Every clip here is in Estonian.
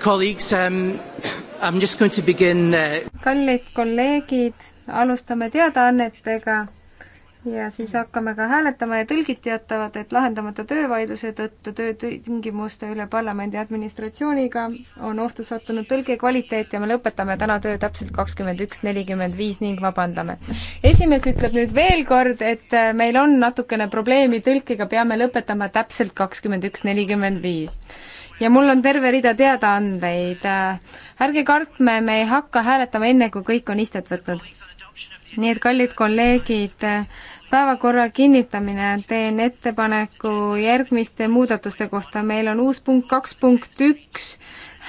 Colleagues, um, I'm just going to begin uh... kallid kolleegid, alustame teadaannetega ja siis hakkame ka hääletama ja tõlgid teatavad, et lahendamata töövaidluse tõttu töötingimuste üle parlamendi administratsiooniga on ohtu sattunud tõlge kvaliteet ja me lõpetame täna töö täpselt kakskümmend üks nelikümmend viis ning vabandame. esimees ütleb nüüd veel kord, et äh, meil on natukene probleemi tõlkega, peame lõpetama täpselt kakskümmend üks nelikümmend viis ja mul on terve rida teadaandeid. ärge kartme, me ei hakka hääletama enne, kui kõik on istet võtnud. nii et, kallid kolleegid, päevakorra kinnitamine, teen ettepaneku järgmiste muudatuste kohta, meil on uus punkt kaks punkt üks,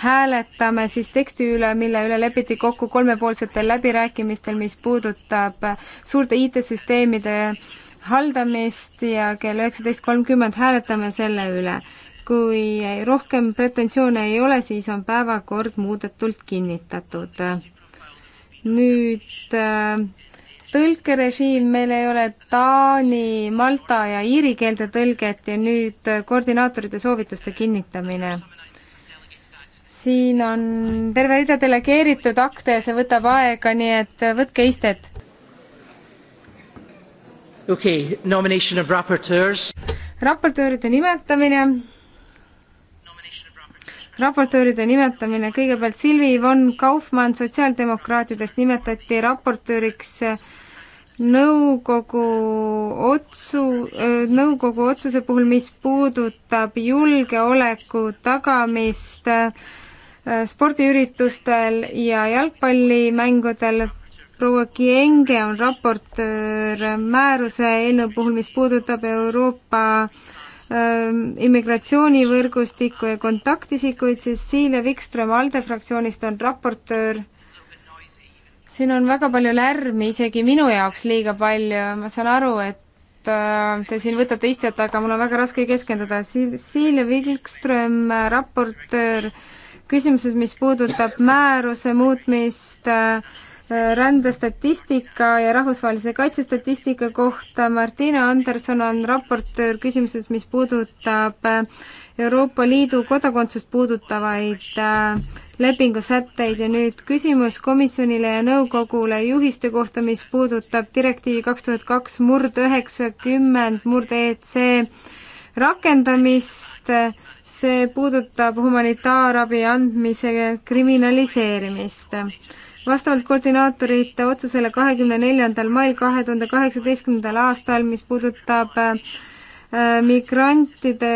hääletame siis teksti üle, mille üle lepiti kokku kolmepoolsetel läbirääkimistel, mis puudutab suurte IT-süsteemide haldamist ja kell üheksateist kolmkümmend hääletame selle üle kui rohkem pretensioone ei ole, siis on päevakord muudetult kinnitatud. nüüd äh, tõlkerežiim, meil ei ole taani, malta ja iiri keelde tõlget ja nüüd äh, koordinaatorite soovituste kinnitamine. siin on terve rida delegeeritud akte ja see võtab aega, nii et äh, võtke istet. okei okay,, nomination of raportöörs. raportööride nimetamine raportööride nimetamine, kõigepealt Silvi Von Kaufmann sotsiaaldemokraatidest nimetati raportööriks äh, nõukogu otsu, äh, nõukogu otsuse puhul, mis puudutab julgeoleku tagamist äh, spordiüritustel ja jalgpallimängudel. proua Kienge on raportöör määruse eelnõu puhul, mis puudutab Euroopa äh, Ehm, immigratsioonivõrgustikku ja kontaktisikuid, siis Siile Vikström ALDE fraktsioonist on raportöör. siin on väga palju lärmi, isegi minu jaoks liiga palju, ma saan aru, et äh, te siin võtate istet, aga mul on väga raske keskenduda. Siile Vikström, äh, raportöör, küsimuses, mis puudutab määruse muutmist äh, rändestatistika ja rahvusvahelise kaitsestatistika kohta. Martina Anderson on raportöör küsimuses, mis puudutab äh, Euroopa Liidu kodakondsust puudutavaid äh, lepingusätteid ja nüüd küsimus komisjonile ja nõukogule juhiste kohta, mis puudutab direktiivi kaks tuhat kaks murd üheksakümmend murd EC rakendamist, see puudutab humanitaarabi andmise kriminaliseerimist vastavalt koordinaatorite otsusele kahekümne neljandal mail kahe tuhande kaheksateistkümnendal aastal, mis puudutab äh, migrantide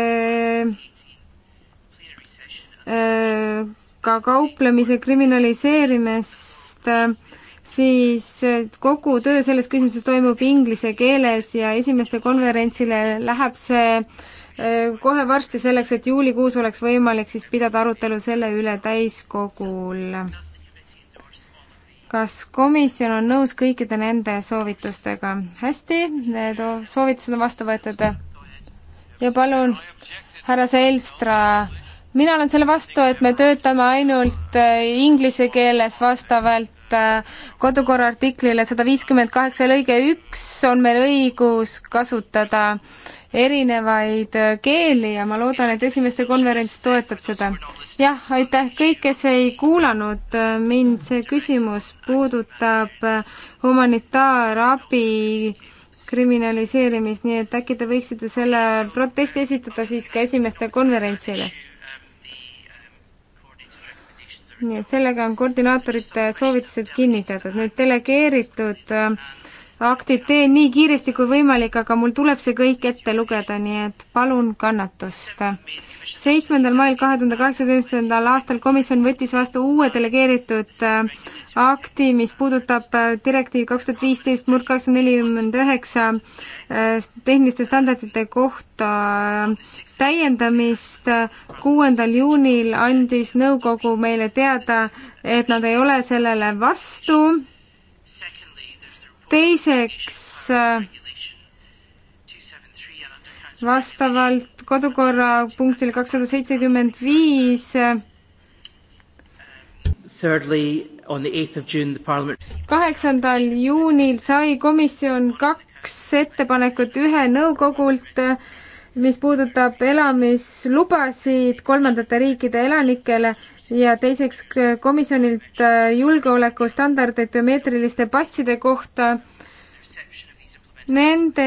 äh, ka kauplemise kriminaliseerimist, äh, siis kogu töö selles küsimuses toimub inglise keeles ja esimeste konverentsile läheb see kohe varsti selleks, et juulikuus oleks võimalik siis pidada arutelu selle üle täiskogul kas komisjon on nõus kõikide nende soovitustega? hästi, need soovitused on vastu võetud. ja palun, härra Selstra, mina olen selle vastu, et me töötame ainult äh, inglise keeles vastavalt äh, kodukorra artiklile sada viiskümmend kaheksa lõige üks on meil õigus kasutada erinevaid äh, keeli ja ma loodan, et esimeste konverents toetab seda. jah, aitäh, kõik, kes ei kuulanud äh, mind, see küsimus puudutab äh, humanitaarabi kriminaliseerimist, nii et äkki te võiksite selle protesti esitada siis ka esimeste konverentsile? nii et sellega on koordinaatorite soovitused kinnitatud, nüüd delegeeritud äh, aktid teen nii kiiresti kui võimalik, aga mul tuleb see kõik ette lugeda, nii et palun kannatust. seitsmendal mail kahe tuhande kaheksateistkümnendal aastal komisjon võttis vastu uue delegeeritud äh, akti, mis puudutab äh, direktiivi kaks tuhat viisteist murd kakssada nelikümmend üheksa äh, tehniliste standardite kohta täiendamist. kuuendal juunil andis nõukogu meile teada, et nad ei ole sellele vastu teiseks vastavalt kodukorra punktil kakssada seitsekümmend viis kaheksandal juunil sai komisjon kaks ettepanekut ühe nõukogult, mis puudutab elamislubasid kolmandate riikide elanikele ja teiseks komisjonilt äh, julgeolekustandardeid biomeetriliste passide kohta. Nende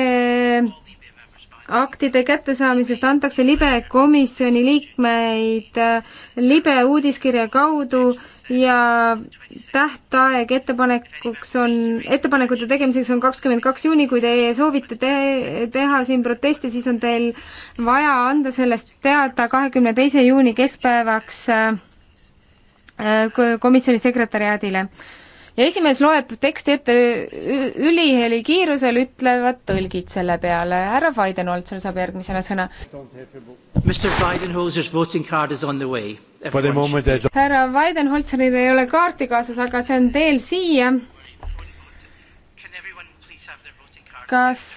aktide kättesaamisest antakse libe komisjoni liikmeid äh, libe uudiskirja kaudu ja tähtaeg ettepanekuks on, ettepanekute tegemiseks on kakskümmend kaks juuni, kui teie soovite te teha siin proteste, siis on teil vaja anda sellest teada kahekümne teise juuni keskpäevaks äh, Äh, komisjoni sekretäriaadile. ja esimees loeb teksti ette üliheli kiirusel, ütlevad tõlgid selle peale. härra Weidenholzer saab järgmisena sõna. härra Weidenholzeril ei ole kaarti kaasas, aga see on teel siia. kas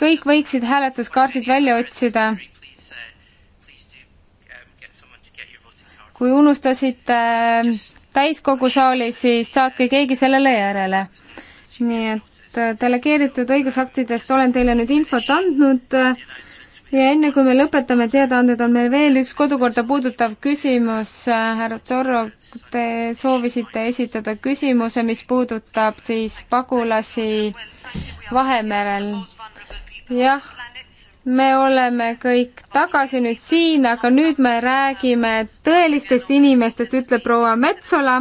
kõik võiksid hääletuskaardid välja otsida? kui unustasite äh, täiskogu saali, siis saatke keegi sellele järele. nii et äh, delegeeritud õigusaktidest olen teile nüüd infot andnud äh, ja enne kui me lõpetame teadaanded, on meil veel üks kodukorda puudutav küsimus. härra Zorro, te soovisite esitada küsimuse, mis puudutab siis pagulasi Vahemerel. jah me oleme kõik tagasi nüüd siin, aga nüüd me räägime tõelistest inimestest, ütleb proua Metsola.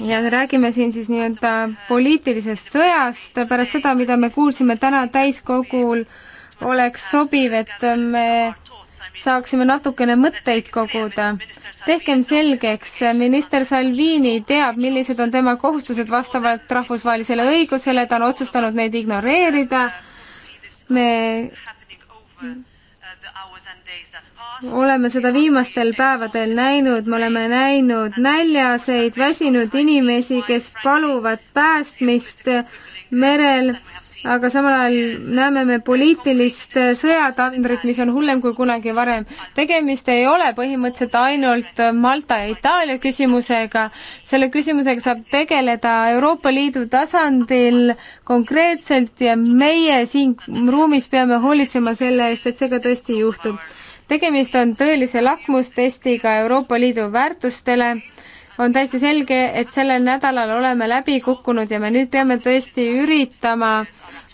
ja räägime siin siis nii-öelda poliitilisest sõjast, pärast seda, mida me kuulsime täna täiskogul, oleks sobiv, et me saaksime natukene mõtteid koguda. tehkem selgeks, minister Salvini teab, millised on tema kohustused vastavalt rahvusvahelisele õigusele, ta on otsustanud neid ignoreerida me oleme seda viimastel päevadel näinud, me oleme näinud näljaseid, väsinud inimesi, kes paluvad päästmist merel aga samal ajal näeme me poliitilist sõjatandrit, mis on hullem kui kunagi varem. tegemist ei ole põhimõtteliselt ainult Malta ja Itaalia küsimusega, selle küsimusega saab tegeleda Euroopa Liidu tasandil konkreetselt ja meie siin ruumis peame hoolitsema selle eest, et see ka tõesti juhtub. tegemist on tõelise lakmustestiga Euroopa Liidu väärtustele on täiesti selge, et sellel nädalal oleme läbi kukkunud ja me nüüd peame tõesti üritama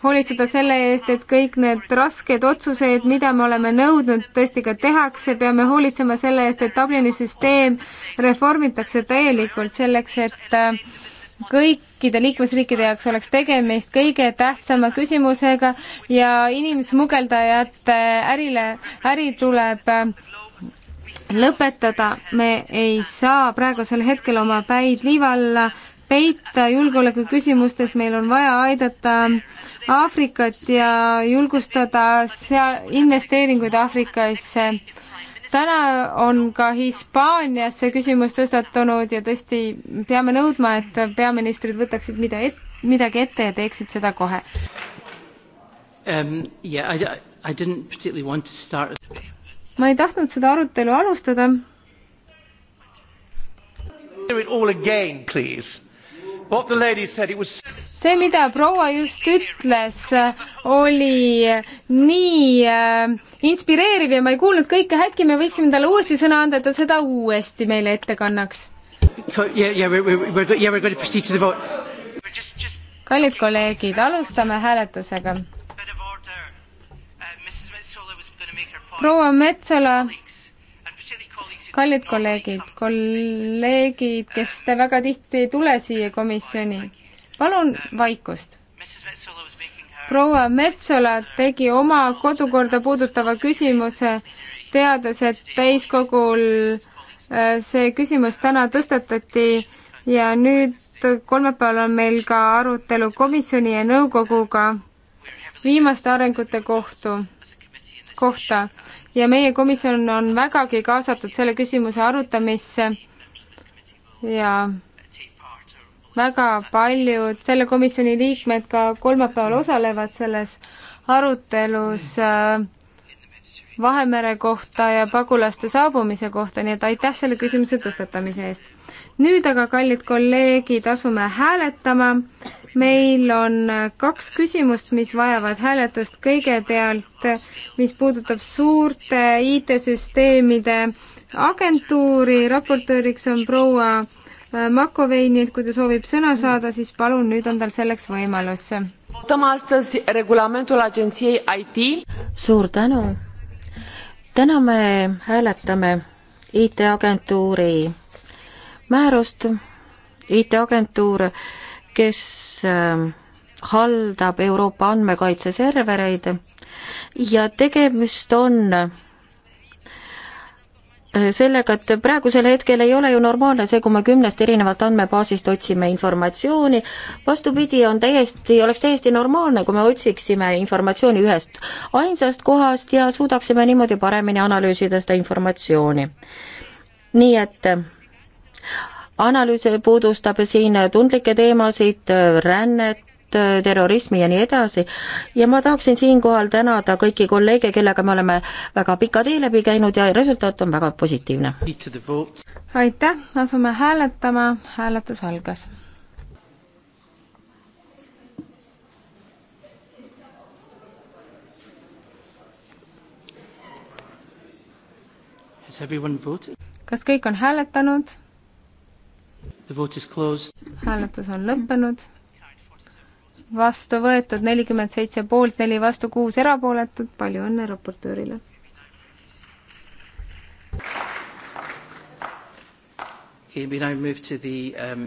hoolitseda selle eest, et kõik need rasked otsused, mida me oleme nõudnud, tõesti ka tehakse, peame hoolitsema selle eest, et Dublini süsteem reformitakse täielikult selleks, et äh, kõikide liikmesriikide jaoks oleks tegemist kõige tähtsama küsimusega ja inimsmugeldajate ärile, äri tuleb äh, lõpetada, me ei saa praegusel hetkel oma päid liiva alla peita julgeoleku küsimustes, meil on vaja aidata äh, Aafrikat ja julgustada seal investeeringuid Aafrikasse. täna on ka Hispaanias see küsimus tõstatunud ja tõesti peame nõudma, et peaministrid võtaksid mida et, midagi ette ja teeksid seda kohe um,. Yeah, I, I didn't particularly want to start ma ei tahtnud seda arutelu alustada. Do it all again, please see, mida proua just ütles, oli nii äh, inspireeriv ja ma ei kuulnud kõike, äkki me võiksime talle uuesti sõna anda, et ta seda uuesti meile ette kannaks. kallid kolleegid, alustame hääletusega. Uh, proua Metsola kallid kolleegid, kolleegid, kes te väga tihti ei tule siia komisjoni, palun vaikust. proua Metsola tegi oma kodukorda puudutava küsimuse, teades, et täiskogul äh, see küsimus täna tõstatati ja nüüd kolmapäeval on meil ka arutelu komisjoni ja nõukoguga viimaste arengute kohtu, kohta ja meie komisjon on vägagi kaasatud selle küsimuse arutamisse ja väga paljud selle komisjoni liikmed ka kolmapäeval osalevad selles arutelus äh, Vahemere kohta ja pagulaste saabumise kohta, nii et aitäh selle küsimuse tõstatamise eest. nüüd aga, kallid kolleegid, asume hääletama meil on äh, kaks küsimust, mis vajavad hääletust. kõigepealt, äh, mis puudutab suurte IT-süsteemide agentuuri, raportööriks on proua äh, Makovei, nii et kui ta soovib sõna saada, siis palun, nüüd on tal selleks võimalus. suur tänu. täna me hääletame IT-agentuuri määrust. IT-agentuur äh, kes ähm, haldab Euroopa andmekaitseservereid ja tegemist on äh, sellega, et praegusel hetkel ei ole ju normaalne see, kui me kümnest erinevalt andmebaasist otsime informatsiooni, vastupidi, on täiesti, oleks täiesti normaalne, kui me otsiksime informatsiooni ühest ainsast kohast ja suudaksime niimoodi paremini analüüsida seda informatsiooni. nii et analüüs puudustab siin tundlikke teemasid, rännet, terrorismi ja nii edasi, ja ma tahaksin siinkohal tänada kõiki kolleege, kellega me oleme väga pika tee läbi käinud ja resultaat on väga positiivne. aitäh, asume hääletama, hääletus algas. kas kõik on hääletanud? hääletus on lõppenud. vastu võetud nelikümmend seitse poolt, neli vastu, kuus erapooletut, palju õnne raportöörile. Um,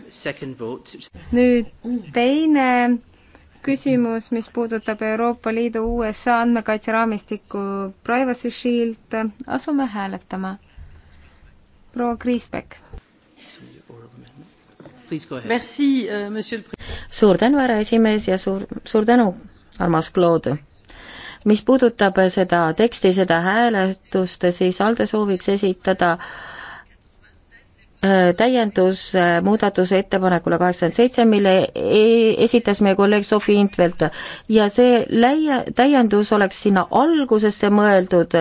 nüüd teine küsimus, mis puudutab Euroopa Liidu USA andmekaitseraamistikku Privacy Shield, asume hääletama. proua Kriisbeck Merci, euh, monsieur... suur tänu, härra esimees ja suur, suur tänu, armas Claude. mis puudutab seda teksti, seda hääletust, siis Alde sooviks esitada äh, täiendus äh, muudatuse ettepanekule kaheksakümmend seitse, mille e-, esitas meie kolleeg Sofi Intvelt ja see läie-, täiendus oleks sinna algusesse mõeldud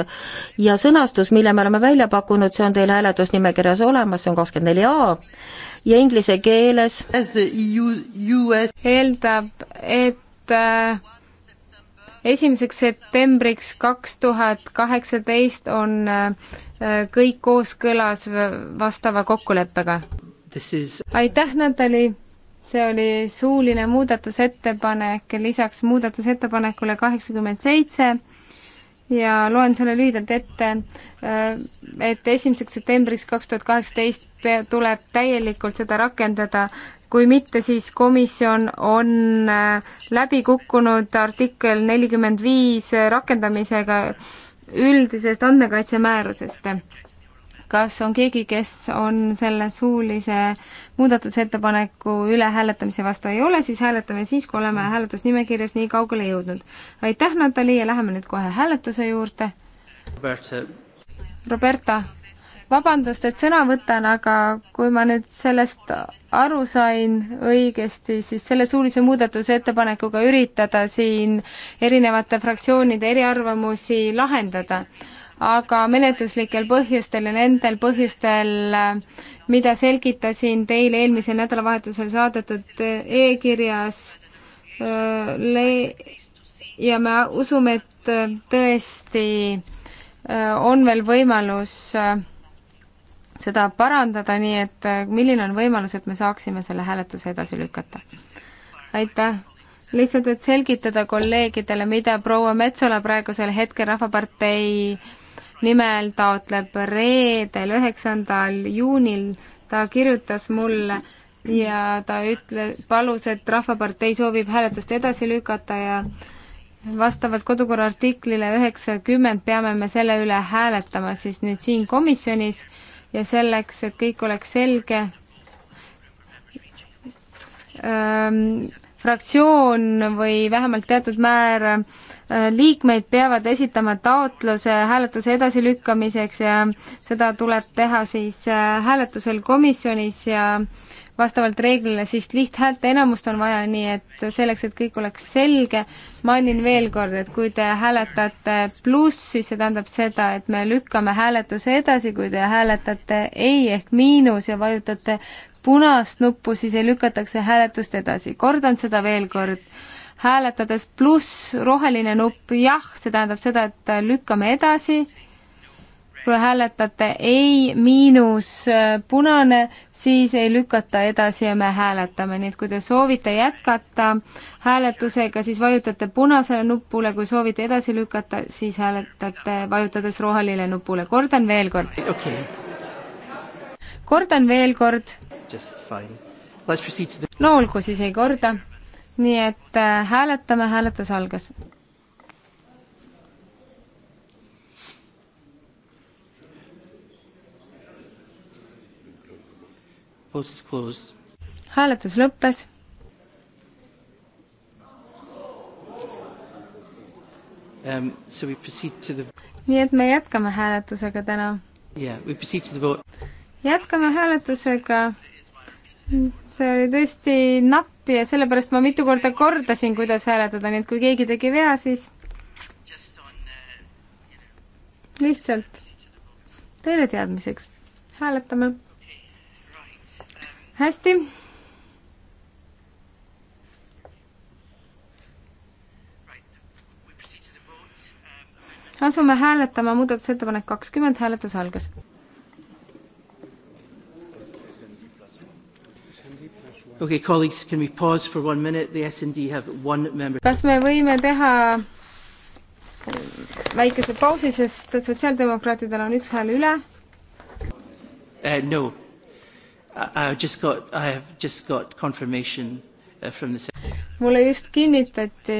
ja sõnastus, mille me oleme välja pakkunud, see on teil hääletusnimekirjas olemas, see on kakskümmend neli A ja inglise keeles e eeldab, et äh, esimeseks septembriks kaks tuhat kaheksateist on äh, kõik kooskõlas vastava kokkuleppega. Is... aitäh, Natali! see oli suuline muudatusettepanek lisaks muudatusettepanekule kaheksakümmend seitse ja loen selle lühidalt ette, äh, et esimeseks septembriks kaks tuhat kaheksateist tuleb täielikult seda rakendada, kui mitte, siis komisjon on äh, läbi kukkunud artikkel nelikümmend viis äh, rakendamisega üldisest andmekaitsemäärusest kas on keegi, kes on selle suulise muudatusettepaneku üle hääletamise vastu, ei ole, siis hääletame siis, kui oleme hääletusnimekirjas nii kaugele jõudnud. aitäh, Natali, ja läheme nüüd kohe hääletuse juurde. Roberta, Roberta, vabandust, et sõna võtan, aga kui ma nüüd sellest aru sain õigesti, siis selle suulise muudatusettepanekuga üritada siin erinevate fraktsioonide eriarvamusi lahendada aga menetluslikel põhjustel ja nendel põhjustel, mida selgitasin teile eelmisel nädalavahetusel saadetud eh, e-kirjas, eh, ja me usume, et eh, tõesti on veel võimalus seda parandada, nii et milline on võimalus, et me saaksime selle hääletuse edasi lükata? aitäh! lihtsalt, et selgitada kolleegidele, mida proua Metsola praegusel hetkel Rahvapartei nimel taotleb reedel, üheksandal juunil, ta kirjutas mulle ja ta ütle-, palus, et Rahvapartei soovib hääletust edasi lükata ja vastavalt kodukorra artiklile üheksakümmend peame me selle üle hääletama siis nüüd siin komisjonis ja selleks, et kõik oleks selge ähm,, fraktsioon või vähemalt teatud määr äh, Äh, liikmeid peavad esitama taotluse hääletuse edasilükkamiseks ja seda tuleb teha siis äh, hääletusel komisjonis ja vastavalt reeglile siis lihthäälte enamust on vaja, nii et selleks, et kõik oleks selge, mainin veel kord, et kui te hääletate pluss, siis see tähendab seda, et me lükkame hääletuse edasi, kui te hääletate ei ehk miinus ja vajutate punast nuppu, siis ei lükatakse hääletust edasi. kordan seda veel kord hääletades pluss roheline nupp jah, see tähendab seda, et lükkame edasi. kui hääletate ei miinus äh, punane, siis ei lükata edasi ja me hääletame, nii et kui te soovite jätkata hääletusega, siis vajutate punasele nupule, kui soovite edasi lükata, siis hääletate vajutades rohelile nupule. kordan veel kord okay.. kordan veel kord. no olgu, siis ei korda nii et äh, hääletame, hääletus algas. hääletus lõppes. Um, so we proceed to the nii et me jätkame hääletusega täna yeah,. jätkame hääletusega. see oli tõesti napp appi ja sellepärast ma mitu korda kordasin, kuidas hääletada, nii et kui keegi tegi vea, siis lihtsalt teile teadmiseks hääletame. hästi. asume hääletama muudatusettepanek kakskümmend, hääletus algas Okay, colleagues, can we pause for one minute? The S&D have one member. kas me võime teha eh, väikese pausi, sest sotsiaaldemokraatidel on üks hääl üle uh,? No. I just got, I have just got confirmation uh, from the mulle just kinnitati,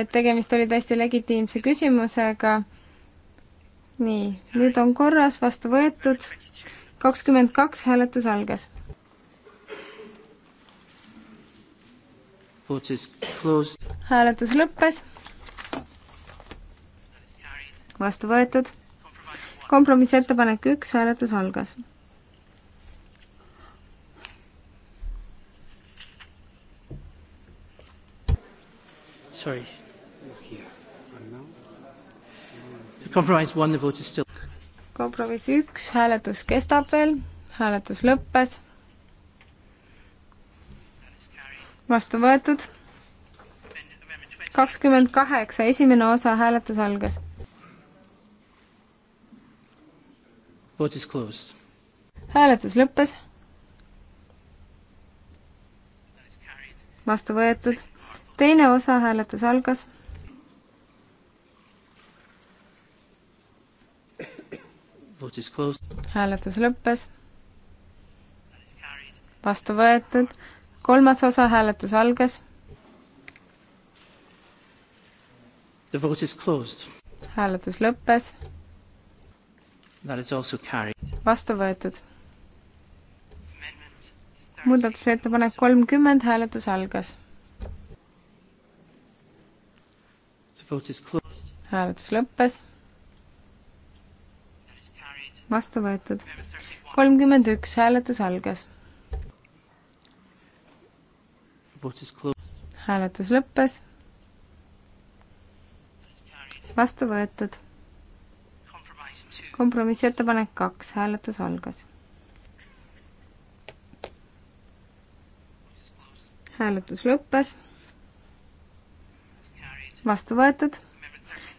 et tegemist oli täiesti legitiimse küsimusega. nii, nüüd on korras, vastu võetud, kakskümmend kaks hääletus algas hääletus lõppes. vastu võetud. kompromissettepanek üks, hääletus algas. Sorry. kompromiss one, the vote is still. kompromiss üks, hääletus kestab veel, hääletus lõppes vastu võetud. kakskümmend kaheksa, esimene osa, hääletus algas. hääletus lõppes. vastu võetud. teine osa, hääletus algas hääletus lõppes. vastu võetud kolmas osa hääletus algas. hääletus lõppes. vastu võetud. muudatusettepanek kolmkümmend, hääletus algas. hääletus lõppes. vastu võetud. kolmkümmend üks, hääletus algas hääletus lõppes. vastu võetud. kompromissettepanek kaks, hääletus algas. hääletus lõppes. vastu võetud.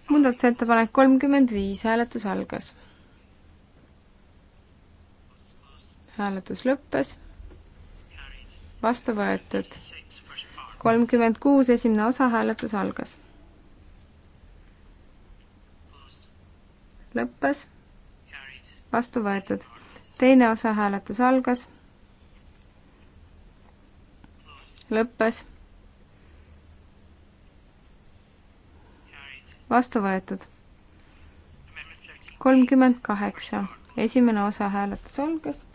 muudatusettepanek kolmkümmend viis, hääletus algas. hääletus lõppes. vastu võetud kolmkümmend kuus, esimene osa, hääletus algas. lõppes. vastu võetud. teine osa, hääletus algas. lõppes. vastu võetud. kolmkümmend kaheksa, esimene osa, hääletus algas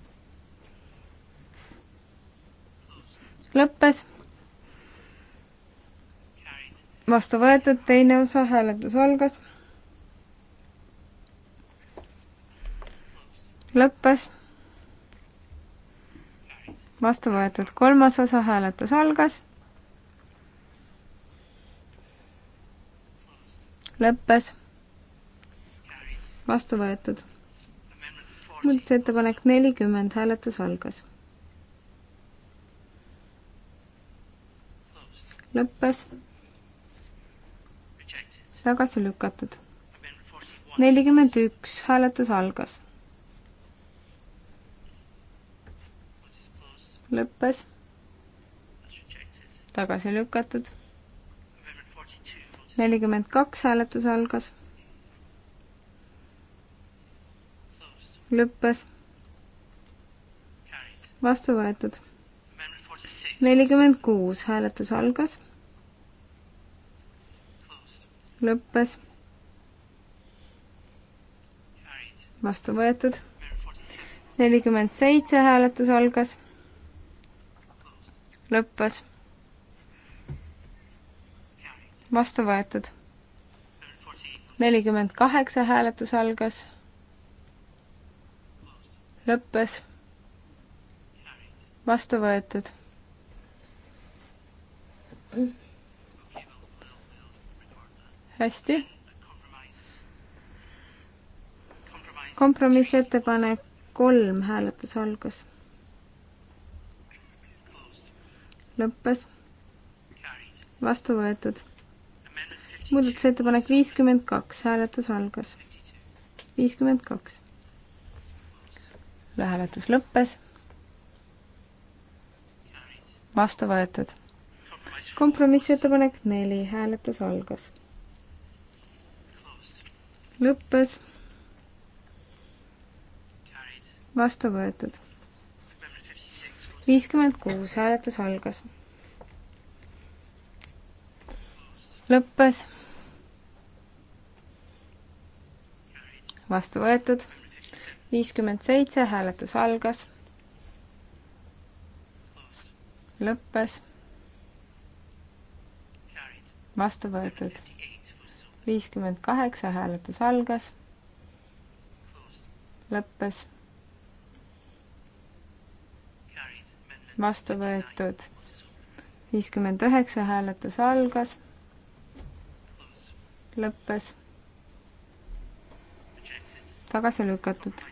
lõppes vastu võetud, teine osa, hääletus algas. lõppes. vastu võetud kolmas osa, hääletus algas. lõppes. vastu võetud. muudatusettepanek nelikümmend, hääletus algas. lõppes tagasi lükatud. nelikümmend üks, hääletus algas. lõppes. tagasi lükatud. nelikümmend kaks, hääletus algas. lõppes. vastu võetud. nelikümmend kuus, hääletus algas lõppes. vastu võetud. nelikümmend seitse hääletus algas. lõppes. vastu võetud. nelikümmend kaheksa hääletus algas. lõppes. vastu võetud hästi. kompromissettepanek kolm, hääletus algas. lõppes. vastu võetud. muudatusettepanek viiskümmend kaks, hääletus algas. viiskümmend kaks. hääletus lõppes. vastu võetud kompromissettepanek neli, hääletus algas lõppes. vastu võetud. viiskümmend kuus, hääletus algas. lõppes. vastu võetud. viiskümmend seitse, hääletus algas. lõppes. vastu võetud viiskümmend kaheksa, hääletus algas, lõppes. vastu võetud viiskümmend üheksa, hääletus algas, lõppes. tagasi lükatud.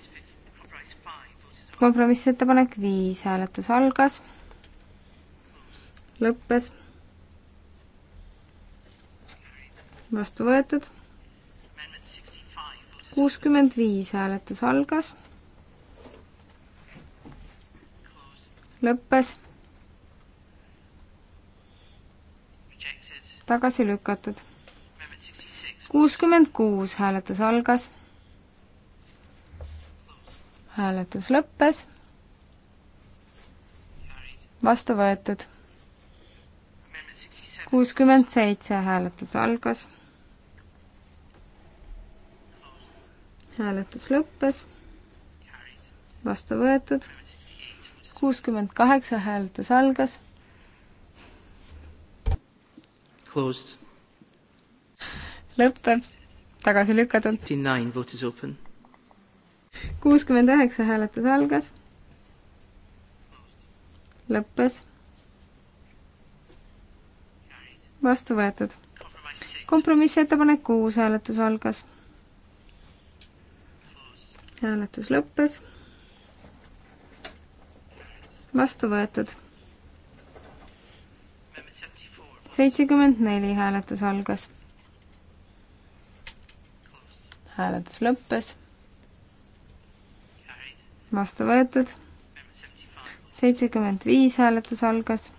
kompromissettepanek viis, hääletus algas, lõppes vastu võetud. kuuskümmend viis hääletus algas. lõppes. tagasi lükatud. kuuskümmend kuus hääletus algas. hääletus lõppes. vastu võetud. kuuskümmend seitse hääletus algas hääletus lõppes, vastu võetud, kuuskümmend kaheksa hääletus algas. Closed. lõppeb, tagasi lükatud. kuuskümmend üheksa hääletus algas. lõppes. vastu võetud. kompromissettepanek kuus hääletus algas hääletus lõppes. vastu võetud. seitsekümmend neli hääletus algas. hääletus lõppes. vastu võetud. seitsekümmend viis hääletus algas.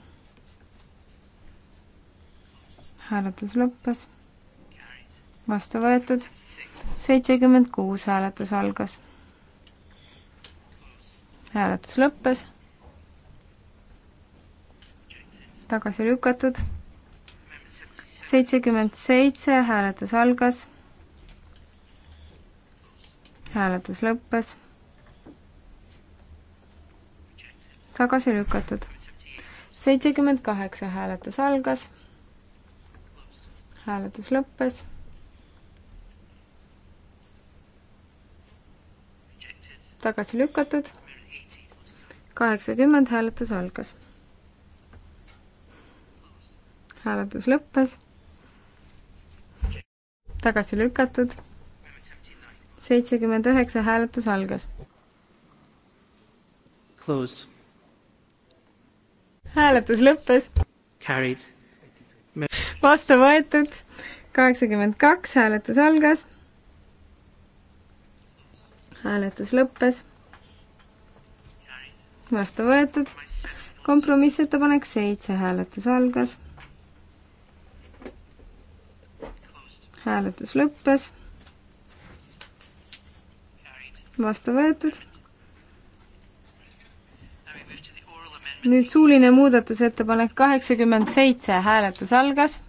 hääletus lõppes. vastu võetud. seitsekümmend kuus hääletus algas hääletus lõppes. tagasi lükatud. seitsekümmend seitse, hääletus algas. hääletus lõppes. tagasi lükatud. seitsekümmend kaheksa, hääletus algas. hääletus lõppes tagasi lükatud kaheksakümmend, hääletus algas. hääletus lõppes. tagasi lükatud. seitsekümmend üheksa, hääletus algas. Close. hääletus lõppes. Carried. vastu võetud. kaheksakümmend kaks, hääletus algas. hääletus lõppes vastu võetud. kompromissettepanek seitse, hääletus algas. hääletus lõppes. vastu võetud. nüüd suuline muudatusettepanek kaheksakümmend seitse, hääletus algas.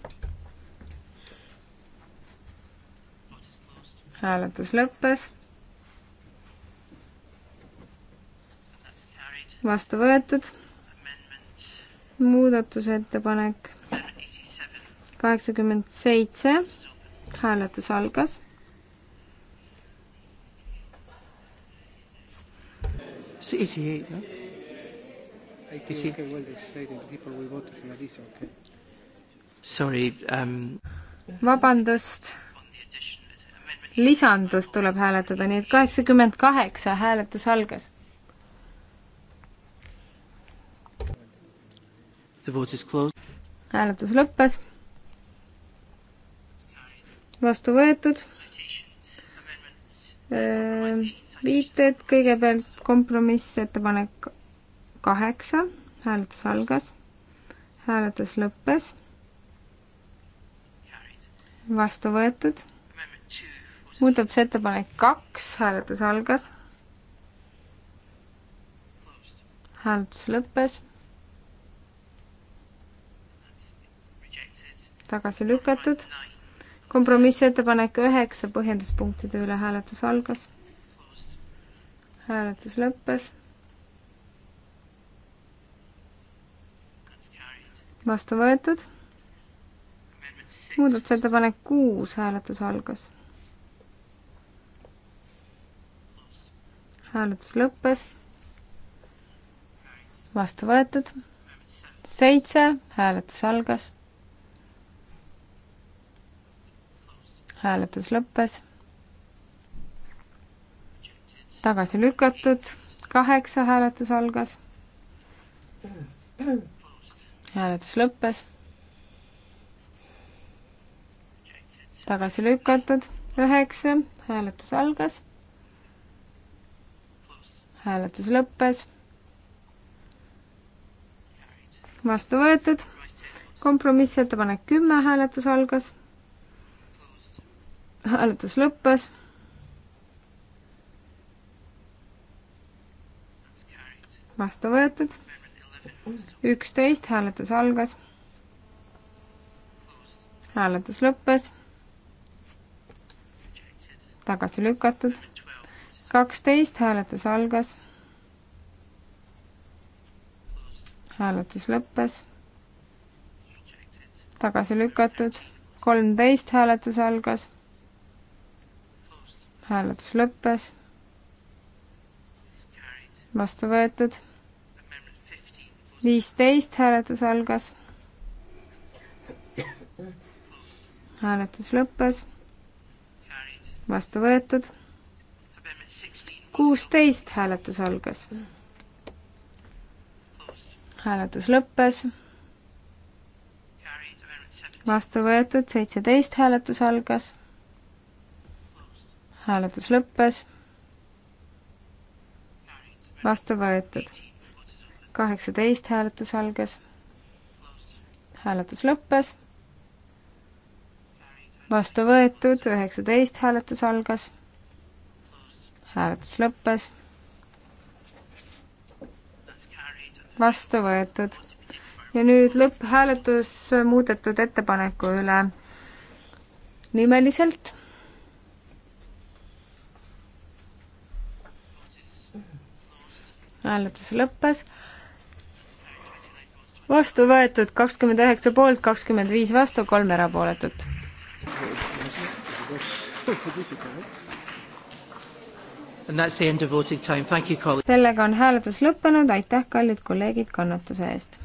hääletus lõppes vastu võetud. muudatusettepanek kaheksakümmend seitse, hääletus algas. Eighty-eight, no? Eighty-eight. Okay, well, there's people we voted from Elisa, okay. Sorry um.... vabandust. lisandus tuleb hääletada, nii et kaheksakümmend kaheksa hääletus algas. hääletus lõppes. vastu võetud. Äh, viited, kõigepealt kompromissettepanek kaheksa, hääletus algas, hääletus lõppes vastu võetud. muudatusettepanek kaks, hääletus algas. hääletus lõppes tagasi lükatud. kompromissettepanek üheksa põhjenduspunktide üle hääletus algas. hääletus lõppes. vastu võetud. muudatusettepanek kuus hääletus algas. hääletus lõppes. vastu võetud. seitse hääletus algas hääletus lõppes. tagasi lükatud, kaheksa hääletus algas. hääletus lõppes. tagasi lükatud, üheksa hääletus algas. hääletus lõppes. vastu võetud, kompromissettepanek kümme hääletus algas hääletus lõppes. vastu võetud. üksteist, hääletus algas. hääletus lõppes. tagasi lükatud. kaksteist, hääletus algas. hääletus lõppes. tagasi lükatud. kolmteist, hääletus algas hääletus lõppes. vastu võetud. viisteist hääletus algas. hääletus lõppes. vastu võetud. kuusteist hääletus algas. hääletus lõppes vastu võetud, seitseteist hääletus algas hääletus lõppes. vastu võetud. kaheksateist hääletus algas. hääletus lõppes. vastu võetud, üheksateist hääletus algas. hääletus lõppes. vastu võetud. ja nüüd lõpphääletus muudetud ettepaneku üle nimeliselt hääletus lõppes. vastu võetud kakskümmend üheksa poolt, kakskümmend viis vastu, kolm erapooletut. sellega on hääletus lõppenud, aitäh, kallid kolleegid, kannatuse eest!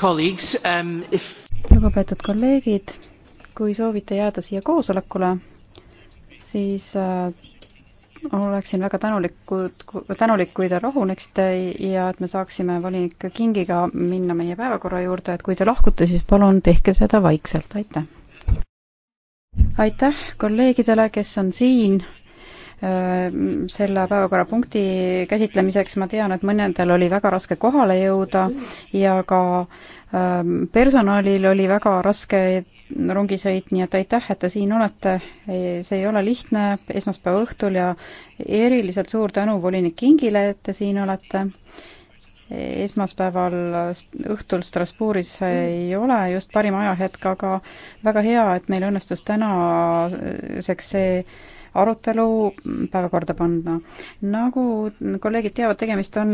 Um, lugupeetud kolleegid, kui soovite jääda siia koosolekule, siis äh, oleksin väga tänulikud, tänulik, kui te rahuneksite ja et me saaksime volinik Kingiga minna meie päevakorra juurde, et kui te lahkute, siis palun tehke seda vaikselt, aitäh! aitäh kolleegidele, kes on siin selle päevakorrapunkti käsitlemiseks, ma tean, et mõnedel oli väga raske kohale jõuda ja ka ähm, personalil oli väga raske rongisõit, nii et aitäh, et te siin olete. see ei ole lihtne esmaspäeva õhtul ja eriliselt suur tänu volinik Kingile, et te siin olete esmaspäeval õhtul Strasbourgis ei ole just parim ajahetk, aga väga hea, et meil õnnestus tänaseks see arutelu päevakorda panna. nagu kolleegid teavad, tegemist on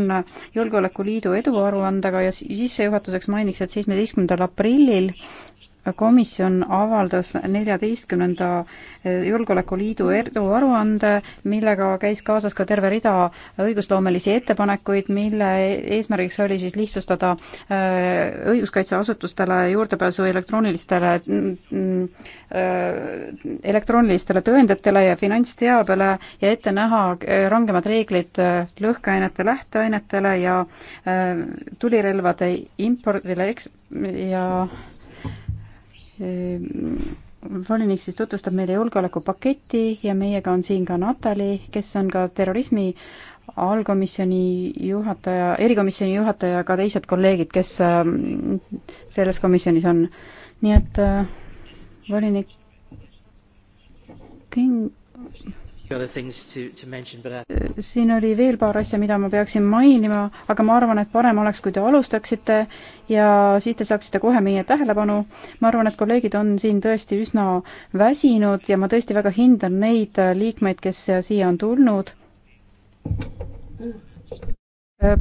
Julgeolekuliidu eduaruandega ja sissejuhatuseks mainiks, et seitsmeteistkümnendal aprillil komisjon avaldas neljateistkümnenda eh, Julgeolekuliidu eduaruande, millega käis kaasas ka terve rida õigusloomelisi ettepanekuid, mille eesmärgiks oli siis lihtsustada eh, õiguskaitseasutustele juurdepääsu elektroonilistele, mm, mm, eh, elektroonilistele tõenditele ja finantsteabele ja ette näha rangemad reeglid lõhkeainete lähteainetele ja tulirelvade impordile eks- ja Ehm, volinik siis tutvustab meile julgeolekupaketti ja meiega on siin ka Natali, kes on ka terrorismi allkomisjoni juhataja, erikomisjoni juhataja, ka teised kolleegid, kes ehm, selles komisjonis on. nii et äh, volinik King siin oli veel paar asja, mida ma peaksin mainima, aga ma arvan, et parem oleks, kui te alustaksite ja siis te saaksite kohe meie tähelepanu. ma arvan, et kolleegid on siin tõesti üsna väsinud ja ma tõesti väga hindan neid liikmeid, kes siia on tulnud.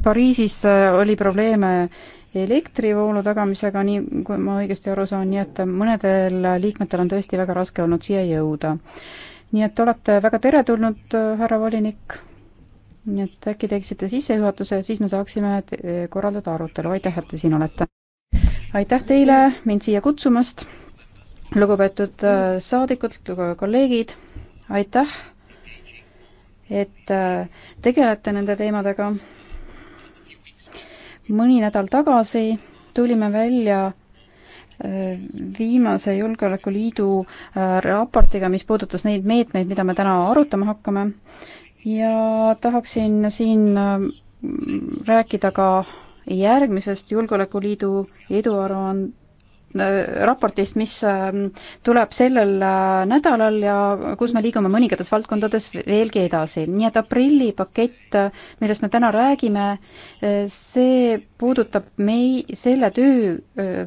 Pariisis oli probleeme elektrivoolu tagamisega, nii kui ma õigesti aru saan, nii et mõnedel liikmetel on tõesti väga raske olnud siia jõuda nii et olete väga teretulnud, äh, härra volinik. nii et äkki teeksite sissejuhatuse ja siis me saaksime korraldada arutelu. aitäh, et te siin olete. aitäh teile mind siia kutsumast. lugupeetud äh, saadikud, kolleegid, aitäh, et äh, tegelete nende teemadega. mõni nädal tagasi tulime välja viimase Julgeolekuliidu äh, raportiga, mis puudutas neid meetmeid, mida me täna arutama hakkame ja tahaksin siin äh, rääkida ka järgmisest Julgeolekuliidu eduaruand-, äh, raportist, mis tuleb sellel nädalal ja kus me liigume mõningates valdkondades veelgi edasi. nii et aprillipakett, millest me täna räägime, see puudutab mei-, selle töö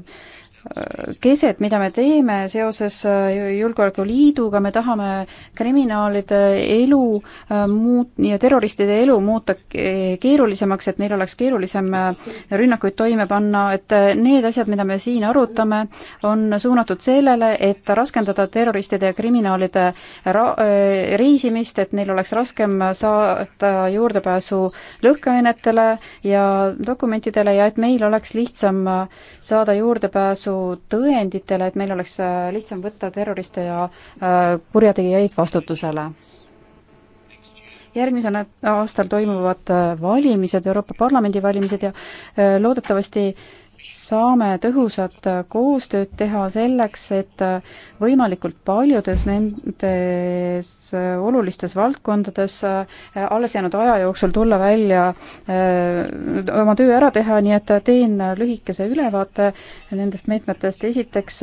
keset, mida me teeme seoses äh, Julgeolekuliiduga, me tahame kriminaalide elu äh, muut- ja terroristide elu muuta keerulisemaks, et neil oleks keerulisem äh, rünnakuid toime panna, et need asjad, mida me siin arutame, on suunatud sellele, et raskendada terroristide ja kriminaalide ra-, reisimist, et neil oleks raskem saada juurdepääsu lõhkeainetele ja dokumentidele ja et meil oleks lihtsam saada juurdepääsu tõenditele, et meil oleks äh, lihtsam võtta terroriste ja äh, kurjategijaid vastutusele. järgmisel aastal toimuvad äh, valimised, Euroopa Parlamendi valimised ja loodetavasti äh, saame tõhusat koostööd teha selleks, et võimalikult paljudes nendes olulistes valdkondades alles jäänud aja jooksul tulla välja, eh, oma töö ära teha, nii et teen lühikese ülevaate nendest meetmetest. esiteks,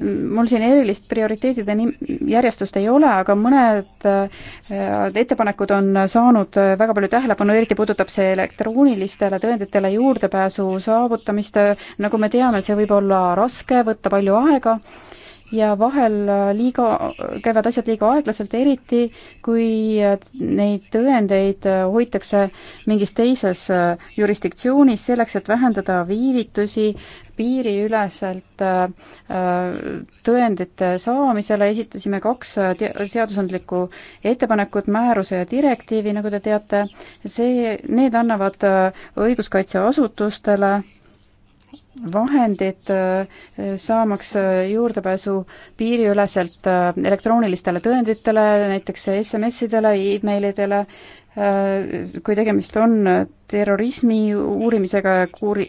mul siin erilist prioriteetide nim-, järjestust ei ole, aga mõned eh, ettepanekud on saanud väga palju tähelepanu, eriti puudutab see elektroonilistele tõenditele juurdepääsu saavutamist, sest äh, nagu me teame, see võib olla raske, võtta palju aega ja vahel äh, liiga, käivad asjad liiga aeglaselt, eriti kui äh, neid tõendeid hoitakse mingis teises jurisdiktsioonis selleks, et vähendada viivitusi piiriüleselt tõendite saamisele esitasime kaks seadusandlikku ettepanekut, määruse ja direktiivi, nagu te teate, see, need annavad õiguskaitseasutustele vahendid äh, saamaks äh, juurdepääsu piiriüleselt äh, elektroonilistele tõenditele, näiteks SMS-idele e, emailidele, kui tegemist on terrorismi uurimisega ja kuuri-,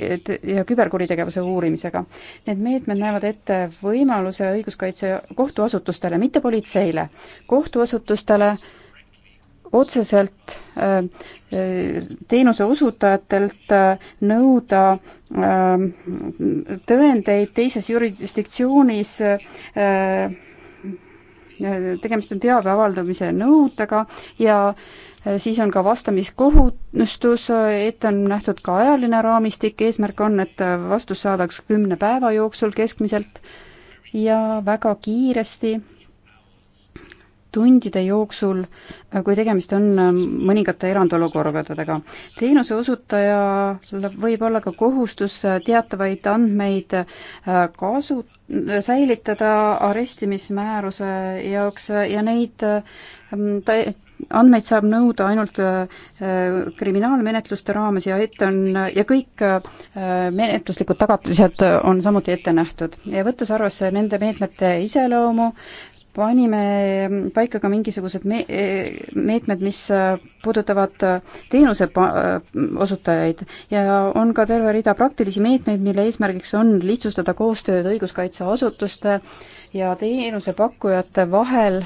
ja küberkuritegevuse uurimisega. Need meetmed näevad ette võimaluse õiguskaitse kohtuasutustele, mitte politseile, kohtuasutustele äh, otseselt äh, äh, teenuse osutajatelt äh, nõuda tõendeid teises jurisdiktsioonis tegemist on teabe avaldamise nõudega ja siis on ka vastamiskohustus, ette on nähtud ka ajaline raamistik, eesmärk on, et vastus saadaks kümne päeva jooksul keskmiselt ja väga kiiresti tundide jooksul, äh, kui tegemist on äh, mõningate erandolukordadega. teenuse osutajal võib olla ka kohustus äh, teatavaid andmeid kasu, säilitada arestimismääruse jaoks ja neid ta, andmeid saab nõuda ainult kriminaalmenetluste raames ja ette on, ja kõik menetluslikud tagatised on samuti ette nähtud. ja võttes arvesse nende meetmete iseloomu, panime paika ka mingisugused me-, meetmed, mis äh, puudutavad äh, teenuse pa-, äh, osutajaid ja on ka terve rida praktilisi meetmeid, mille eesmärgiks on lihtsustada koostööd õiguskaitseasutuste ja teenusepakkujate vahel,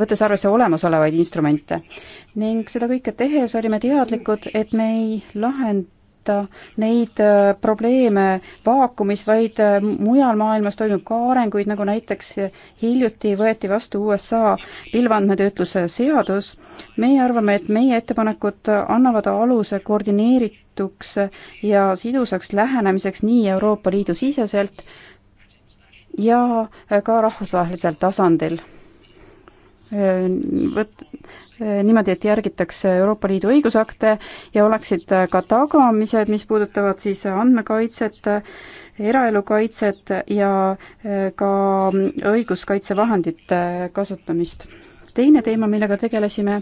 võttes arvesse olemasolevaid instrumente. ning seda kõike tehes olime teadlikud, et me ei lahend-, jätta neid äh, probleeme vaakumis, vaid äh, mujal maailmas toimub ka arenguid, nagu näiteks hiljuti võeti vastu USA pilveandmetöötluse seadus. meie arvame, et meie ettepanekud annavad aluse koordineerituks ja sidusaks lähenemiseks nii Euroopa Liidu siseselt ja äh, ka rahvusvahelisel tasandil võt-, niimoodi, et järgitakse Euroopa Liidu õigusakte ja oleksid ka tagamised, mis puudutavad siis andmekaitset, eraelu kaitset ja eh, ka õiguskaitsevahendite kasutamist. teine teema, millega tegelesime,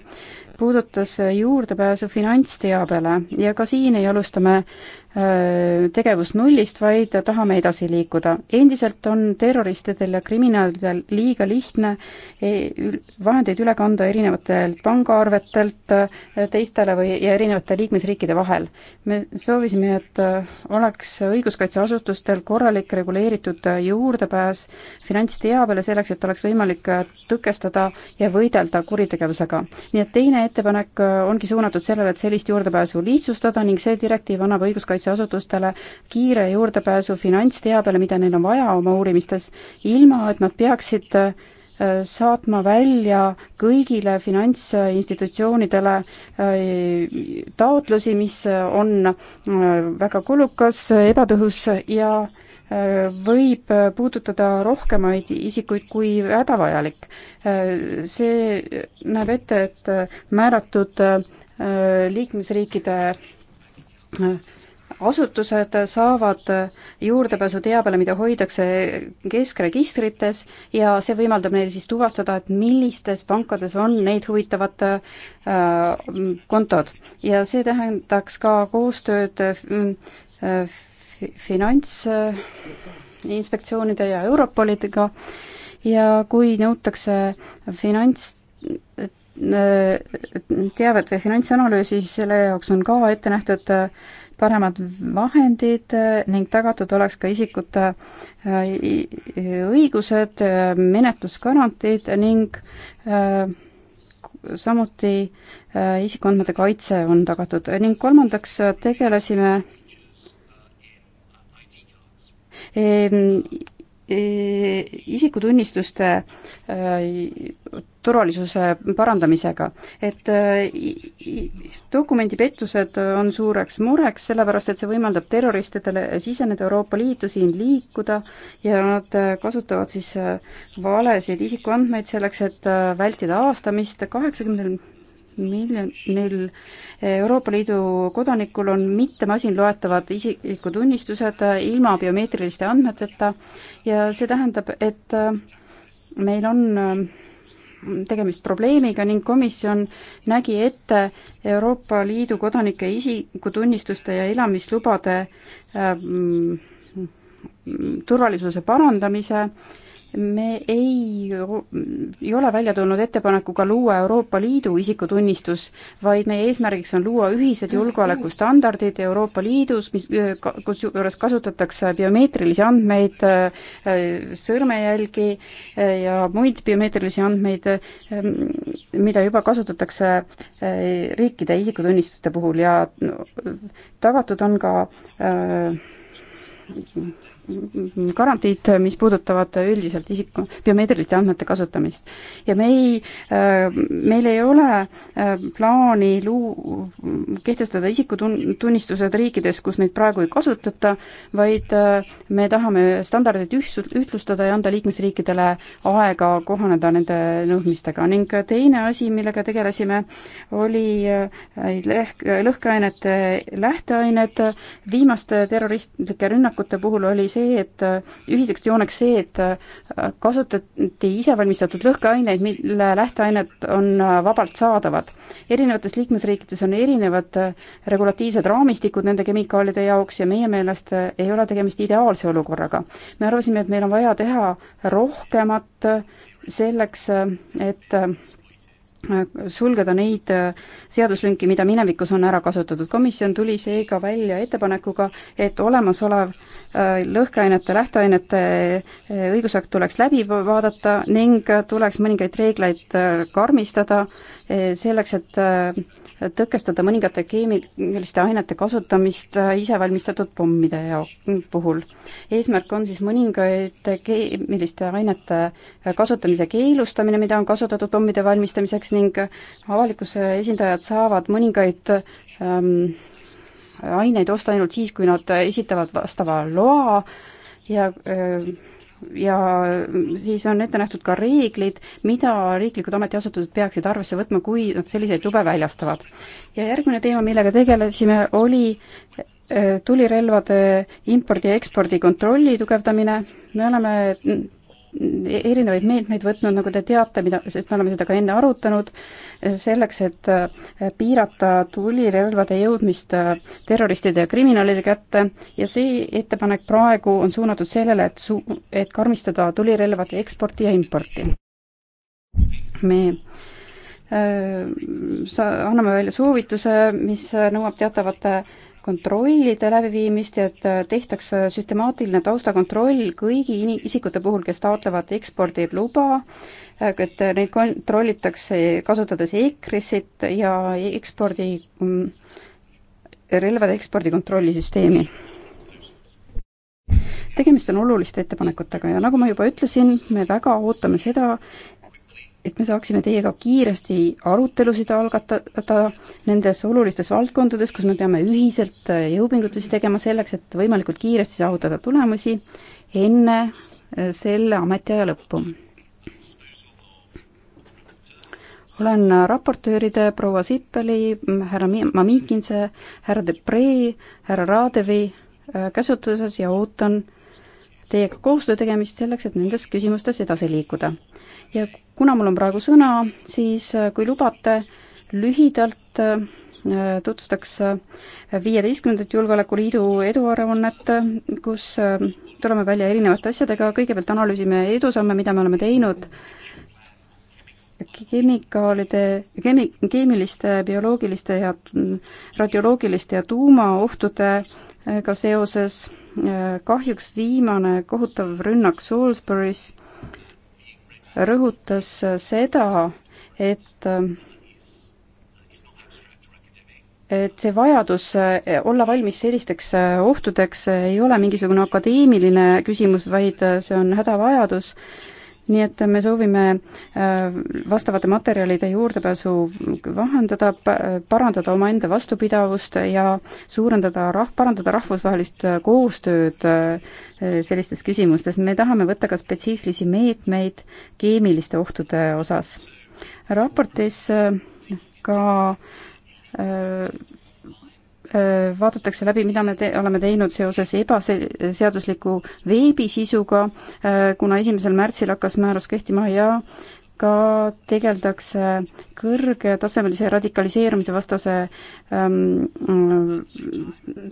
puudutas juurdepääsu finantsteabele ja ka siin ei alustame Äh, tegevust nullist, vaid tahame edasi liikuda. endiselt on terroristidel ja kriminaalidel liiga lihtne e, vahendeid üle kanda erinevatelt pangaarvetelt äh, teistele või, ja erinevate liikmesriikide vahel. me soovisime, et äh, oleks õiguskaitseasutustel korralik reguleeritud juurdepääs finantsteabele selleks, et oleks võimalik tõkestada ja võidelda kuritegevusega. nii et teine ettepanek ongi suunatud sellele, et sellist juurdepääsu lihtsustada ning see direktiiv annab õiguskaitse õiguskaitseasutustele kiire juurdepääsu finantsteabele, mida neil on vaja oma uurimistes, ilma et nad peaksid äh, saatma välja kõigile finantsinstitutsioonidele äh, taotlusi, mis on äh, väga kulukas, ebatõhus ja võib puudutada rohkemaid isikuid kui hädavajalik. see näeb ette, et määratud liikmesriikide asutused saavad juurdepääsu teabele, mida hoitakse keskregistrites ja see võimaldab neil siis tuvastada, et millistes pankades on neid huvitavad äh, kontod. ja see tähendaks ka koostööd äh, äh finantsinspektsioonide ja Europolidega ja kui nõutakse finants äh, teavet või finantsanalüüsi, siis selle jaoks on ka ette nähtud äh, paremad vahendid äh, ning tagatud oleks ka isikute äh, õigused, äh, menetlusgarantiid ning samuti isikuandmete kaitse on tagatud ning kolmandaks tegelesime E, isikutunnistuste e, turvalisuse parandamisega, et e, dokumendipettused on suureks mureks, sellepärast et see võimaldab terroristidele siseneda Euroopa Liitu, siin liikuda ja nad kasutavad siis valesid isikuandmeid selleks, et vältida avastamist. kaheksakümnel miljonil Euroopa Liidu kodanikul on mitte masinloetavad isikutunnistused ilma biomeetriliste andmeteta ja see tähendab, et äh, meil on äh, tegemist probleemiga ning komisjon nägi ette Euroopa Liidu kodanike isikutunnistuste ja elamislubade äh, mm, turvalisuse parandamise äh, me ei, ei ole välja tulnud ettepanekuga luua Euroopa Liidu isikutunnistus, vaid meie eesmärgiks on luua ühised julgeolekustandardid Euroopa Liidus, mis, kusjuures kasutatakse biomeetrilisi andmeid, äh, sõrmejälgi äh, ja muid biomeetrilisi andmeid, ähm, mida juba kasutatakse äh, riikide isikutunnistuste puhul ja tagatud on ka äh, garantiid, mis puudutavad üldiselt isiku biomeetriliste andmete kasutamist. ja me ei, äh, meil ei ole äh, plaani luu-, kehtestada isikutunnistused riikides, kus neid praegu ei kasutata, vaid äh, me tahame standardeid ühtsus, ühtlustada ja anda liikmesriikidele aega kohaneda nende nõudmistega ning teine asi, millega tegelesime, oli lõhk, lõhkeainete lähteained, viimaste terroristlike rünnakute puhul oli see, et äh, ühiseks jooneks see, et äh, kasutati isevalmistatud lõhkeaineid, mille lähteained on äh, vabalt saadavad. erinevates liikmesriikides on erinevad regulatiivsed raamistikud nende kemikaalide jaoks ja meie meelest ei ole tegemist ideaalse olukorraga. me arvasime, et meil on vaja teha rohkemat selleks, et sulgeda neid äh, seaduslünki, mida minevikus on ära kasutatud. komisjon tuli seega välja ettepanekuga, et olemasolev äh, lõhkeainete, lähteainete äh, õigusakt tuleks läbi vaadata ning tuleks mõningaid reegleid karmistada selleks, et tõkestada mõningate keemiliste ainete kasutamist äh, isevalmistatud pommide ja puhul. eesmärk on siis mõningate keemiliste ainete äh, kasutamise keelustamine, mida on kasutatud pommide valmistamiseks ning äh, avalikkuse esindajad saavad mõningaid ähm, aineid osta ainult siis, kui nad esitavad vastava loa ja öö, äh, ja siis on ette nähtud ka reeglid, mida riiklikud ametiasutused peaksid arvesse võtma, kui nad selliseid lube väljastavad. ja järgmine teema, millega tegelesime, oli eh, tulirelvade impordi ja ekspordi kontrolli tugevdamine, me oleme erinevaid meetmeid võtnud, nagu te teate, mida, sest me oleme seda ka enne arutanud, selleks, et äh, piirata tulirelvade jõudmist äh, terroristide ja kriminaalide kätte ja see ettepanek praegu on suunatud sellele, et su-, et karmistada tulirelvade eksporti ja importi. me äh, sa-, anname välja soovituse, mis nõuab teatavate äh, kontrollide läbiviimist ja et äh, tehtaks äh, süstemaatiline taustakontroll kõigi isikute puhul, kes taotlevad ekspordiluba, äh, et neid kontrollitakse kasutades EKRIS-it ja ekspordi, mm, relvade ekspordi kontrollisüsteemi. tegemist on oluliste ettepanekutega ja nagu ma juba ütlesin, me väga ootame seda, et me saaksime teiega kiiresti arutelusid algatada nendes olulistes valdkondades, kus me peame ühiselt äh, jõupingutusi tegema selleks, et võimalikult kiiresti saavutada tulemusi enne äh, selle ametiaja lõppu. olen raportööride proua Sippeli, härra Mamikinse, härra Depree, härra Raadevi äh, käsutuses ja ootan teiega koostöö tegemist selleks, et nendes küsimustes edasi liikuda. ja kuna mul on praegu sõna, siis äh, kui lubate, lühidalt äh, tutvustaks äh, viieteistkümnendat Julgeolekuliidu eduaruannet, kus tuleme välja erinevate asjadega, kõigepealt analüüsime edusamme, mida me oleme teinud kemikaalide, kemi-, keemiliste, bioloogiliste ja mm, radioloogiliste ja tuumaohtudega seoses kahjuks viimane kohutav rünnak Salisbury's rõhutas seda, et et see vajadus olla valmis sellisteks ohtudeks ei ole mingisugune akadeemiline küsimus, vaid see on hädavajadus nii et me soovime äh, vastavate materjalide juurdepääsu vahendada, parandada omaenda vastupidavust ja suurendada rah-, parandada rahvusvahelist äh, koostööd äh, sellistes küsimustes. me tahame võtta ka spetsiifilisi meetmeid keemiliste ohtude osas. raportis ka vaadatakse läbi, mida me te oleme teinud seoses ebaseadusliku veebisisuga, kuna esimesel märtsil hakkas määrus kehtima ja ka tegeldakse kõrgetasemelise radikaliseerumise vastase ähm,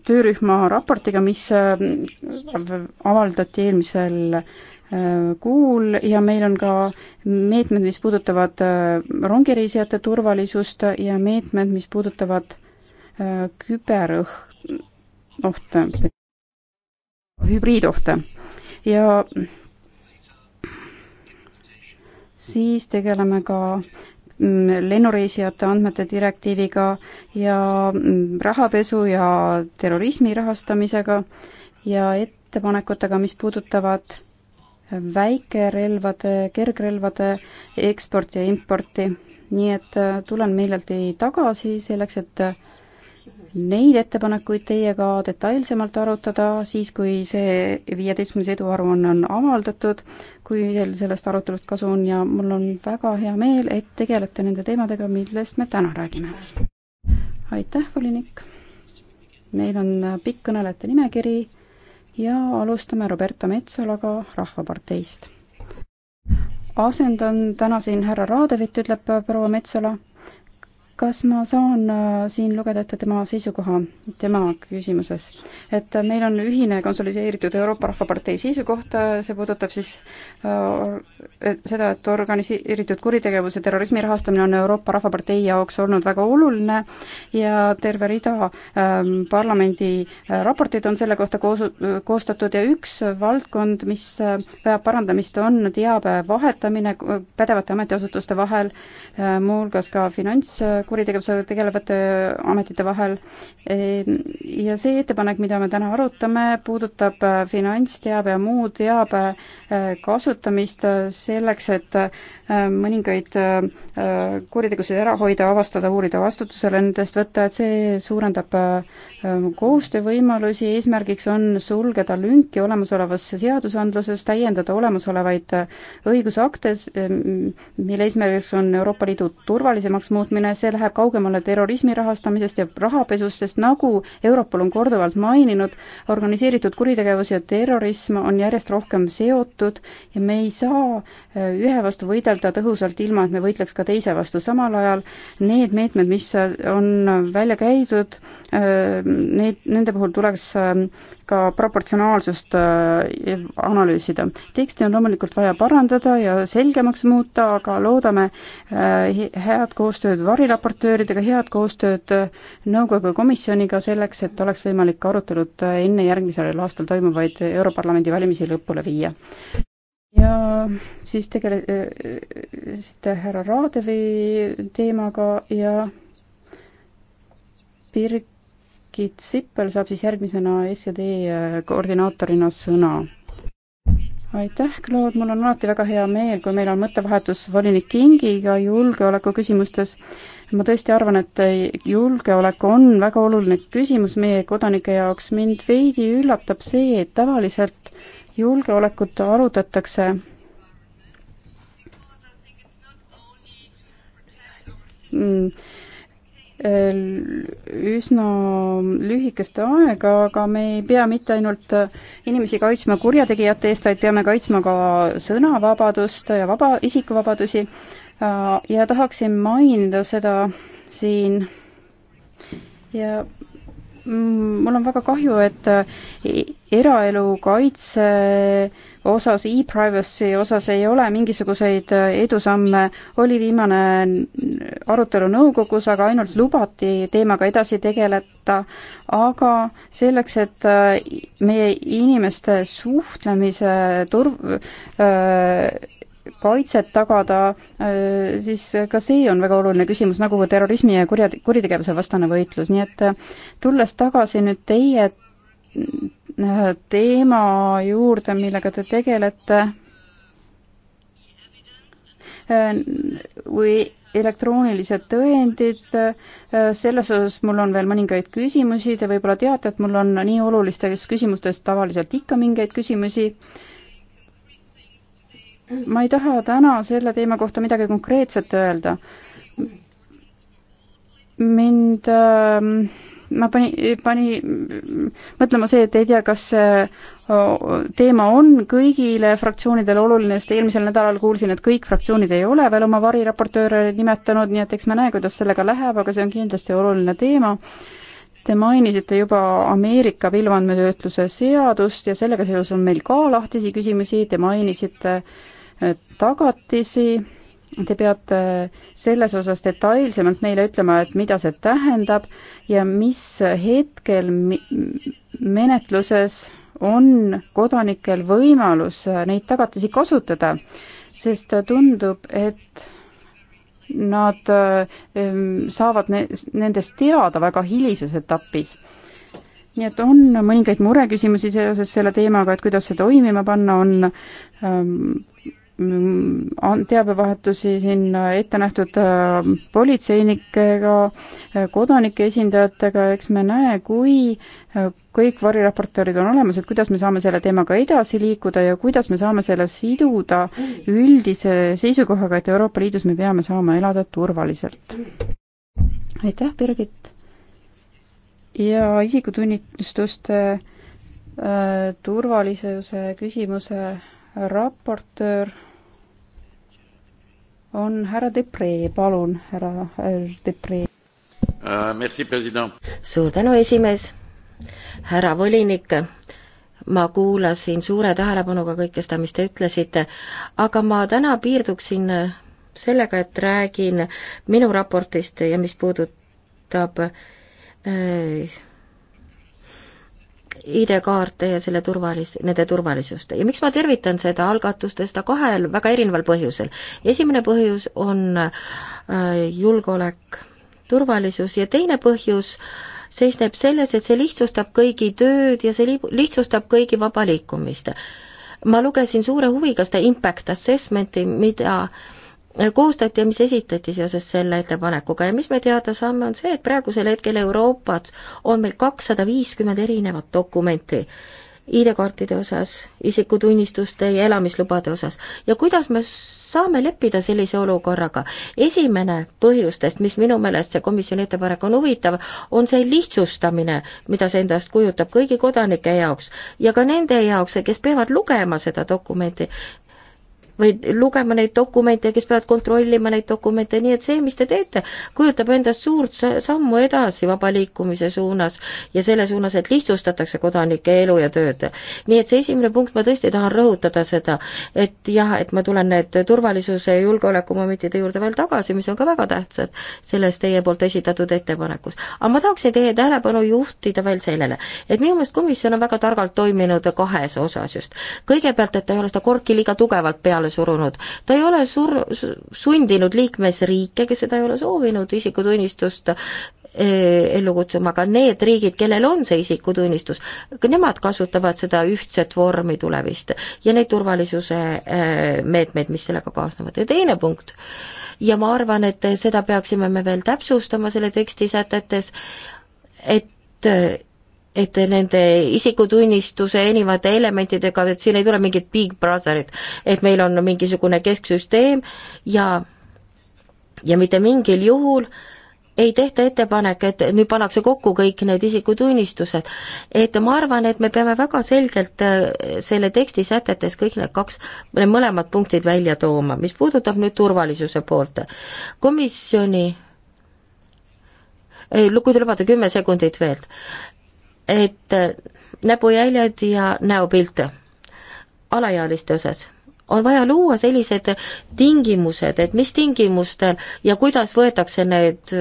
töörühma raportiga, mis äh, avaldati eelmisel äh, kuul ja meil on ka meetmed, mis puudutavad äh, rongireisijate turvalisust ja meetmed, mis puudutavad küberohte, hübriidohte ja siis tegeleme ka mm, lennureisijate andmete direktiiviga ja mm, rahapesu ja terrorismi rahastamisega ja ettepanekutega, mis puudutavad väikerelvade, kergrelvade eksporti ja importi. nii et äh, tulen meeleldi tagasi selleks, et neid ettepanekuid teiega detailsemalt arutada siis, kui see viieteistkümnes eduaruanne on avaldatud, kui teil sellest arutelust kasu on ja mul on väga hea meel, et tegelete nende teemadega, millest me täna räägime. aitäh, volinik! meil on pikk kõnelejate nimekiri ja alustame Roberta Metsolaga Rahvaparteist. asendan täna siin härra Raadevit, ütleb proua Metsola kas ma saan äh, siin lugeda ette tema seisukoha, tema küsimuses? et äh, meil on ühine konsolideeritud Euroopa Rahvapartei seisukoht, äh, see puudutab siis et seda, et organiseeritud kuritegevus ja terrorismi rahastamine on Euroopa Rahvapartei jaoks olnud väga oluline ja terve rida ähm, parlamendi raporteid on selle kohta koos, koostatud ja üks valdkond, mis vajab parandamist, on teabe vahetamine pädevate ametiasutuste vahel äh,, muuhulgas ka finants kuritegevusega tegelevate ametite vahel. ja see ettepanek, mida me täna arutame, puudutab finantsteabe ja muu teabe kasutamist selleks, et Äh, mõningaid äh, äh, kuritegusid ära hoida, avastada, uurida, vastutusele nendest võtta, et see suurendab koostöövõimalusi, eesmärgiks on sulgeda lünki olemasolevas seadusandluses, täiendada olemasolevaid õigusakte, mille eesmärgiks on Euroopa Liidu turvalisemaks muutmine, see läheb kaugemale terrorismi rahastamisest ja rahapesust, sest nagu Europol on korduvalt maininud, organiseeritud kuritegevus ja terrorism on järjest rohkem seotud ja me ei saa ühe vastu võidelda võtta tõhusalt, ilma et me võitleks ka teise vastu. samal ajal need meetmed, mis on välja käidud, äh, need, nende puhul tuleks äh, ka proportsionaalsust äh, analüüsida. teksti on loomulikult vaja parandada ja selgemaks muuta, aga loodame head koostööd variraportööridega, head koostööd nõukogu komisjoniga selleks, et oleks võimalik arutelud enne järgmisel aastal toimuvaid Europarlamendi valimisi lõpule viia ja siis tegelesite äh, äh, härra Raadevi teemaga ja Birgit Sippel saab siis järgmisena SED äh, koordinaatorina sõna. aitäh, Claude, mul on alati väga hea meel, kui meil on mõttevahetus volinik Kingiga julgeoleku küsimustes. ma tõesti arvan, et julgeolek on väga oluline küsimus meie kodanike jaoks. mind veidi üllatab see, et tavaliselt äh, julgeolekut arutatakse mm. üsna lühikest aega, aga me ei pea mitte ainult inimesi kaitsma kurjategijate eest, vaid peame kaitsma ka sõnavabadust ja vaba, isikuvabadusi. Äh, ja tahaksin mainida seda siin ja mm, mul on väga kahju, et äh, eraelu kaitse osas e, e-privacy osas ei ole mingisuguseid edusamme, oli viimane arutelu nõukogus, aga ainult lubati teemaga edasi tegeleda, aga selleks, et äh, meie inimeste suhtlemise turv-, äh, kaitset tagada, äh, siis ka see on väga oluline küsimus, nagu terrorismi ja kurja, kuritegevuse vastane võitlus, nii et tulles tagasi nüüd teie teema juurde, millega te tegelete või elektroonilised tõendid, selles osas mul on veel mõningaid küsimusi, te võib-olla teate, et mul on nii olulistes küsimustes tavaliselt ikka mingeid küsimusi. ma ei taha täna selle teema kohta midagi konkreetset öelda. mind äh, ma pani, pani mõtlema see, et ei tea, kas teema on kõigile fraktsioonidele oluline, sest eelmisel nädalal kuulsin, et kõik fraktsioonid ei ole veel oma variraportööre nimetanud, nii et eks me näe, kuidas sellega läheb, aga see on kindlasti oluline teema. Te mainisite juba Ameerika pilvandmetöötluse seadust ja sellega seoses on meil ka lahtisi küsimusi, te mainisite eh, tagatisi Te peate äh, selles osas detailsemalt meile ütlema, et mida see tähendab ja mis hetkel menetluses on kodanikel võimalus äh, neid tagatisi kasutada, sest äh, tundub, et nad saavad ne-, nendest teada väga hilises etapis nii et on mõningaid mureküsimusi seoses selle teemaga, et kuidas see toimima panna, on ähm, on mm, teabevahetusi siin ette nähtud äh, politseinikega, äh, kodanike esindajatega, eks me näe, kui äh, kõik variraportöörid on olemas, et kuidas me saame selle teemaga edasi liikuda ja kuidas me saame selle siduda üldise seisukohaga, et Euroopa Liidus me peame saama elada turvaliselt. aitäh, Birgit! ja isikutunnistuste äh, turvalisuse küsimuse raportöör on härra Depree, palun, härra äh, Depree uh,. Merci, president. suur tänu, esimees. härra volinik, ma kuulasin suure tähelepanuga kõike seda, mis te ütlesite, aga ma täna piirduksin sellega, et räägin minu raportist ja mis puudutab äh, ID-kaarte ja selle turvalis-, nende turvalisust. ja miks ma tervitan seda algatust, seda kahel väga erineval põhjusel. esimene põhjus on äh, julgeolek, turvalisus ja teine põhjus seisneb selles, et see lihtsustab kõigi tööd ja see lihtsustab kõigi vaba liikumist. ma lugesin suure huviga seda impact assessment'i, mida äh, koostati ja mis esitati seoses selle ettepanekuga ja mis me teada saame, on see, et praegusel hetkel Euroopas on meil kakssada viiskümmend erinevat dokumenti ID-kaartide osas, isikutunnistuste ja elamislubade osas ja kuidas me saame leppida sellise olukorraga. esimene põhjustest, mis minu meelest see komisjoni ettepanek on huvitav, on see lihtsustamine, mida see endast kujutab kõigi kodanike jaoks ja ka nende jaoks, kes peavad lugema seda dokumenti, või lugema neid dokumente, kes peavad kontrollima neid dokumente, nii et see, mis te teete, kujutab endast suurt sammu edasi vaba liikumise suunas ja selle suunas, et lihtsustatakse kodanike elu ja tööd. nii et see esimene punkt, ma tõesti tahan rõhutada seda, et jah, et ma tulen need turvalisuse ja julgeolekumomentide juurde veel tagasi, mis on ka väga tähtsad selles teie poolt esitatud ettepanekus. aga ma tahaksin teie tähelepanu juhtida veel sellele, et minu meelest komisjon on väga targalt toiminud kahes osas just. kõigepealt, et ta ei ole seda korki liiga tugevalt peale peale surunud. ta ei ole sur-, sundinud liikmesriike, kes seda ei ole soovinud, isikutunnistust eh, ellu kutsuma, aga need riigid, kellel on see isikutunnistus, ka nemad kasutavad seda ühtset vormi tulevist ja neid turvalisuse eh, meetmeid, mis sellega kaasnevad. ja teine punkt, ja ma arvan, et seda peaksime me veel täpsustama selle teksti sätetes, et eh, et nende isikutunnistuse erinevate elementidega, et siin ei tule mingit Big Brotherit, et meil on mingisugune kesksüsteem ja ja mitte mingil juhul ei tehta ettepanek, et nüüd pannakse kokku kõik need isikutunnistused. et ma arvan, et me peame väga selgelt äh, selle teksti sätetes kõik need kaks, need mõlemad punktid välja tooma, mis puudutab nüüd turvalisuse poolt. komisjoni ei, kui te lubate kümme sekundit veel et näpujäljed ja näopilt alaealiste osas on vaja luua sellised tingimused, et mis tingimustel ja kuidas võetakse need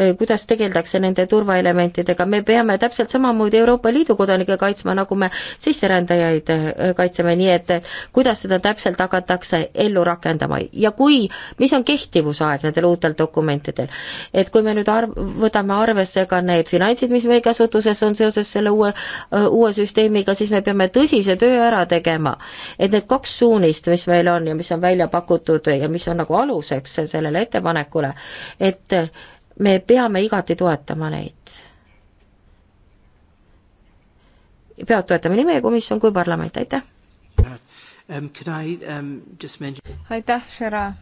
Äh, kuidas tegeldakse nende turvaelementidega, me peame täpselt samamoodi Euroopa Liidu kodanikke kaitsma, nagu me sisserändajaid äh, kaitseme, nii et kuidas seda täpselt hakatakse ellu rakendama ja kui, mis on kehtivusaeg nendel uutel dokumentidel. et kui me nüüd arv-, võtame arvesse ka need finantsid, mis meie käsutuses on seoses selle uue, äh, uue süsteemiga, siis me peame tõsise töö ära tegema. et need kaks suunist, mis meil on ja mis on välja pakutud ja mis on nagu aluseks sellele ettepanekule, et me peame igati toetama neid. peavad toetama nii meie komisjon kui parlament, aitäh! Um, um, aitäh, Shera!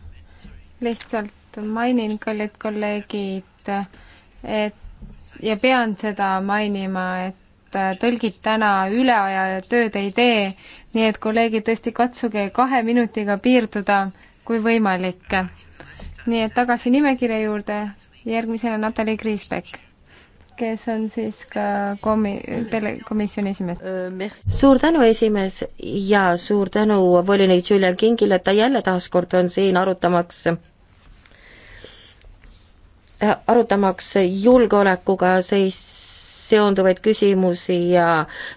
lihtsalt mainin, kallid kolleegid, et ja pean seda mainima, et äh, tõlgid täna üleaja ja tööd ei tee, nii et kolleegid, tõesti katsuge kahe minutiga piirduda, kui võimalik. nii et tagasi nimekirja juurde, järgmisena Natalja Kriisbeck, kes on siis ka komi-, telekomisjoni esimees. suur tänu, esimees, ja suur tänu volinik Julian Kingile, et ta jälle taaskord on siin arutamaks äh, arutamaks julgeolekuga seis seonduvaid küsimusi ja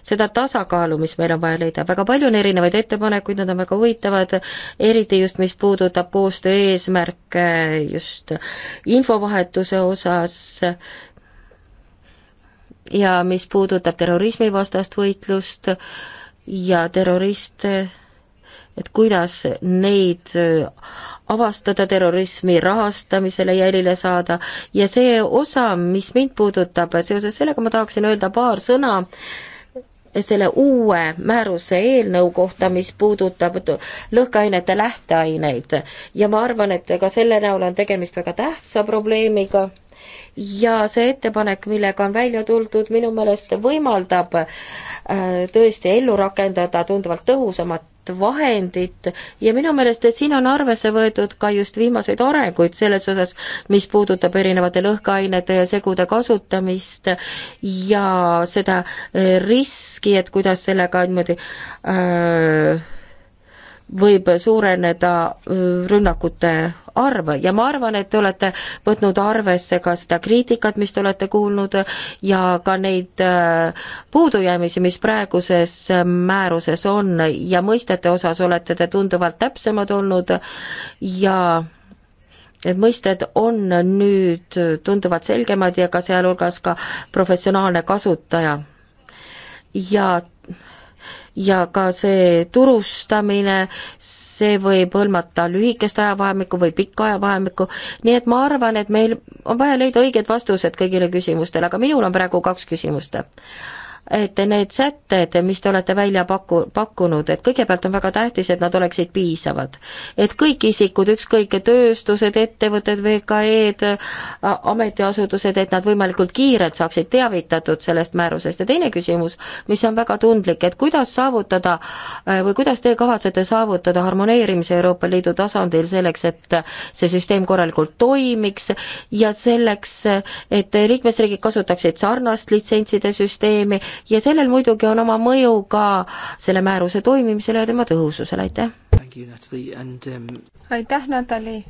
seda tasakaalu, mis meil on vaja leida. väga palju on erinevaid ettepanekuid, nad on väga huvitavad, eriti just, mis puudutab koostöö eesmärke just infovahetuse osas ja mis puudutab terrorismivastast võitlust ja terroriste, et kuidas neid avastada terrorismi rahastamisele jälile saada ja see osa, mis mind puudutab, seoses sellega ma tahaksin öelda paar sõna selle uue määruse eelnõu kohta, mis puudutab lõhkeainete lähteaineid ja ma arvan, et ka selle näol on tegemist väga tähtsa probleemiga ja see ettepanek, millega on välja tuldud, minu meelest võimaldab äh, tõesti ellu rakendada tunduvalt tõhusamat vahendit ja minu meelest siin on arvesse võetud ka just viimaseid arenguid selles osas, mis puudutab erinevate lõhkeainete ja segude kasutamist ja seda riski, et kuidas sellega niimoodi öö, äh, võib suureneda äh, rünnakute arv ja ma arvan, et te olete võtnud arvesse ka seda kriitikat, mis te olete kuulnud ja ka neid äh, puudujäämisi, mis praeguses äh, määruses on ja mõistete osas olete te tunduvalt täpsemad olnud ja Need mõisted on nüüd tunduvalt selgemad ja ka sealhulgas ka professionaalne kasutaja. ja ja ka see turustamine, see võib hõlmata lühikest ajavahemikku või pikka ajavahemikku, nii et ma arvan, et meil on vaja leida õiged vastused kõigile küsimustele, aga minul on praegu kaks küsimust et need sätted, mis te olete välja paku, pakkunud, et kõigepealt on väga tähtis, et nad oleksid piisavad. et kõik isikud, ükskõik tööstused, ettevõtted, VKE-d, ametiasutused, et nad võimalikult kiirelt saaksid teavitatud sellest määrusest ja teine küsimus, mis on väga tundlik, et kuidas saavutada äh, või kuidas te kavatsete saavutada harmoneerimise Euroopa Liidu tasandil selleks, et see süsteem korralikult toimiks ja selleks, et liikmesriigid kasutaksid sarnast litsentside süsteemi, ja sellel muidugi on oma mõju ka selle määruse toimimisele ja tema tõhususele, aitäh! Um, aitäh, Natali!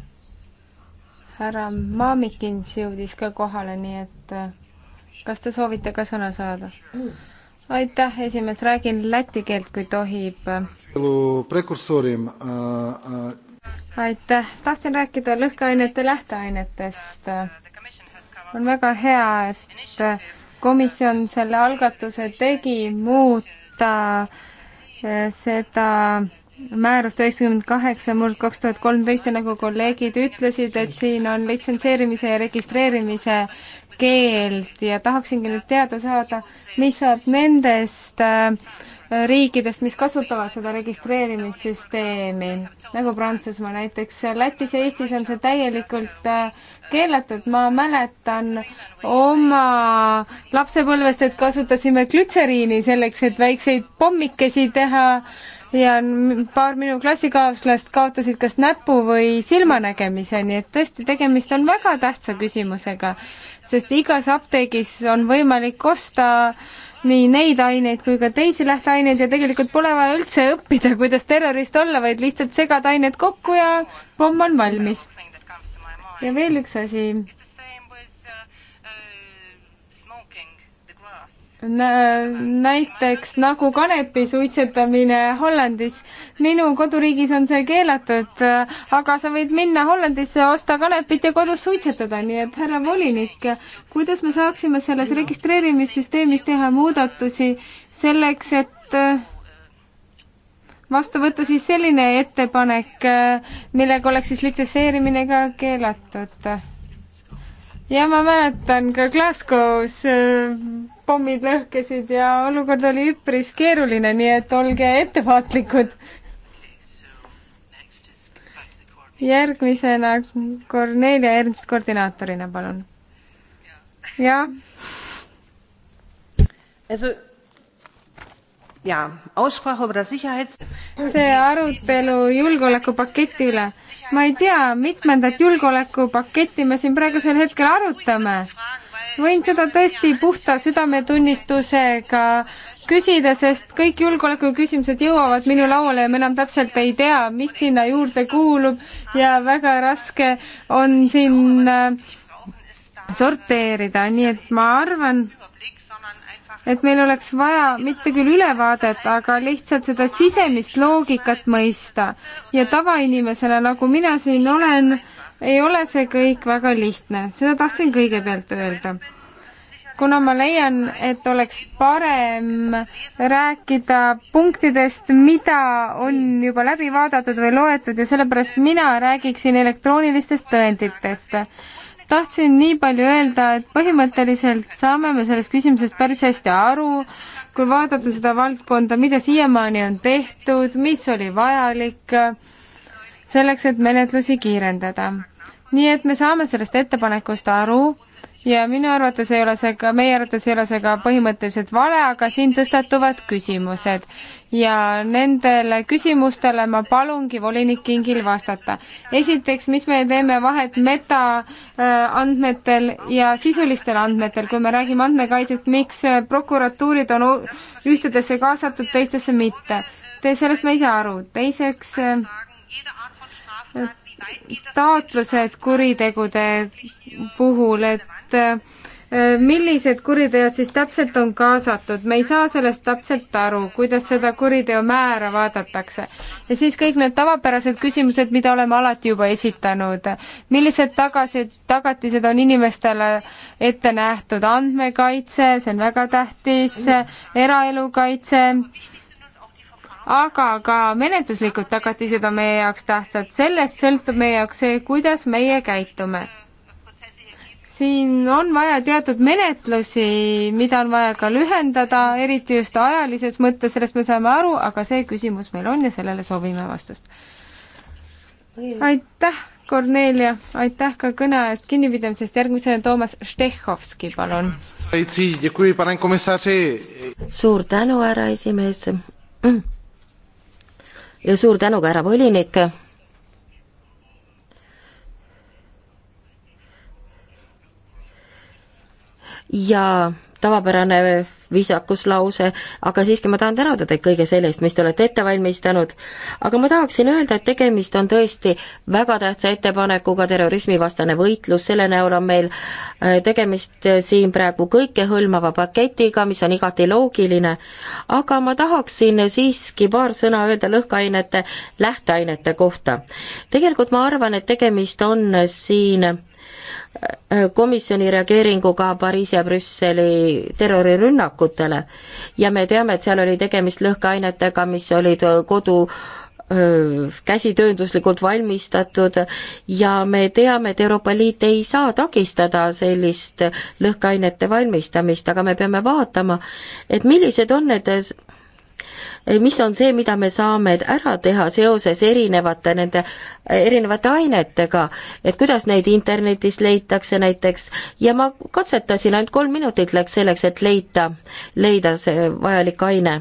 härra Maamikins jõudis ka kohale, nii et äh, kas te soovite ka sõna saada? aitäh, esimees, räägin läti keelt, kui tohib. Äh, äh, aitäh, tahtsin rääkida lõhkeainete lähteainetest. on väga hea, et komisjon selle algatuse tegi, muuta eh, seda määrust üheksakümmend kaheksa murd kaks tuhat kolmteist ja nagu kolleegid ütlesid, et siin on litsenseerimise ja registreerimise keeld ja tahaksingi nüüd teada saada, mis saab nendest eh, riikidest, mis kasutavad seda registreerimissüsteemi, nagu Prantsusmaa näiteks. Lätis ja Eestis on see täielikult eh, keelatud, ma mäletan oma lapsepõlvest, et kasutasime glütseriini selleks, et väikseid pommikesi teha ja paar minu klassikaaslast kaotasid kas näpu või silmanägemise, nii et tõesti, tegemist on väga tähtsa küsimusega, sest igas apteegis on võimalik osta nii neid aineid kui ka teisi lähteaineid ja tegelikult pole vaja üldse õppida, kuidas terrorist olla, vaid lihtsalt segad ained kokku ja pomm on valmis ja veel üks asi. näiteks nagu kanepi suitsetamine Hollandis. minu koduriigis on see keelatud, aga sa võid minna Hollandisse, osta kanepit ja kodus suitsetada, nii et härra volinik, kuidas me saaksime selles registreerimissüsteemis teha muudatusi selleks, et vastu võtta siis selline ettepanek, äh, millega oleks siis litsenseerimine ka keelatud? ja ma mäletan ka Glasgow's äh, pommid lõhkesid ja olukord oli üpris keeruline, nii et olge ettevaatlikud. järgmisena Kornelia Ernst koordinaatorina, palun. jah see arutelu julgeolekupaketi üle. ma ei tea, mitmendat julgeolekupaketti me siin praegusel hetkel arutame. võin seda tõesti puhta südametunnistusega küsida, sest kõik julgeolekuküsimused jõuavad minu lauale ja ma enam täpselt ei tea, mis sinna juurde kuulub ja väga raske on siin äh, sorteerida, nii et ma arvan, et meil oleks vaja mitte küll ülevaadet, aga lihtsalt seda sisemist loogikat mõista. ja tavainimesena, nagu mina siin olen, ei ole see kõik väga lihtne, seda tahtsin kõigepealt öelda. kuna ma leian, et oleks parem rääkida punktidest, mida on juba läbi vaadatud või loetud ja sellepärast mina räägiksin elektroonilistest tõenditest tahtsin nii palju öelda, et põhimõtteliselt saame me sellest küsimusest päris hästi aru, kui vaadata seda valdkonda, mida siiamaani on tehtud, mis oli vajalik selleks, et menetlusi kiirendada. nii et me saame sellest ettepanekust aru ja minu arvates ei ole see ka, meie arvates ei ole see ka põhimõtteliselt vale, aga siin tõstatuvad küsimused. ja nendele küsimustele ma palungi volinik Kingil vastata. esiteks, mis me teeme vahet metaandmetel äh, ja sisulistel andmetel, kui me räägime andmekaitsest, miks äh, prokuratuurid on ühtedesse kaasatud, teistesse mitte? Te, sellest ma ei saa aru. teiseks, äh, taotlused kuritegude puhul, et Äh, millised kuriteod siis täpselt on kaasatud, me ei saa sellest täpselt aru, kuidas seda kuriteo määra vaadatakse. ja siis kõik need tavapärased küsimused, mida oleme alati juba esitanud. millised tagasi, tagatised on inimestele ette nähtud, andmekaitse, see on väga tähtis, eraelu kaitse, aga ka menetluslikud tagatised on meie jaoks tähtsad, sellest sõltub meie jaoks see, kuidas meie käitume siin on vaja teatud menetlusi, mida on vaja ka lühendada, eriti just ajalises mõttes, sellest me saame aru, aga see küsimus meil on ja sellele soovime vastust. aitäh, Kornelia, aitäh ka kõne eest kinnipidamisest, järgmisena Toomas Štehhovski, palun. suur tänu, härra esimees. ja suur tänu ka härra volinik ja tavapärane viisakus lause, aga siiski ma tahan tänada teid kõige selle eest, mis te olete ette valmistanud. aga ma tahaksin öelda, et tegemist on tõesti väga tähtsa ettepanekuga, terrorismivastane võitlus, selle näol on meil äh, tegemist äh, siin praegu kõikehõlmava paketiga, mis on igati loogiline, aga ma tahaksin siiski paar sõna öelda lõhkeainete lähteainete kohta. tegelikult ma arvan, et tegemist on siin Äh, komisjoni reageeringuga Pariisi ja Brüsseli terrorirünnakutele ja me teame, et seal oli tegemist lõhkeainetega, mis olid kodu äh, käsitöönduslikult valmistatud ja me teame, et Euroopa Liit ei saa takistada sellist lõhkeainete valmistamist, aga me peame vaatama, et millised on need Eh, mis on see, mida me saame ära teha seoses erinevate nende, eh, erinevate ainetega, et kuidas neid internetist leitakse näiteks ja ma katsetasin, ainult kolm minutit läks selleks, et leida, leida see vajalik aine.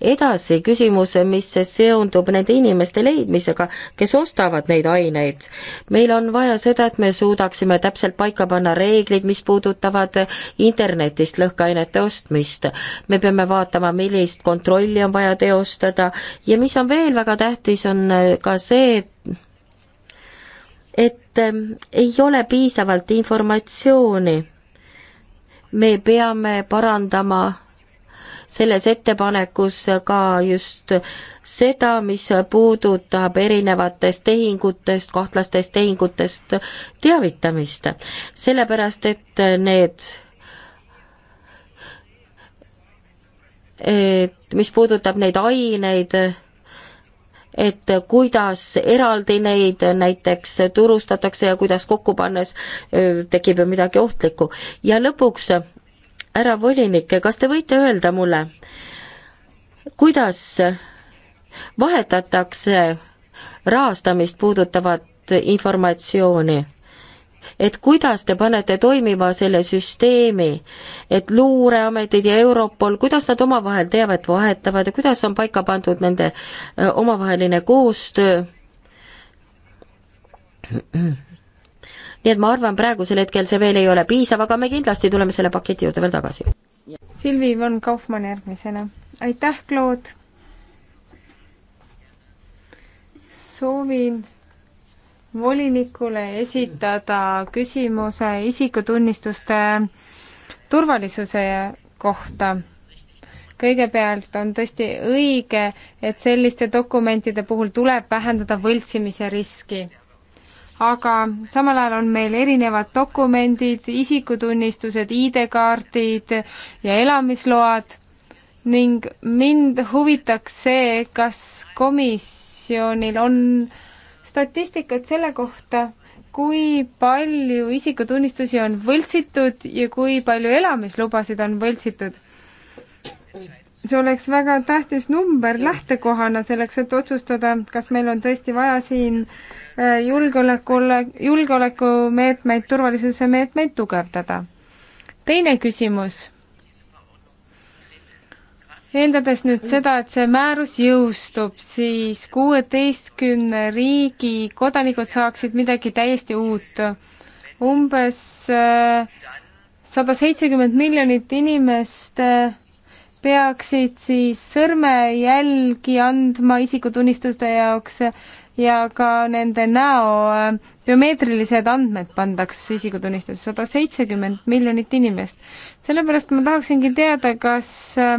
edasi küsimus, mis seondub nende inimeste leidmisega, kes ostavad neid aineid. meil on vaja seda, et me suudaksime täpselt paika panna reeglid, mis puudutavad internetist lõhkeainete ostmist. me peame vaatama, millist kontrolli on vaja teha, teostada ja mis on veel väga tähtis, on äh, ka see, et ähm, ei ole piisavalt informatsiooni. me peame parandama selles ettepanekus ka just seda, mis puudutab erinevatest tehingutest, kahtlastest tehingutest teavitamist. sellepärast, et need et mis puudutab neid aineid, et kuidas eraldi neid näiteks turustatakse ja kuidas kokku pannes tekib ju midagi ohtlikku. ja lõpuks, härra volinik, kas te võite öelda mulle, kuidas vahetatakse rahastamist puudutavat informatsiooni? et kuidas te panete toimima selle süsteemi, et luureametid ja Europol, kuidas nad omavahel teavet vahetavad ja kuidas on paika pandud nende omavaheline koostöö? nii et ma arvan, praegusel hetkel see veel ei ole piisav, aga me kindlasti tuleme selle paketi juurde veel tagasi. Silvi Ivan Kaufmann järgmisena. aitäh, Claude! soovin volinikule esitada küsimuse isikutunnistuste turvalisuse kohta. kõigepealt on tõesti õige, et selliste dokumentide puhul tuleb vähendada võltsimise riski. aga samal ajal on meil erinevad dokumendid, isikutunnistused, ID-kaardid ja elamisload ning mind huvitaks see, kas komisjonil on äh, statistikat selle kohta, kui palju isikutunnistusi on võltsitud ja kui palju elamislubasid on võltsitud. see oleks väga tähtis number lähtekohana selleks, et otsustada, kas meil on tõesti vaja siin äh, julgeolekule, julgeolekumeetmeid, turvalisuse meetmeid tugevdada. teine küsimus eeldades nüüd mm. seda, et see määrus jõustub, siis kuueteistkümne riigi kodanikud saaksid midagi täiesti uut. umbes äh, sada seitsekümmend miljonit inimest äh, peaksid siis sõrmejälgi andma isikutunnistuste jaoks ja ka nende näo äh, biomeetrilised andmed pandakse isikutunnistusse, sada seitsekümmend miljonit inimest. sellepärast ma tahaksingi teada, kas äh,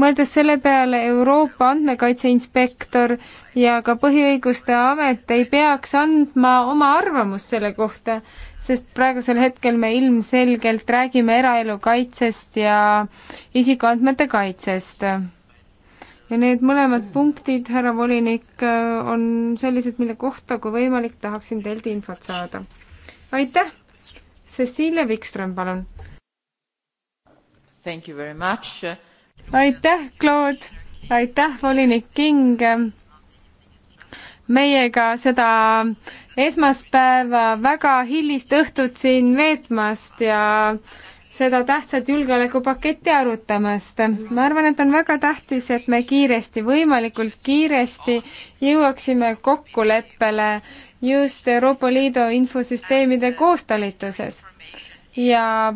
mõeldes selle peale Euroopa andmekaitse inspektor ja ka Põhiõiguste Amet ei peaks andma oma arvamust selle kohta, sest praegusel hetkel me ilmselgelt räägime eraelu kaitsest ja isikuandmete kaitsest. ja need mõlemad punktid, härra volinik, on sellised, mille kohta, kui võimalik, tahaksin teilt infot saada. aitäh! Cecilia Wikström, palun! Thank you very much aitäh, Claude, aitäh, volinik King meiega seda esmaspäeva väga hilist õhtut siin veetmast ja seda tähtsat julgeolekupaketti arutamast. ma arvan, et on väga tähtis, et me kiiresti, võimalikult kiiresti jõuaksime kokkuleppele just Euroopa Liidu infosüsteemide koostalituses ja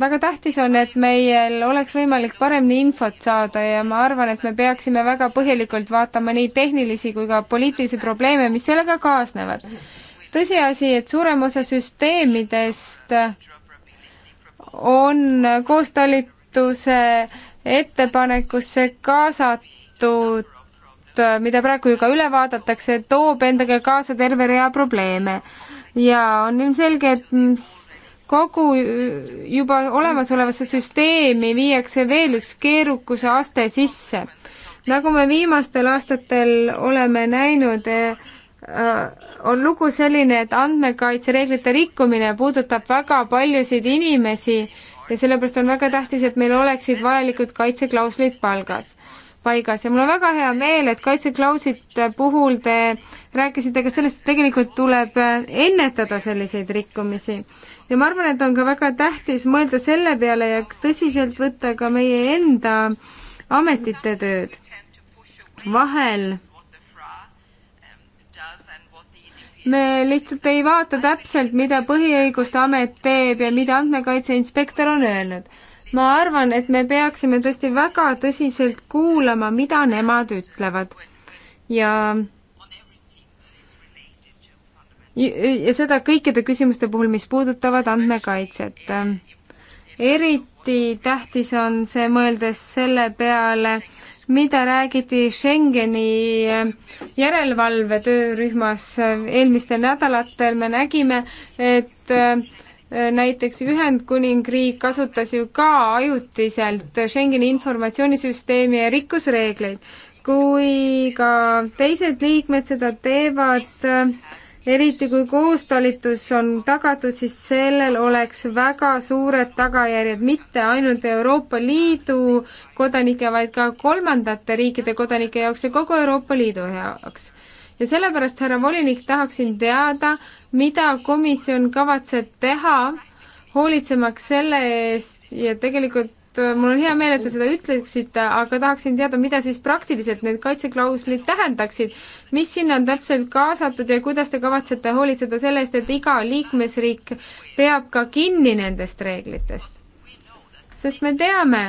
väga tähtis on, et meil oleks võimalik paremini infot saada ja ma arvan, et me peaksime väga põhjalikult vaatama nii tehnilisi kui ka poliitilisi probleeme, mis sellega kaasnevad. tõsiasi, et suurem osa süsteemidest on koostalituse ettepanekusse kaasatud, mida praegu ju ka üle vaadatakse, toob endaga kaasa terve rea probleeme ja on ilmselge, et kogu juba olemasolevasse süsteemi viiakse veel üks keerukuse aste sisse. nagu me viimastel aastatel oleme näinud, äh, on lugu selline, et andmekaitsereeglite rikkumine puudutab väga paljusid inimesi ja sellepärast on väga tähtis, et meil oleksid vajalikud kaitseklauslid palgas, paigas ja mul on väga hea meel, et kaitseklauslite puhul te rääkisite ka sellest, et tegelikult tuleb ennetada selliseid rikkumisi ja ma arvan, et on ka väga tähtis mõelda selle peale ja tõsiselt võtta ka meie enda ametite tööd. vahel me lihtsalt ei vaata täpselt, mida Põhiõiguste Amet teeb ja mida Andmekaitse Inspektor on öelnud. ma arvan, et me peaksime tõesti väga tõsiselt kuulama, mida nemad ütlevad. ja ja seda kõikide küsimuste puhul, mis puudutavad andmekaitset. eriti tähtis on see, mõeldes selle peale, mida räägiti Schengeni järelevalve töörühmas eelmistel nädalatel, me nägime, et äh, näiteks Ühendkuningriik kasutas ju ka ajutiselt Schengeni informatsioonisüsteemi ja rikkus reegleid. kui ka teised liikmed seda teevad, äh, eriti kui koostalitus on tagatud, siis sellel oleks väga suured tagajärjed mitte ainult Euroopa Liidu kodanike, vaid ka kolmandate riikide kodanike jaoks ja kogu Euroopa Liidu jaoks. ja sellepärast, härra volinik, tahaksin teada, mida komisjon kavatseb teha, hoolitsemaks selle eest ja tegelikult et äh, mul on hea meel, et te seda ütleksite, aga tahaksin teada, mida siis praktiliselt need kaitseklauslid tähendaksid, mis sinna on täpselt kaasatud ja kuidas te kavatsete hoolitseda selle eest, et iga liikmesriik peab ka kinni nendest reeglitest? sest me teame,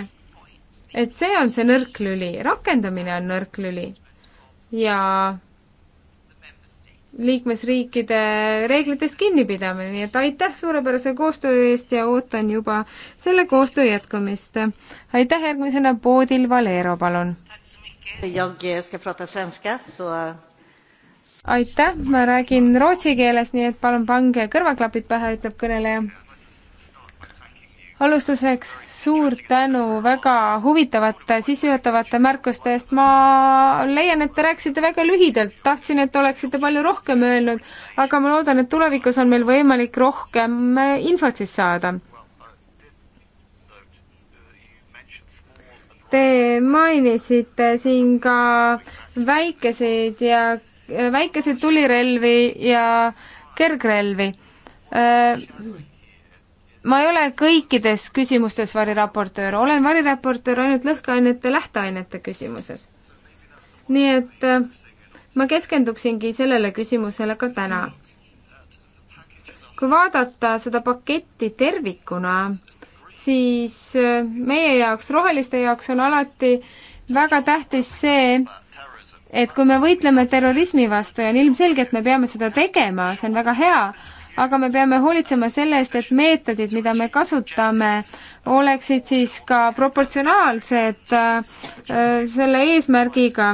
et see on see nõrk lüli, rakendamine on nõrk lüli ja liikmesriikide reeglitest kinnipidamine, nii et aitäh suurepärase koostöö eest ja ootan juba selle koostöö jätkumist. aitäh, järgmisena poodil Valero, palun. aitäh, ma räägin rootsi keeles, nii et palun pange kõrvaklapid pähe, ütleb kõneleja alustuseks suur tänu väga huvitavate sissejuhatavate märkuste eest. ma leian, et te rääkisite väga lühidalt, tahtsin, et oleksite palju rohkem öelnud, aga ma loodan, et tulevikus on meil võimalik rohkem äh, infot siis saada. Te mainisite siin ka väikeseid ja, äh, väikeseid tulirelvi ja kergrelvi äh, ma ei ole kõikides küsimustes variraportöör, olen variraportöör ainult lõhkeainete, lähteainete küsimuses. nii et äh, ma keskenduksingi sellele küsimusele ka täna. kui vaadata seda paketti tervikuna, siis äh, meie jaoks, roheliste jaoks on alati väga tähtis see, et kui me võitleme terrorismi vastu ja on ilmselge, et me peame seda tegema, see on väga hea, aga me peame hoolitsema selle eest, et meetodid, mida me kasutame, oleksid siis ka proportsionaalsed äh, selle eesmärgiga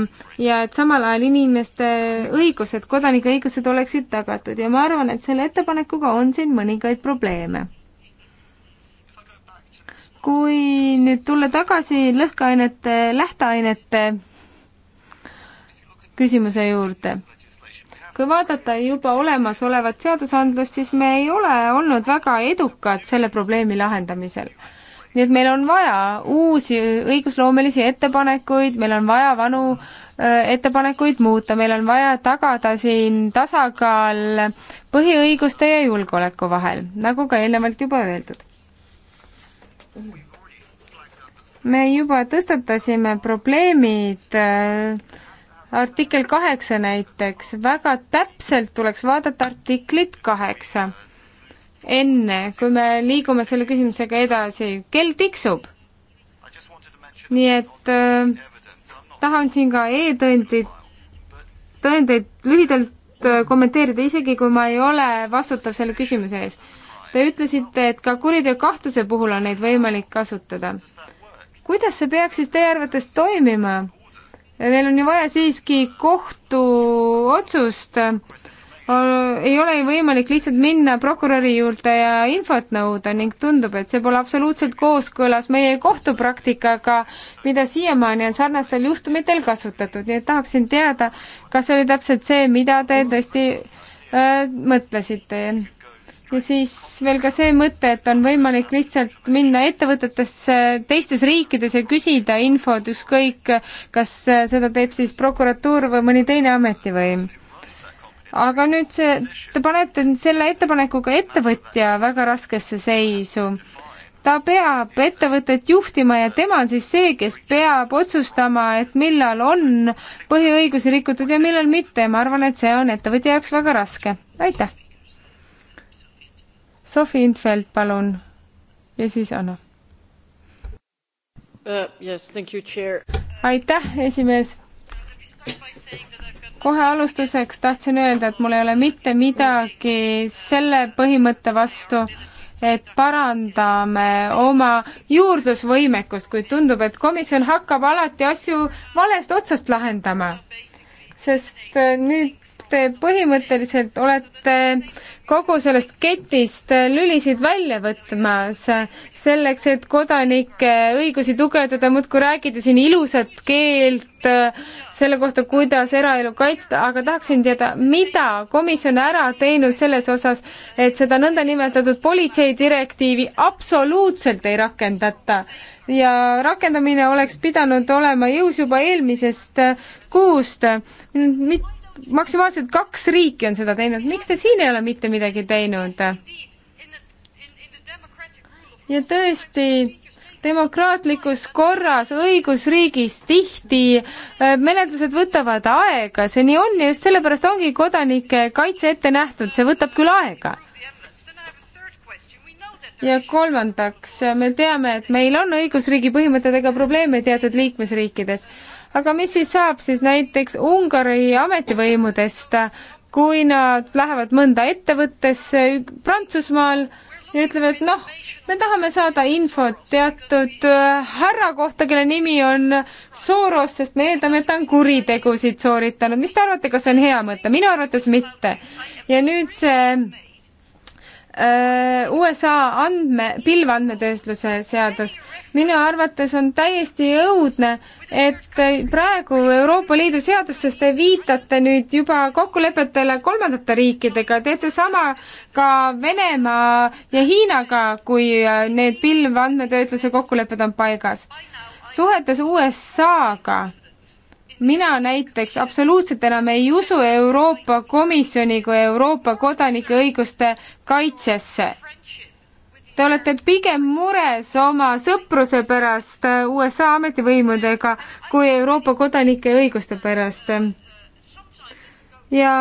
ja et samal ajal inimeste õigused, kodanike õigused oleksid tagatud ja ma arvan, et selle ettepanekuga on siin mõningaid probleeme. kui nüüd tulla tagasi lõhkeainete, lähteainete küsimuse juurde kui vaadata juba olemasolevat seadusandlust, siis me ei ole olnud väga edukad selle probleemi lahendamisel. nii et meil on vaja uusi õigusloomelisi ettepanekuid, meil on vaja vanu ettepanekuid muuta, meil on vaja tagada siin tasakaal põhiõiguste ja julgeoleku vahel, nagu ka eelnevalt juba öeldud. me juba tõstatasime probleemid äh, artikkel kaheksa näiteks, väga täpselt tuleks vaadata artiklit kaheksa. enne, kui me liigume selle küsimusega edasi, kell tiksub. nii et äh, tahan siin ka e-tõendit, tõendeid lühidalt äh, kommenteerida, isegi kui ma ei ole vastutav selle küsimuse eest. Te ütlesite, et ka kuriteokahtluse puhul on neid võimalik kasutada. kuidas see peaks siis teie arvates toimima? Neil on ju vaja siiski kohtuotsust. ei ole ju võimalik lihtsalt minna prokuröri juurde ja infot nõuda ning tundub, et see pole absoluutselt kooskõlas meie kohtupraktikaga, mida siiamaani on sarnastel juhtumitel kasutatud, nii et tahaksin teada, kas see oli täpselt see, mida te tõesti äh, mõtlesite ja siis veel ka see mõte, et on võimalik lihtsalt minna ettevõtetesse teistes riikides ja küsida infot, ükskõik kas seda teeb siis prokuratuur või mõni teine ametivõim. aga nüüd see, te panete selle ettepanekuga ettevõtja väga raskesse seisu ta peab ettevõtet juhtima ja tema on siis see, kes peab otsustama, et millal on põhiõigusi rikutud ja millal mitte ja ma arvan, et see on ettevõtja jaoks väga raske. aitäh! Sofi Infeld, palun, ja siis Anna uh,. Yes, thank you, chair. aitäh, esimees. kohe alustuseks tahtsin öelda, et mul ei ole mitte midagi selle põhimõtte vastu, et parandame oma juurdlusvõimekust, kuid tundub, et komisjon hakkab alati asju valest otsast lahendama. sest nüüd te põhimõtteliselt olete kogu sellest ketist lülisid välja võtmas selleks, et kodanike õigusi tugevdada, muudkui räägite siin ilusat keelt äh, selle kohta, kuidas eraelu kaitsta, aga tahaksin teada, mida komisjon ära teinud selles osas, et seda nõndanimetatud politseidirektiivi absoluutselt ei rakendata ja rakendamine oleks pidanud olema jõus juba eelmisest kuust maksimaalselt kaks riiki on seda teinud, miks te siin ei ole mitte midagi teinud? ja tõesti, demokraatlikus korras, õigusriigis tihti äh, menetlused võtavad aega, see nii on ja just sellepärast ongi kodanike kaitse ette nähtud, see võtab küll aega. ja kolmandaks, äh, me teame, et meil on õigusriigi põhimõtetega probleeme teatud liikmesriikides aga mis siis saab siis näiteks Ungari ametivõimudest, kui nad lähevad mõnda ettevõttesse Prantsusmaal ja ütlevad, noh, me tahame saada infot teatud äh, härra kohta, kelle nimi on Soros, sest me eeldame, et ta on kuritegusid sooritanud. mis te arvate, kas see on hea mõte? minu arvates mitte. ja nüüd see Äh, USA andme, pilveandmetööstuse seadus. minu arvates on täiesti õudne, et praegu Euroopa Liidu seadustes te viitate nüüd juba kokkulepetele kolmandate riikidega, teete sama ka Venemaa ja Hiinaga, kui äh, need pilveandmetöötluse kokkulepped on paigas. suhetes USA-ga mina näiteks absoluutselt enam ei usu Euroopa Komisjoni kui Euroopa kodanike õiguste kaitsesse. Te olete pigem mures oma sõpruse pärast USA ametivõimudega kui Euroopa kodanike õiguste pärast. ja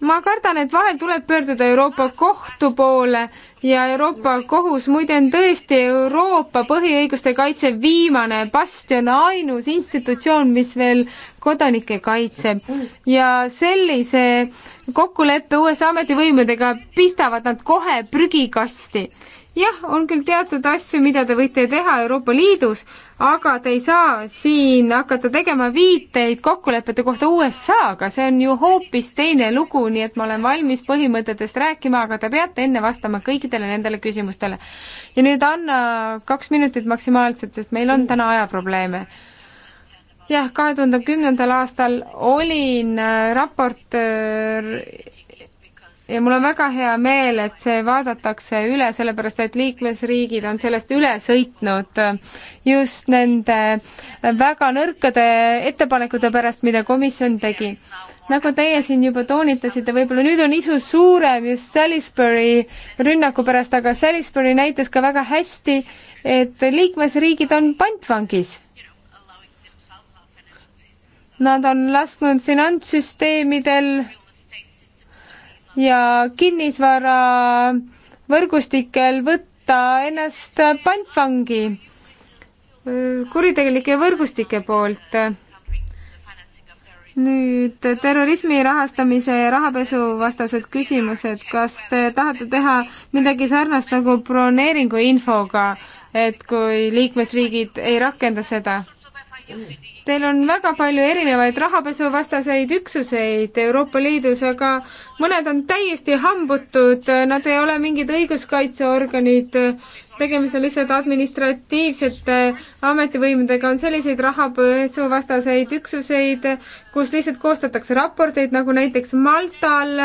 ma kardan, et vahel tuleb pöörduda Euroopa Kohtu poole ja Euroopa Kohus muide on tõesti Euroopa põhiõiguste kaitse viimane bastion, ainus institutsioon, mis veel kodanikke kaitseb. ja sellise kokkuleppe USA ametivõimudega pistavad nad kohe prügikasti jah, on küll teatud asju, mida te võite teha Euroopa Liidus, aga te ei saa siin hakata tegema viiteid kokkulepete kohta USA-ga, see on ju hoopis teine lugu, nii et ma olen valmis põhimõtetest rääkima, aga te peate enne vastama kõikidele nendele küsimustele. ja nüüd anna kaks minutit maksimaalselt, sest meil on täna ajaprobleeme jah, kahe tuhande kümnendal aastal olin äh, raportöör ja mul on väga hea meel, et see vaadatakse üle, sellepärast et liikmesriigid on sellest üle sõitnud just nende väga nõrkade ettepanekute pärast, mida komisjon tegi. nagu teie siin juba toonitasite, võib-olla nüüd on isu suurem just Salisbury rünnaku pärast, aga Salisbury näitas ka väga hästi, et liikmesriigid on pantvangis Nad on lasknud finantssüsteemidel ja kinnisvaravõrgustikel võtta ennast pantvangi äh, kuritegelike võrgustike poolt. nüüd terrorismi rahastamise ja rahapesuvastased küsimused, kas te tahate teha midagi sarnast nagu broneeringu infoga, et kui liikmesriigid ei rakenda seda? Teil on väga palju erinevaid rahapesuvastaseid üksuseid Euroopa Liidus, aga mõned on täiesti hambutud, nad ei ole mingid õiguskaitseorganid, tegemist on lihtsalt administratiivsete ametivõimudega, on selliseid rahapesuvastaseid üksuseid, kus lihtsalt koostatakse raporteid, nagu näiteks Maltal,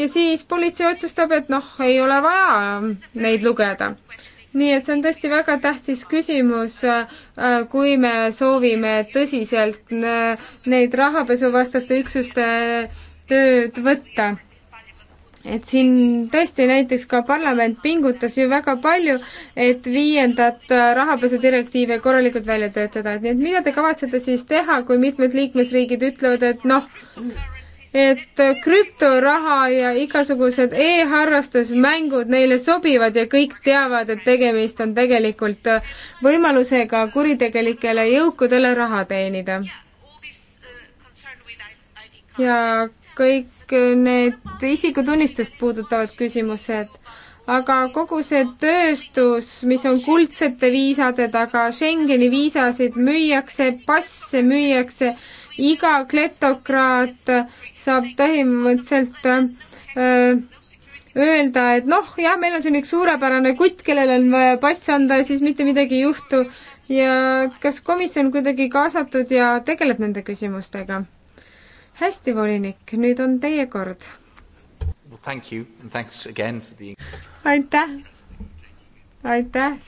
ja siis politsei otsustab, et noh, ei ole vaja neid lugeda nii et see on tõesti väga tähtis küsimus, äh, kui me soovime tõsiselt äh, neid rahapesuvastaste üksuste tööd võtta. et siin tõesti näiteks ka parlament pingutas ju väga palju, et viiendat äh, rahapesudirektiivi korralikult välja töötada, et nii et mida te kavatsete siis teha, kui mitmed liikmesriigid ütlevad, et noh, et krüptoraha ja igasugused e-harrastusmängud neile sobivad ja kõik teavad, et tegemist on tegelikult võimalusega kuritegelikele jõukudele raha teenida. ja kõik need isikutunnistust puudutavad küsimused, aga kogu see tööstus, mis on kuldsete viisade taga, Schengeni viisasid müüakse, passe müüakse, iga kletokraat saab põhimõtteliselt äh, öelda, et noh, jah, meil on siin üks suurepärane kutt, kellele on vaja pass anda ja siis mitte midagi ei juhtu. ja kas komisjon kuidagi kaasatud ja tegeleb nende küsimustega? hästi, volinik, nüüd on teie kord well,. The... aitäh, aitäh,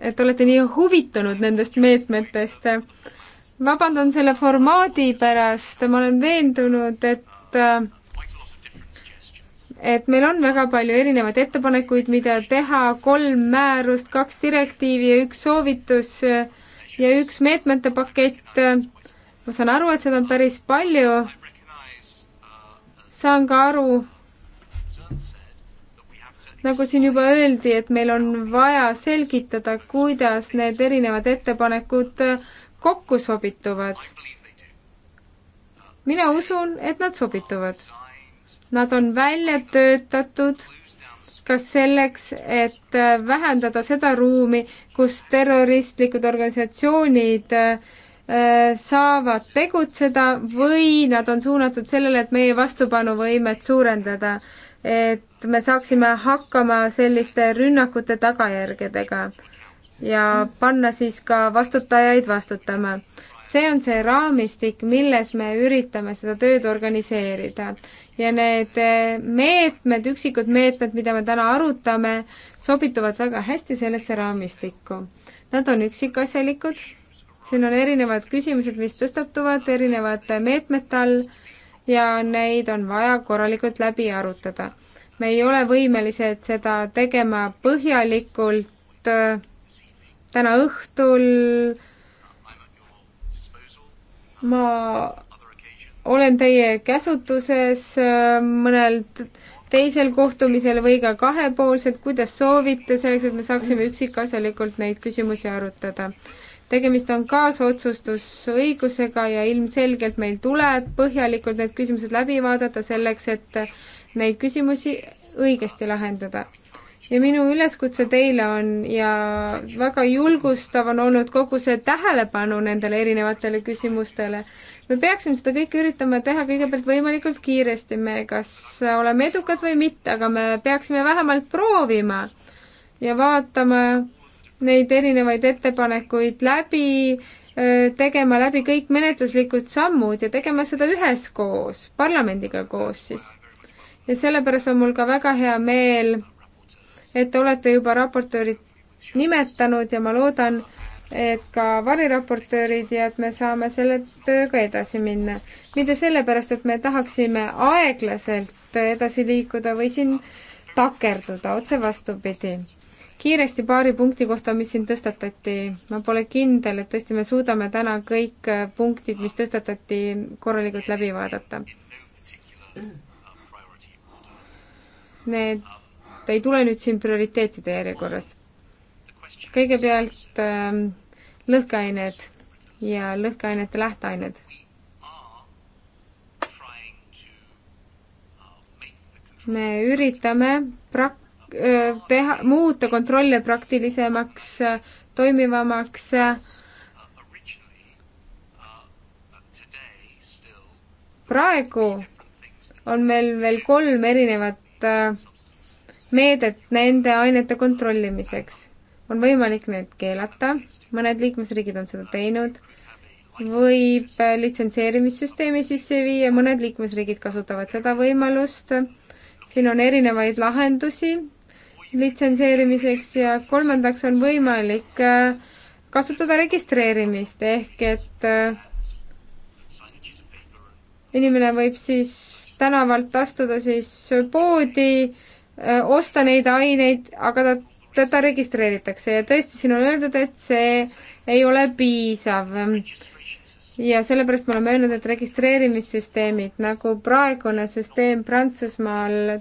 et olete nii huvitunud nendest meetmetest vabandan selle formaadi pärast, ma olen veendunud, et et et meil on väga palju erinevaid ettepanekuid, mida teha, kolm määrust, kaks direktiivi ja üks soovitus ja üks meetmete pakett. ma saan aru, et seda on päris palju. saan ka aru, nagu siin juba öeldi, et meil on vaja selgitada, kuidas need erinevad ettepanekud kokku sobituvad mina usun, et nad sobituvad. Nad on välja töötatud kas selleks, et äh, vähendada seda ruumi, kus terroristlikud organisatsioonid äh, saavad tegutseda või nad on suunatud sellele, et meie vastupanuvõimet suurendada, et me saaksime hakkama selliste rünnakute tagajärgedega ja panna siis ka vastutajaid vastutama see on see raamistik, milles me üritame seda tööd organiseerida. ja need eh, meetmed, üksikud meetmed, mida me täna arutame, sobituvad väga hästi sellesse raamistikku. Nad on üksikasjalikud, siin on erinevad küsimused, mis tõstatuvad erinevate meetmete all ja neid on vaja korralikult läbi arutada. me ei ole võimelised seda tegema põhjalikult eh, täna õhtul, ma olen teie käsutuses äh, mõnel teisel kohtumisel või ka kahepoolselt, kuidas soovite, selleks et me saaksime üksikasjalikult neid küsimusi arutada. tegemist on kaasotsustusõigusega ja ilmselgelt meil tuleb põhjalikult need küsimused läbi vaadata selleks, et neid küsimusi õigesti lahendada ja minu üleskutse teile on ja väga julgustav on olnud kogu see tähelepanu nendele erinevatele küsimustele. me peaksime seda kõike üritama teha kõigepealt võimalikult kiiresti, me kas oleme edukad või mitte, aga me peaksime vähemalt proovima ja vaatama neid erinevaid ettepanekuid läbi, tegema läbi kõik menetluslikud sammud ja tegema seda üheskoos, parlamendiga koos siis. ja sellepärast on mul ka väga hea meel et te olete juba raportöörid nimetanud ja ma loodan, et ka variraportöörid ja et me saame selle tööga edasi minna. mitte sellepärast, et me tahaksime aeglaselt edasi liikuda või siin takerduda, otse vastupidi. kiiresti paari punkti kohta, mis siin tõstatati, ma pole kindel, et tõesti me suudame täna kõik punktid, mis tõstatati, korralikult läbi vaadata. Need Te ei tule nüüd siin prioriteetide järjekorras. kõigepealt äh, lõhkeained ja lõhkeainete lähteained. me üritame prak-, äh, teha, muuta kontrolle praktilisemaks, toimivamaks praegu on meil veel kolm erinevat äh, meedet nende ainete kontrollimiseks. on võimalik need keelata, mõned liikmesriigid on seda teinud, võib litsenseerimissüsteemi sisse viia, mõned liikmesriigid kasutavad seda võimalust, siin on erinevaid lahendusi litsenseerimiseks ja kolmandaks on võimalik äh, kasutada registreerimist, ehk et äh, inimene võib siis tänavalt astuda siis poodi, osta neid aineid, aga ta, teda registreeritakse ja tõesti, siin on öeldud, et see ei ole piisav. ja sellepärast me oleme öelnud, et registreerimissüsteemid nagu praegune süsteem Prantsusmaal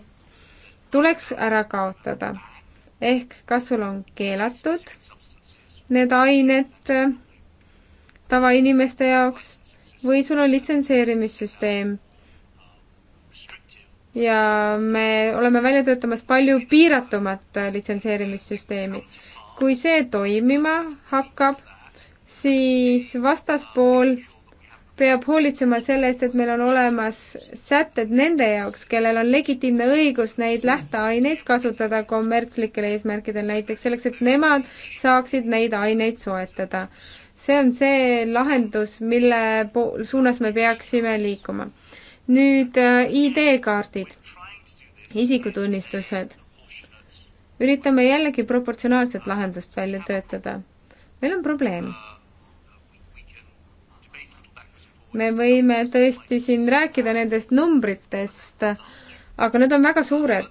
tuleks ära kaotada. ehk kas sul on keelatud need ained äh, tavainimeste jaoks või sul on litsenseerimissüsteem ja me oleme välja töötamas palju piiratumat litsenseerimissüsteemi. kui see toimima hakkab, siis vastaspool peab hoolitsema selle eest, et meil on olemas sätted nende jaoks, kellel on legitiimne õigus neid lähteaineid kasutada kommertslikel eesmärkidel, näiteks selleks, et nemad saaksid neid aineid soetada. see on see lahendus, mille suunas me peaksime liikuma nüüd äh, ID-kaardid, isikutunnistused. üritame jällegi proportsionaalset lahendust välja töötada. meil on probleem. me võime tõesti siin rääkida nendest numbritest, aga need on väga suured.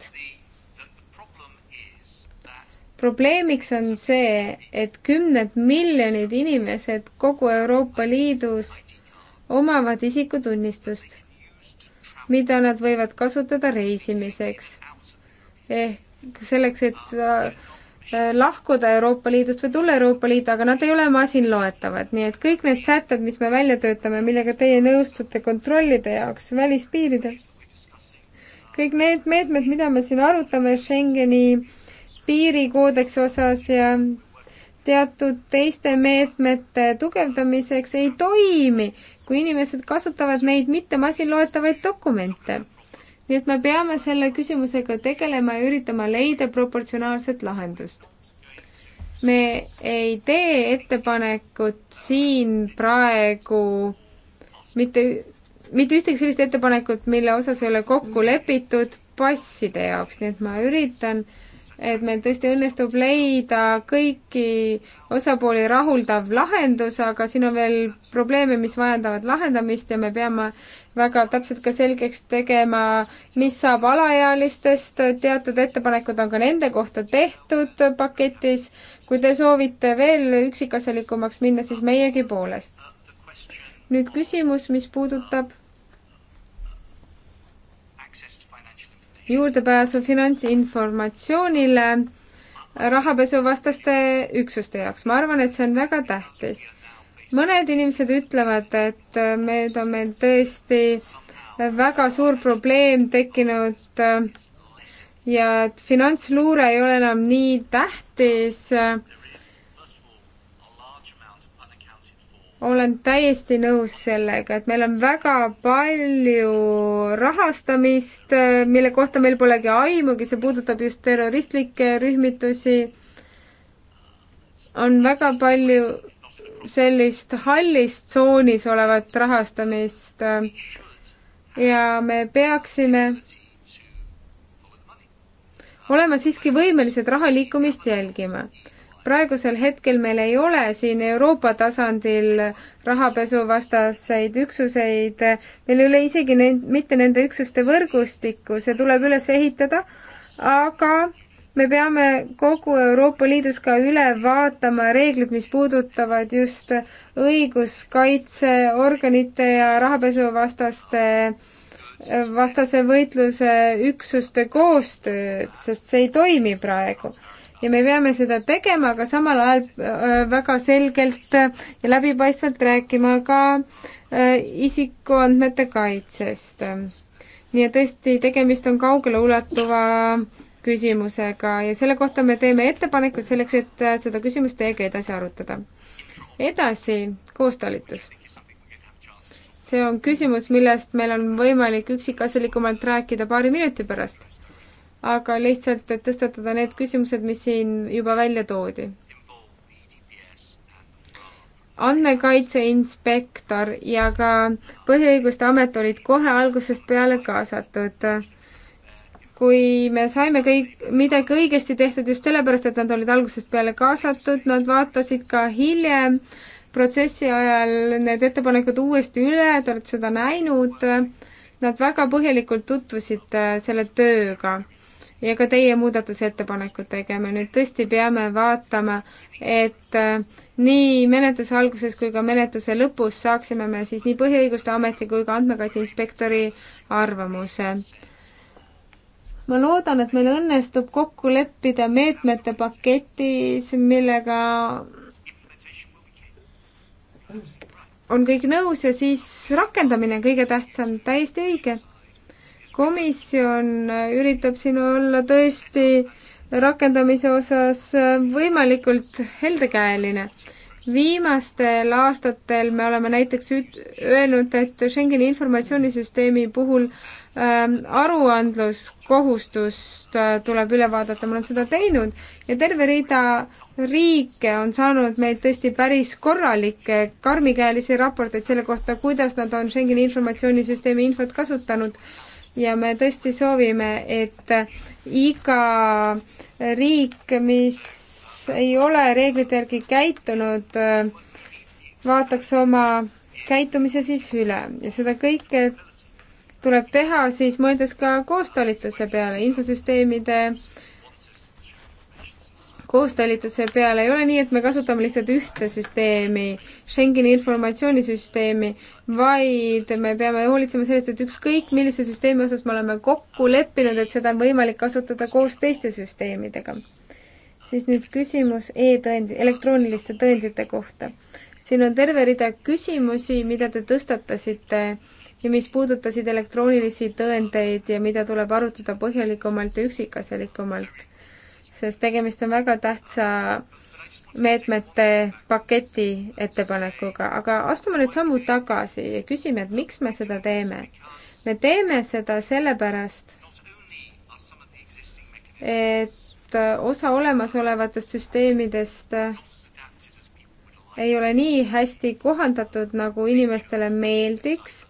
probleemiks on see, et kümned miljonid inimesed kogu Euroopa Liidus omavad isikutunnistust mida nad võivad kasutada reisimiseks. ehk selleks, et äh, lahkuda Euroopa Liidust või tulla Euroopa Liidu, aga nad ei ole masinloetavad, nii et kõik need sätted, mis me välja töötame, millega teie nõustute kontrollide jaoks välispiiridel, kõik need meetmed, mida me siin arutame Schengeni piirikoodeksi osas ja teatud teiste meetmete tugevdamiseks ei toimi, kui inimesed kasutavad neid mitte masinloetavaid dokumente. nii et me peame selle küsimusega tegelema ja üritama leida proportsionaalset lahendust. me ei tee ettepanekut siin praegu mitte, mitte ühtegi sellist ettepanekut, mille osas ei ole kokku lepitud passide jaoks, nii et ma üritan äh, et meil tõesti õnnestub leida kõiki osapooli rahuldav lahendus, aga siin on veel probleeme, mis vajandavad lahendamist ja me peame väga täpselt ka selgeks tegema, mis saab alaealistest, teatud ettepanekud on ka nende kohta tehtud paketis. kui te soovite veel üksikasjalikumaks minna, siis meiegi poolest. nüüd küsimus, mis puudutab juurdepääsu finantsinformatsioonile rahapesuvastaste üksuste jaoks. ma arvan, et see on väga tähtis. mõned inimesed ütlevad, et meil on meil tõesti väga suur probleem tekkinud ja et finantsluure ei ole enam nii tähtis äh, olen täiesti nõus sellega, et meil on väga palju rahastamist, mille kohta meil polegi aimugi, see puudutab just terroristlikke rühmitusi. on väga palju sellist hallis tsoonis olevat rahastamist. ja me peaksime olema siiski võimelised raha liikumist jälgima praegusel hetkel meil ei ole siin Euroopa tasandil rahapesuvastaseid üksuseid, meil ei ole isegi neid, mitte nende üksuste võrgustikku, see tuleb üles ehitada, aga me peame kogu Euroopa Liidus ka üle vaatama reeglid, mis puudutavad just õiguskaitseorganite ja rahapesuvastaste vastase võitluse üksuste koostööd, sest see ei toimi praegu ja me peame seda tegema, aga samal ajal äh, väga selgelt ja läbipaistvalt rääkima ka äh, isikuandmete kaitsest. nii et tõesti, tegemist on kaugeleulatuva küsimusega ja selle kohta me teeme ettepanekud selleks, et äh, seda küsimust teiega edasi arutada. edasi, koostalitus. see on küsimus, millest meil on võimalik üksikasjalikumalt rääkida paari minuti pärast aga lihtsalt, et tõstatada need küsimused, mis siin juba välja toodi. andmekaitse inspektor ja ka Põhiõiguste Amet olid kohe algusest peale kaasatud. kui me saime kõik, midagi õigesti tehtud just sellepärast, et nad olid algusest peale kaasatud, nad vaatasid ka hiljem protsessi ajal need ettepanekud uuesti üle, te olete seda näinud. Nad väga põhjalikult tutvusid äh, selle tööga ja ka teie muudatusettepanekud tegema. nüüd tõesti peame vaatama, et äh, nii menetluse alguses kui ka menetluse lõpus saaksime me siis nii Põhiõiguste Ameti kui ka Andmekaitse Inspektori arvamuse. ma loodan, et meil õnnestub kokku leppida meetmete paketis, millega on kõik nõus ja siis rakendamine on kõige tähtsam, täiesti õige komisjon üritab siin olla tõesti rakendamise osas võimalikult heldekäeline. viimastel aastatel me oleme näiteks öelnud, et Schengeni informatsioonisüsteemi puhul ähm, aruandluskohustust äh, tuleb üle vaadata, me oleme seda teinud ja terve rida riike on saanud meilt tõesti päris korralikke karmikäelisi raporteid selle kohta, kuidas nad on Schengeni informatsioonisüsteemi infot kasutanud ja me tõesti soovime, et iga riik, mis ei ole reeglite järgi käitunud, vaataks oma käitumise siis üle ja seda kõike tuleb teha siis mõeldes ka koostalituse peale, infosüsteemide äh, koostalituse peale, ei ole nii, et me kasutame lihtsalt ühte süsteemi, Schengeni informatsioonisüsteemi, vaid me peame hoolitsema sellest, et ükskõik millise süsteemi osas me oleme kokku leppinud, et seda on võimalik kasutada koos teiste süsteemidega. siis nüüd küsimus e-tõendi, elektrooniliste tõendite kohta. siin on terve rida küsimusi, mida te tõstatasite ja mis puudutasid elektroonilisi tõendeid ja mida tuleb arutada põhjalikumalt ja üksikasjalikumalt sest tegemist on väga tähtsa meetmete paketi ettepanekuga, aga astume nüüd sammu tagasi ja küsime, et miks me seda teeme. me teeme seda sellepärast, et osa olemasolevatest süsteemidest ei ole nii hästi kohandatud, nagu inimestele meeldiks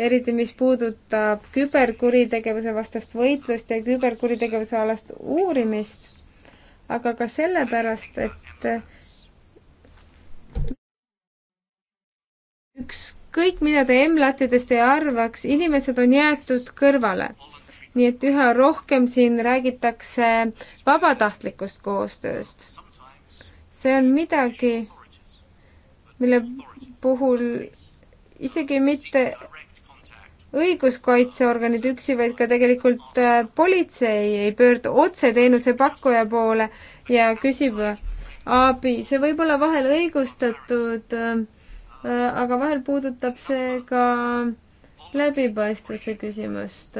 eriti mis puudutab küberkuritegevuse vastast võitlust ja küberkuritegevuse alast uurimist, aga ka sellepärast, et ükskõik, mida te M-lattidest ei arvaks, inimesed on jäetud kõrvale. nii et üha rohkem siin räägitakse vabatahtlikust koostööst. see on midagi, mille puhul isegi mitte õiguskaitseorganid üksi, vaid ka tegelikult äh, politsei ei pöördu otse teenusepakkuja poole ja küsib äh, abi. see võib olla vahel õigustatud, äh, aga vahel puudutab see ka läbipaistvuse küsimust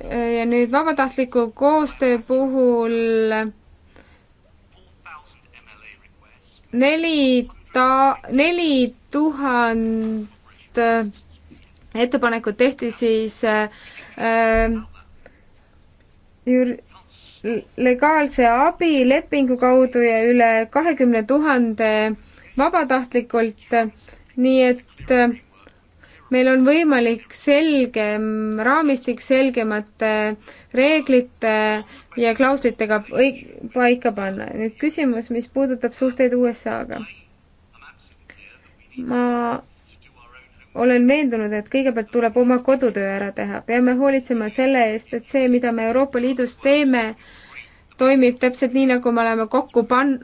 ja nüüd vabatahtliku koostöö puhul neli ta-, neli tuhat et äh, ettepanekud tehti siis äh, jür-, äh, legaalse abi lepingu kaudu ja üle kahekümne tuhande vabatahtlikult, nii et äh, meil on võimalik selgem raamistik selgemate reeglite ja klauslitega paika panna. nüüd küsimus, mis puudutab suhteid USA-ga. ma olen veendunud, et kõigepealt tuleb oma kodutöö ära teha. peame hoolitsema selle eest, et see, mida me Euroopa Liidus teeme, toimib täpselt nii, nagu me oleme kokku pan-,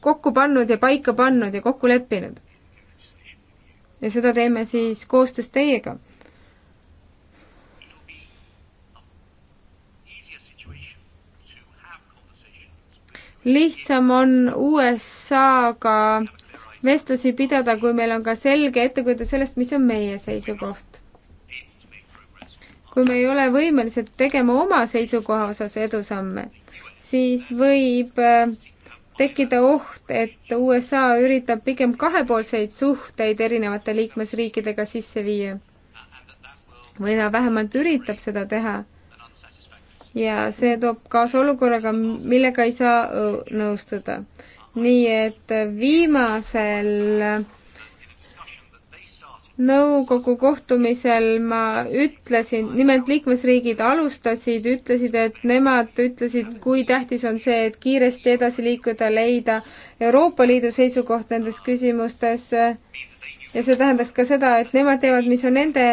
kokku pannud ja paika pannud ja kokku leppinud. ja seda teeme siis koostöös teiega. lihtsam on USA-ga vestlusi pidada, kui meil on ka selge ettekujutus sellest, mis on meie seisukoht. kui me ei ole võimelised tegema oma seisukoha osas edusamme, siis võib äh, tekkida oht, et USA üritab pigem kahepoolseid suhteid erinevate liikmesriikidega sisse viia. või ta vähemalt üritab seda teha. ja see toob kaasa olukorraga, millega ei saa äh, nõustuda nii et viimasel nõukogu kohtumisel ma ütlesin, nimelt liikmesriigid alustasid, ütlesid, et nemad ütlesid, kui tähtis on see, et kiiresti edasi liikuda, leida Euroopa Liidu seisukoht nendes küsimustes. ja see tähendaks ka seda, et nemad teevad, mis on nende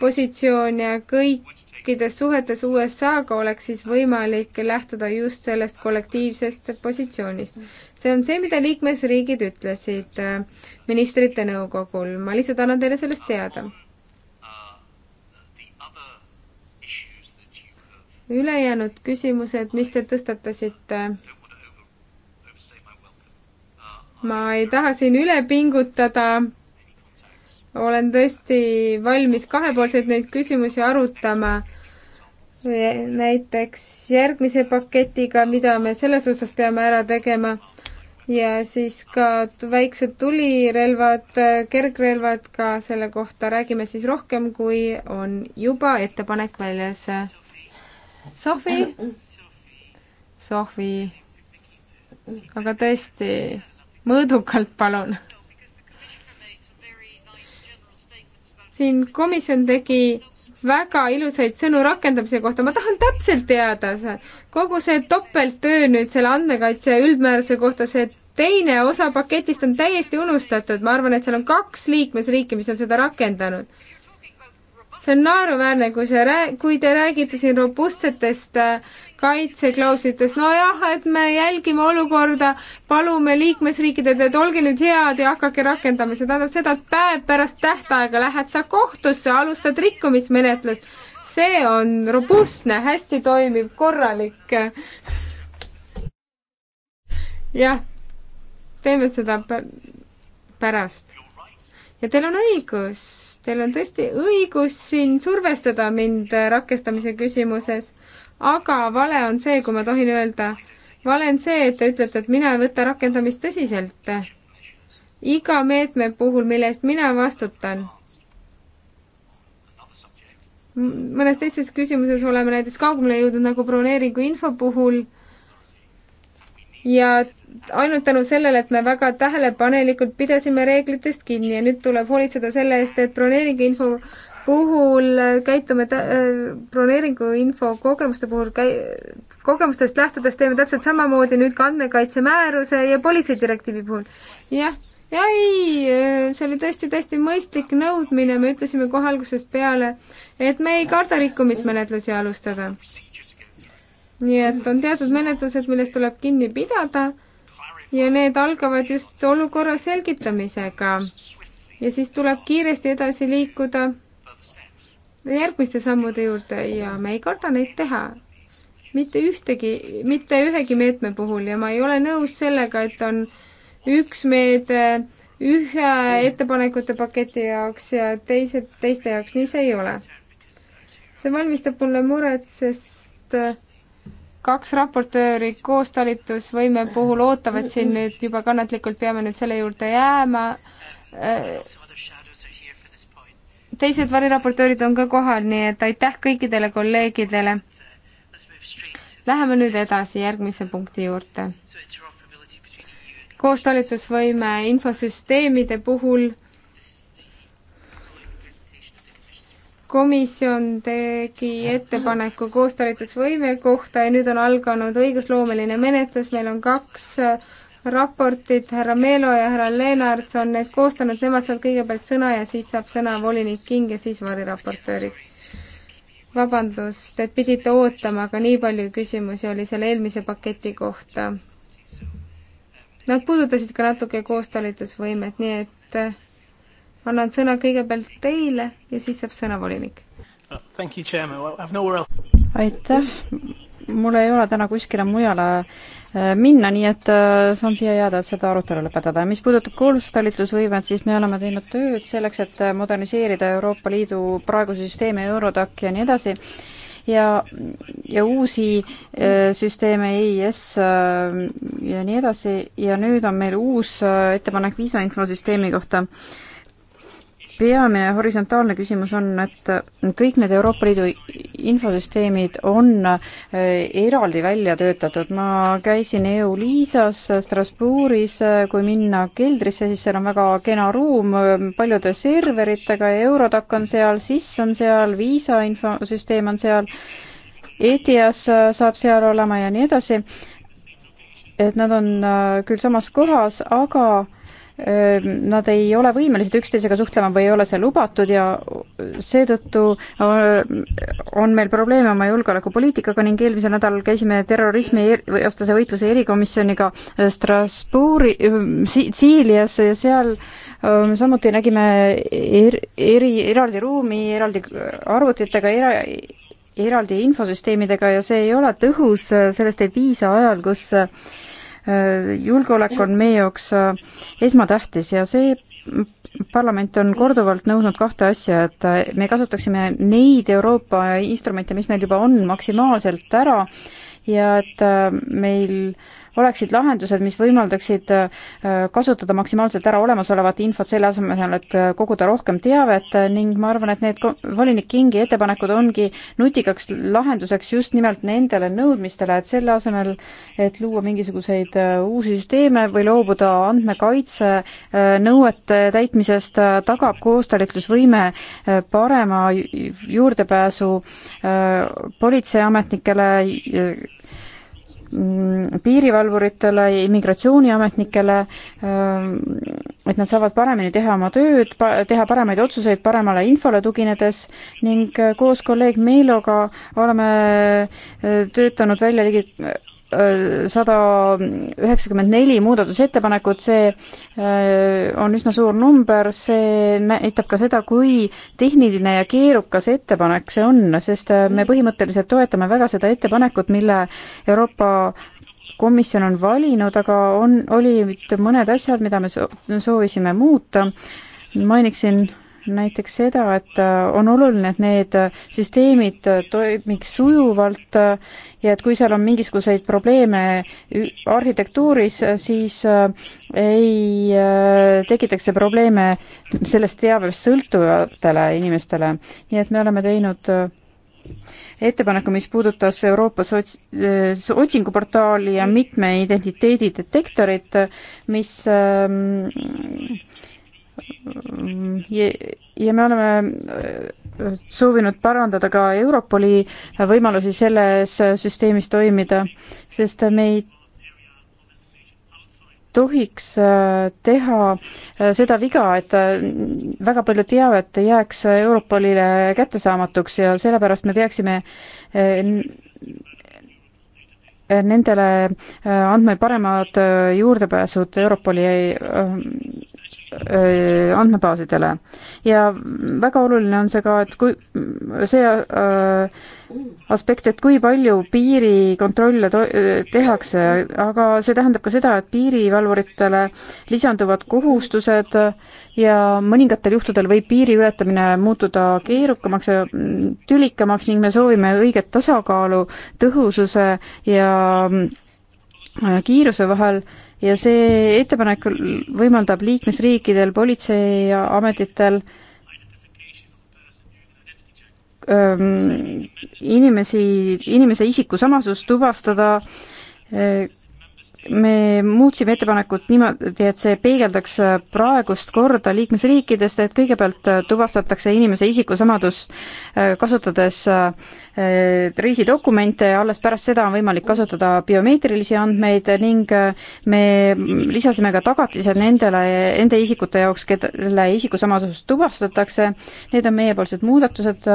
positsioon ja kõik kõikides suhetes USA-ga oleks siis võimalik lähtuda just sellest kollektiivsest positsioonist. see on see, mida liikmesriigid ütlesid äh, ministrite nõukogul, ma lihtsalt annan teile sellest teada. ülejäänud küsimused, mis te tõstatasite? ma ei taha siin üle pingutada olen tõesti valmis kahepoolselt neid küsimusi arutama. näiteks järgmise paketiga, mida me selles osas peame ära tegema ja siis ka väiksed tulirelvad, kergrelvad ka selle kohta räägime siis rohkem, kui on juba ettepanek väljas. Sohvi? Sohvi. aga tõesti, mõõdukalt palun siin komisjon tegi väga ilusaid sõnu rakendamise kohta, ma tahan täpselt teada, kogu see topelttöö nüüd selle andmekaitse üldmääruse kohta, see teine osa paketist on täiesti unustatud, ma arvan, et seal on kaks liikmesriiki, mis on seda rakendanud. see on naeruväärne, kui see rää-, kui te räägite siin robustsetest äh, kaitseklauslitest, nojah, et me jälgime olukorda, palume liikmesriikidelt, et olge nüüd head ja hakake rakendama, see tähendab seda, et päev pärast tähtaega lähed sa kohtusse, alustad rikkumismenetlust. see on robustne, hästi toimiv, korralik. jah, teeme seda pärast. ja teil on õigus, teil on tõesti õigus siin survestada mind rakendamise küsimuses aga vale on see, kui ma tohin öelda, vale on see, et te ütlete, et mina ei võta rakendamist tõsiselt. iga meetme puhul, mille eest mina vastutan, mõnes teises küsimuses oleme näiteks kaugemale jõudnud nagu broneeringu info puhul ja ainult tänu sellele, et me väga tähelepanelikult pidasime reeglitest kinni ja nüüd tuleb hoolitseda selle eest, et broneeringu info puhul äh, käitume tä-, äh, broneeringu info kogemuste puhul käi-, kogemustest lähtudes teeme täpselt samamoodi nüüd ka andmekaitsemääruse ja politseidirektiivi puhul. jah, ja ei, äh, see oli tõesti täiesti mõistlik nõudmine, me ütlesime kohe algusest peale, et me ei karda rikkumismenetlusi alustada. nii et on teatud menetlused, millest tuleb kinni pidada ja need algavad just olukorra selgitamisega. ja siis tuleb kiiresti edasi liikuda järgmiste sammude juurde ja me ei karda neid teha. mitte ühtegi, mitte ühegi meetme puhul ja ma ei ole nõus sellega, et on üks meede ühe ettepanekute paketi jaoks ja teised, teiste jaoks, nii see ei ole. see valmistab mulle muret, sest kaks raportööri koostalitusvõime puhul ootavad siin nüüd juba kannatlikult, peame nüüd selle juurde jääma teised variraportöörid on ka kohal, nii et aitäh kõikidele kolleegidele. Läheme nüüd edasi järgmise punkti juurde. koostalitusvõime infosüsteemide puhul komisjon tegi ettepaneku koostalitusvõime kohta ja nüüd on alganud õigusloomeline menetlus, meil on kaks äh, raportit, härra Meelo ja härra Leenarts on need koostanud, nemad saavad kõigepealt sõna ja siis saab sõna volinik King ja siis variraportöörid. vabandust, et pidite ootama, aga nii palju küsimusi oli selle eelmise paketi kohta. Nad puudutasid ka natuke koostalitusvõimet, nii et äh, annan sõna kõigepealt teile ja siis saab sõna volinik. Uh, aitäh, mul ei ole täna kuskile mujale Äh, minna, nii et äh, saan siia jääda, et seda arutelu lõpetada. mis puudutab koolustalitlusvõimet, siis me oleme teinud tööd selleks, et äh, moderniseerida Euroopa Liidu praeguse süsteemi, Eurodac ja nii edasi, ja, ja uusi süsteeme, EIS ja nii edasi, ja nüüd on meil uus ettepanek viisainfosüsteemi kohta peamine horisontaalne küsimus on, et kõik need Euroopa Liidu infosüsteemid on äh, eraldi välja töötatud. ma käisin EU-Liisas Strasbourgis, äh, kui minna keldrisse, siis seal on väga kena ruum äh, paljude serveritega ja Eurodac on seal, SIS on seal, Visa infosüsteem on seal, ETIAS saab seal olema ja nii edasi. et nad on küll samas kohas, aga nad ei ole võimelised üksteisega suhtlema või ei ole see lubatud ja seetõttu on meil probleeme oma julgeolekupoliitikaga ning eelmisel nädalal käisime terrorismi e-, vastase võitluse erikomisjoniga Strasbourgi, Siilias ja seal samuti nägime eri, eri, eraldi ruumi, eraldi arvutitega, eraldi infosüsteemidega ja see ei ole tõhus, sellest ei piisa ajal, kus julgeolek on meie jaoks äh, esmatähtis ja see parlament on korduvalt nõudnud kahte asja, et äh, me kasutaksime neid Euroopa instrumente, mis meil juba on, maksimaalselt ära ja et äh, meil äh, oleksid lahendused, mis võimaldaksid äh, kasutada maksimaalselt ära olemasolevat infot selle asemel, et äh, koguda rohkem teavet äh, ning ma arvan, et need volinik Kingi ettepanekud ongi nutikaks lahenduseks just nimelt nendele nõudmistele, et selle asemel, et luua mingisuguseid uusi süsteeme või loobuda andmekaitse nõuete täitmisest, tagab koostalitlusvõime parema juurdepääsu politseiametnikele Mm, piirivalvuritele, immigratsiooniametnikele, ähm, et nad saavad paremini teha oma tööd, teha paremaid otsuseid paremale infole tuginedes ning äh, koos kolleeg Meiloga oleme äh, töötanud välja ligi sada üheksakümmend neli muudatusettepanekut, see äh, on üsna suur number, see näitab ka seda, kui tehniline ja keerukas ettepanek see on, sest äh, me põhimõtteliselt toetame väga seda ettepanekut, mille Euroopa komisjon on valinud, aga on, olid mõned asjad, mida me soovisime muuta. mainiksin näiteks seda, et äh, on oluline, et need äh, süsteemid äh, toimiks sujuvalt ja et kui seal on mingisuguseid probleeme arhitektuuris, siis ei tekitaks see probleeme sellest teabest sõltuvatele inimestele. nii et me oleme teinud ettepaneku, mis puudutas Euroopa sots-, otsinguportaali ja mitme identiteedi detektorit, mis ähm, ja me oleme äh, soovinud parandada ka Europoli võimalusi selles süsteemis toimida, sest me ei tohiks äh, teha äh, seda viga, et väga palju teavet jääks Europolile kättesaamatuks ja sellepärast me peaksime nendele andma paremad juurdepääsud Europoli andmebaasidele. ja väga oluline on see ka, et kui see äh, aspekt, et kui palju piirikontrolle tehakse, aga see tähendab ka seda, et piirivalvuritele lisanduvad kohustused ja mõningatel juhtudel võib piiri ületamine muutuda keerukamaks ja mm, tülikamaks ning me soovime õiget tasakaalu tõhususe ja mm, kiiruse vahel äh, ja see ettepanek võimaldab liikmesriikidel, politseiametitel ähm, inimesi, inimese isikusamasust tuvastada, äh, me muutsime ettepanekut niimoodi, et see peegeldaks praegust korda liikmesriikidest, et kõigepealt tuvastatakse inimese isikusamadus äh, kasutades äh, reisidokumente ja alles pärast seda on võimalik kasutada biomeetrilisi andmeid ning äh, me lisasime ka tagatised nendele, nende isikute jaoks, kelle isikusamasust tuvastatakse. Need on meiepoolsed muudatused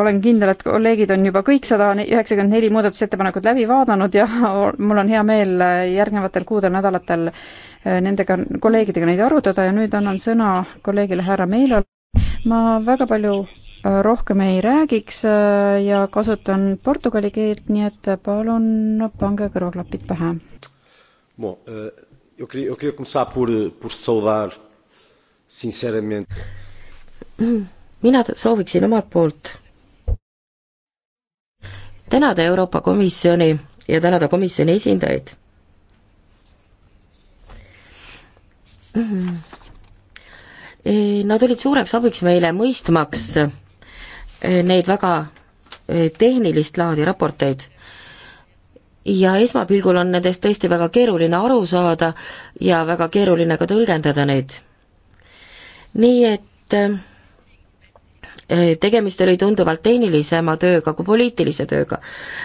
olen kindel, et kolleegid on juba kõik sada üheksakümmend neli muudatusettepanekut läbi vaadanud ja mul on hea meel äh, järgnevatel kuudel-nädalatel äh, nendega, kolleegidega neid arutada ja nüüd annan sõna kolleegile härra Meilole. ma väga palju äh, rohkem ei räägiks ja kasutan portugali keelt, nii et palun pange kõrvaklapid pähe. Bom, eh, eu queria, eu queria começar por, eh, por saudar sinceramente mina sooviksin omalt poolt tänada Euroopa Komisjoni ja tänada komisjoni esindajaid. Mhm. Eh, nad olid suureks abiks meile mõistmaks eh, neid väga eh, tehnilist laadi raporteid ja esmapilgul on nendest tõesti väga keeruline aru saada ja väga keeruline ka tõlgendada neid. nii et Äh, tegemist oli tunduvalt tehnilisema tööga kui poliitilise tööga,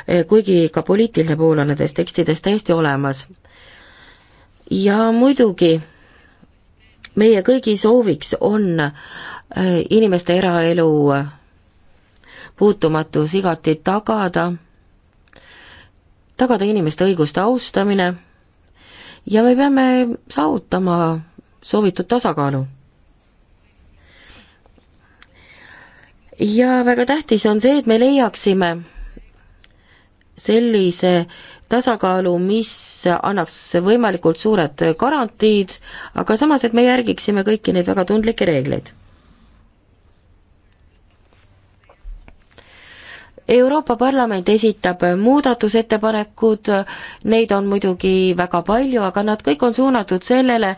äh, kuigi ka poliitiline pool on nendes tekstides täiesti olemas. ja muidugi, meie kõigi sooviks on äh, inimeste eraelu puutumatus igati tagada, tagada inimeste õiguste austamine ja me peame saavutama soovitud tasakaalu ja väga tähtis on see, et me leiaksime sellise tasakaalu, mis annaks võimalikult suured garantiid, aga samas, et me järgiksime kõiki neid väga tundlikke reegleid. Euroopa Parlament esitab muudatusettepanekud, neid on muidugi väga palju, aga nad kõik on suunatud sellele,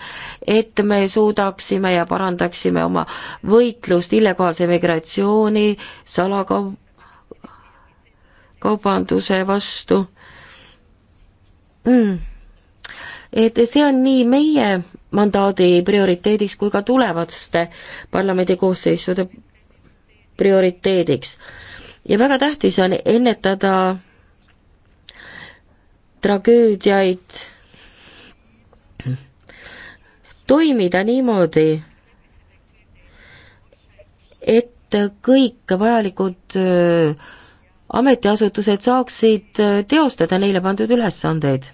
et me suudaksime ja parandaksime oma võitlust illegaalse migratsiooni, salakaup-, kaubanduse vastu mm.. et see on nii meie mandaadi prioriteediks kui ka tulevaste parlamendikoosseisude prioriteediks ja väga tähtis on ennetada tragöödiaid, toimida niimoodi, et kõik vajalikud äh, ametiasutused saaksid äh, teostada neile pandud ülesandeid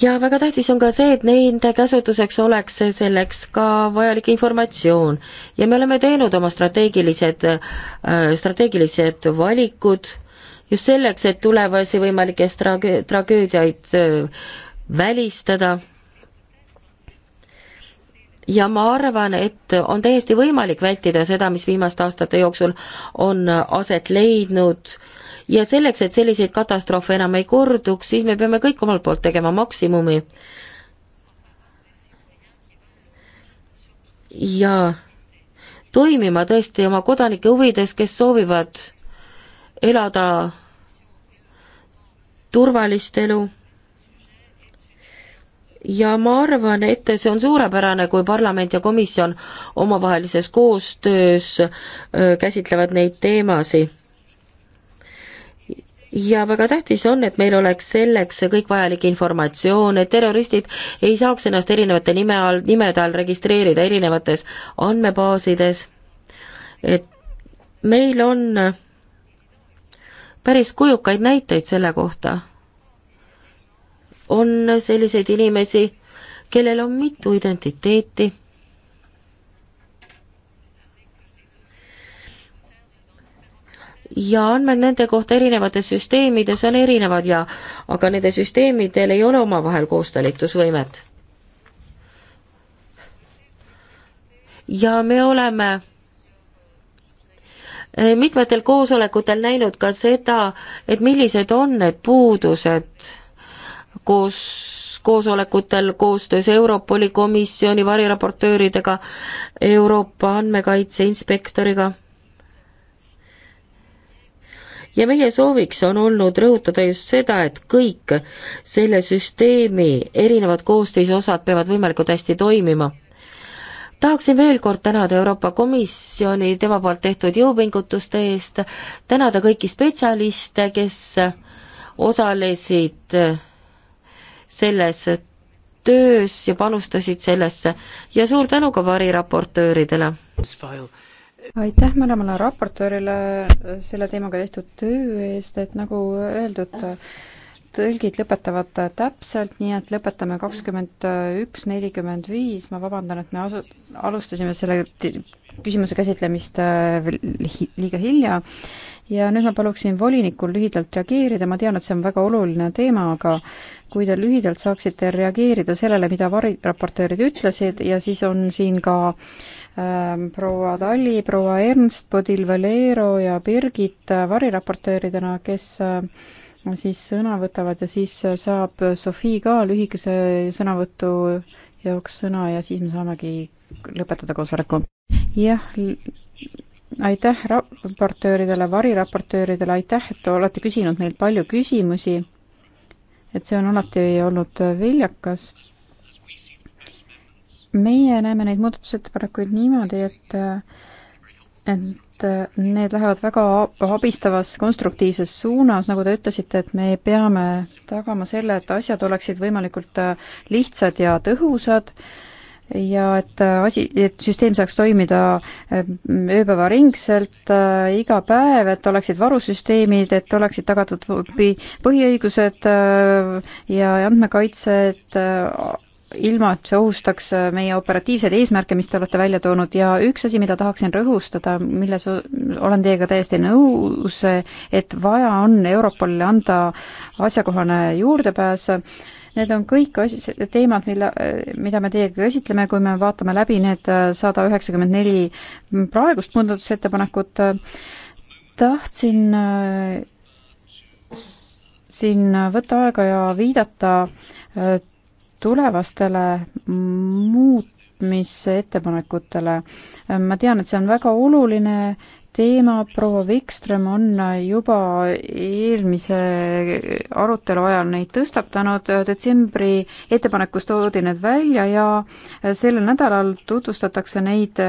ja väga tähtis on ka see, et nende käsutuseks oleks selleks ka vajalik informatsioon. ja me oleme teinud oma strateegilised, äh, strateegilised valikud just selleks, et tulevasi võimalikke trage-, tragöödiaid äh, välistada. ja ma arvan, et on täiesti võimalik vältida seda, mis viimaste aastate jooksul on äh, aset leidnud ja selleks, et selliseid katastroofe enam ei korduks, siis me peame kõik omalt poolt tegema maksimumi. ja toimima tõesti oma kodanike huvides, kes soovivad elada turvalist elu ja ma arvan, et see on suurepärane, kui parlament ja komisjon omavahelises koostöös äh, käsitlevad neid teemasid ja väga tähtis on, et meil oleks selleks kõik vajalik informatsioon, et terroristid ei saaks ennast erinevate nime all, nimede all registreerida erinevates andmebaasides, et meil on päris kujukaid näiteid selle kohta. on selliseid inimesi, kellel on mitu identiteeti ja andmed nende kohta erinevates süsteemides on erinevad ja aga nende süsteemidel ei ole omavahel koostalitusvõimet. ja me oleme eh, mitmetel koosolekutel näinud ka seda, et millised on need puudused koos koosolekutel koostöös Europoli komisjoni variraportööridega, Euroopa andmekaitse inspektoriga ja meie sooviks on olnud rõhutada just seda, et kõik selle süsteemi erinevad koosseisosad peavad võimalikult hästi toimima tahaksin veel kord tänada Euroopa Komisjoni tema poolt tehtud jõupingutuste eest, tänada kõiki spetsialiste, kes osalesid selles töös ja panustasid sellesse ja suur tänu ka variraportööridele aitäh mõlemale raportöörile selle teemaga tehtud töö eest, et nagu öeldud, tõlgid lõpetavad täpselt, nii et lõpetame kakskümmend üks nelikümmend viis, ma vabandan, et me asu-, alustasime selle küsimuse käsitlemist äh, liiga hilja ja nüüd ma paluksin volinikul lühidalt reageerida, ma tean, et see on väga oluline teema, aga kui te lühidalt saaksite reageerida sellele, mida variraportöörid ütlesid ja siis on siin ka äh, Ähm, proua Talli, proua Ernst, Bodil Valero ja Birgit äh, variraportööridena, kes äh, siis sõna võtavad ja siis äh, saab Sofii ka lühikese sõnavõtu jaoks sõna ja siis me saamegi lõpetada koosoleku. jah, aitäh raportööridele, variraportööridele, aitäh, et olete küsinud meilt palju küsimusi. et see on alati olnud viljakas meie näeme neid muudatusettepanekuid niimoodi, et et need lähevad väga abistavas konstruktiivses suunas, nagu te ütlesite, et me peame tagama selle, et asjad oleksid võimalikult lihtsad ja tõhusad ja et asi, et süsteem saaks toimida eh, ööpäevaringselt äh, iga päev, et oleksid varusüsteemid, et oleksid tagatud põhiõigused äh, ja andmekaitse, et äh, ilma, et see ohustaks äh, meie operatiivseid eesmärke, mis te olete välja toonud ja üks asi, mida tahaksin rõhustada, milles olen teiega täiesti nõus, et vaja on Europolile anda asjakohane juurdepääs, Need on kõik as-, teemad, mille, mida me teiega käsitleme, kui me vaatame läbi need äh, sada üheksakümmend neli praegust muudatusettepanekut, tahtsin äh, siin võtta aega ja viidata tulevastele muutmise ettepanekutele. ma tean, et see on väga oluline teema, proua Vikström on juba eelmise arutelu ajal neid tõstatanud, detsembri ettepanekus toodi need välja ja sellel nädalal tutvustatakse neid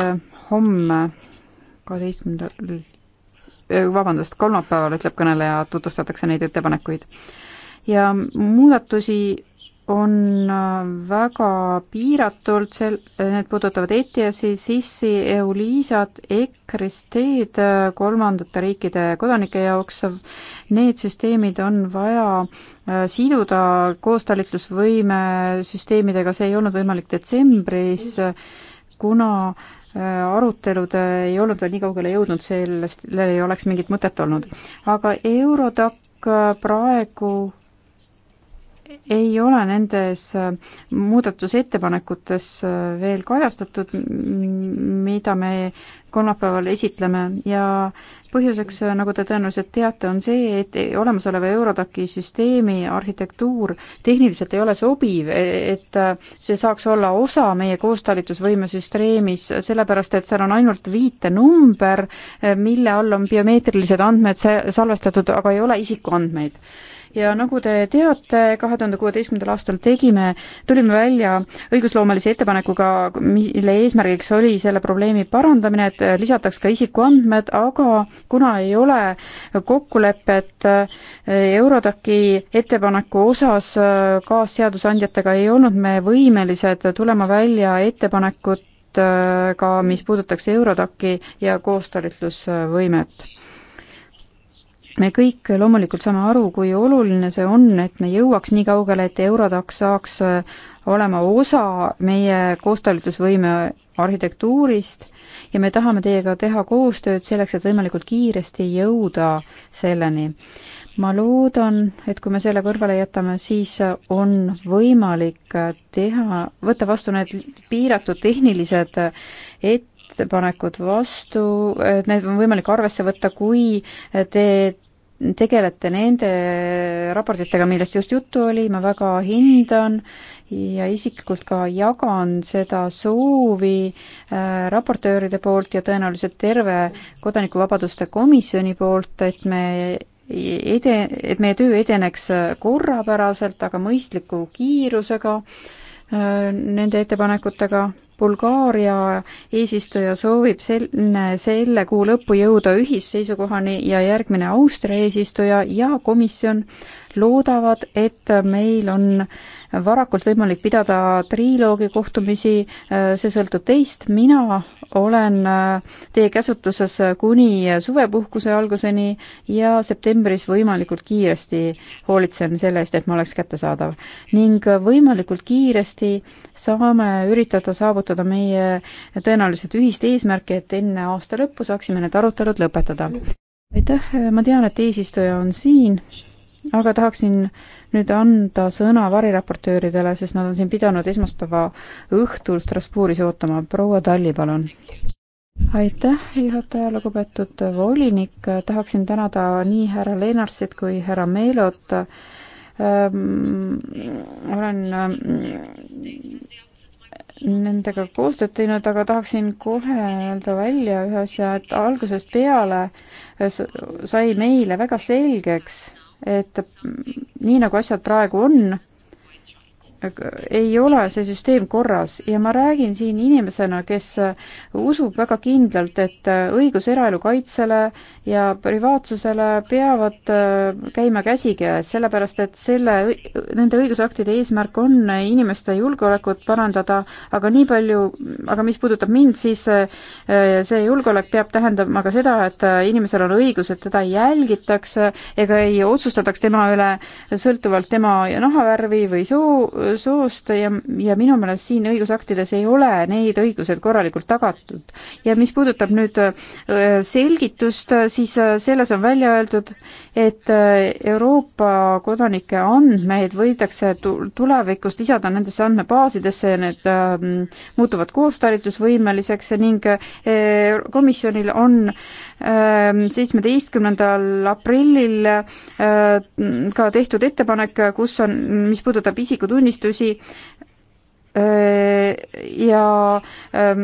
homme, kaheteistkümnendal, eh, vabandust, kolmapäeval, ütleb kõneleja, tutvustatakse neid ettepanekuid. ja muudatusi on äh, väga piiratult, sel-, need puudutavad ETIAS-i, SIS-i, EULISA-t, EKRE-STE-d äh, kolmandate riikide kodanike jaoks. Need süsteemid on vaja äh, siduda koostalitlusvõime süsteemidega, see ei olnud võimalik detsembris, kuna arutelud ei olnud veel nii kaugele jõudnud, sellest ei oleks mingit mõtet olnud. aga Eurodac praegu ei ole nendes äh, muudatusettepanekutes äh, veel kajastatud, mida me kolmapäeval esitleme ja põhjuseks, äh, nagu te tõenäoliselt teate, on see, et olemasoleva Eurodaci süsteemi arhitektuur tehniliselt ei ole sobiv, e-, et see saaks olla osa meie koostalitusvõime süsteemis, sellepärast et seal on ainult viitenumber, mille all on biomeetrilised andmed salvestatud, aga ei ole isikuandmeid ja nagu te teate, kahe tuhande kuueteistkümnendal aastal tegime, tulime välja õigusloomelise ettepanekuga, mille eesmärgiks oli selle probleemi parandamine, et lisataks ka isikuandmed, aga kuna ei ole kokkulepet eh, Eurodaki ettepaneku osas eh, kaasseadusandjatega, ei olnud me võimelised tulema välja ettepanekut eh, ka, mis puudutaks Eurodaki ja koostalitlusvõimet me kõik loomulikult saame aru, kui oluline see on, et me jõuaks nii kaugele, et Eurodax saaks äh, olema osa meie koostalitusvõime arhitektuurist ja me tahame teiega teha koostööd selleks, et võimalikult kiiresti jõuda selleni. ma loodan, et kui me selle kõrvale jätame, siis on võimalik teha, võtta vastu need piiratud tehnilised et-, ettepanekud vastu, et need on võimalik arvesse võtta, kui te tegelete nende raportitega, millest just juttu oli, ma väga hindan ja isiklikult ka jagan seda soovi äh, raportööride poolt ja tõenäoliselt terve Kodanikuvabaduste komisjoni poolt, et me ede-, et meie töö edeneks korrapäraselt, aga mõistliku kiirusega äh, nende ettepanekutega Bulgaaria eesistuja soovib selline, selle kuu lõppu jõuda ühisseisukohani ja järgmine Austria eesistuja ja komisjon loodavad, et meil on varakult võimalik pidada triloogi kohtumisi, see sõltub teist, mina olen teie käsutuses kuni suvepuhkuse alguseni ja septembris võimalikult kiiresti hoolitsen selle eest, et ma oleks kättesaadav. ning võimalikult kiiresti saame üritada saavutada meie tõenäoliselt ühist eesmärki, et enne aasta lõppu saaksime need arutelud lõpetada aitäh, ma tean, et eesistuja on siin aga tahaksin nüüd anda sõna variraportööridele, sest nad on siin pidanud esmaspäeva õhtul Strasbourgis ootama. proua Talli, palun. aitäh, juhataja, lugupeetud volinik, tahaksin tänada nii härra Lennartsit kui härra Meelot ähm,. olen ähm, nendega koostööd teinud, aga tahaksin kohe öelda välja ühe asja, et algusest peale sai meile väga selgeks, et nii, nagu asjad praegu on, ei ole see süsteem korras ja ma räägin siin inimesena, kes usub väga kindlalt, et õigus eraelu kaitsele ja privaatsusele peavad äh, käima käsikäes, sellepärast et selle, nende õigusaktide eesmärk on inimeste julgeolekut parandada, aga nii palju, aga mis puudutab mind, siis äh, see julgeolek peab tähendama ka seda, et äh, inimesel on õigus, et teda jälgitakse ega ei otsustataks tema üle sõltuvalt tema nahavärvi või soo, soost ja, ja minu meelest siin õigusaktides ei ole neid õigused korralikult tagatud. ja mis puudutab nüüd selgitust, siis äh, selles on välja öeldud, et äh, Euroopa kodanike andmeid võidakse tulevikus lisada nendesse andmebaasidesse ja need ähm, muutuvad koostalitusvõimeliseks ning äh, komisjonil on ähm, seitsmeteistkümnendal aprillil ka tehtud ettepanek, kus on, mis puudutab isikutunnistusi ja ähm,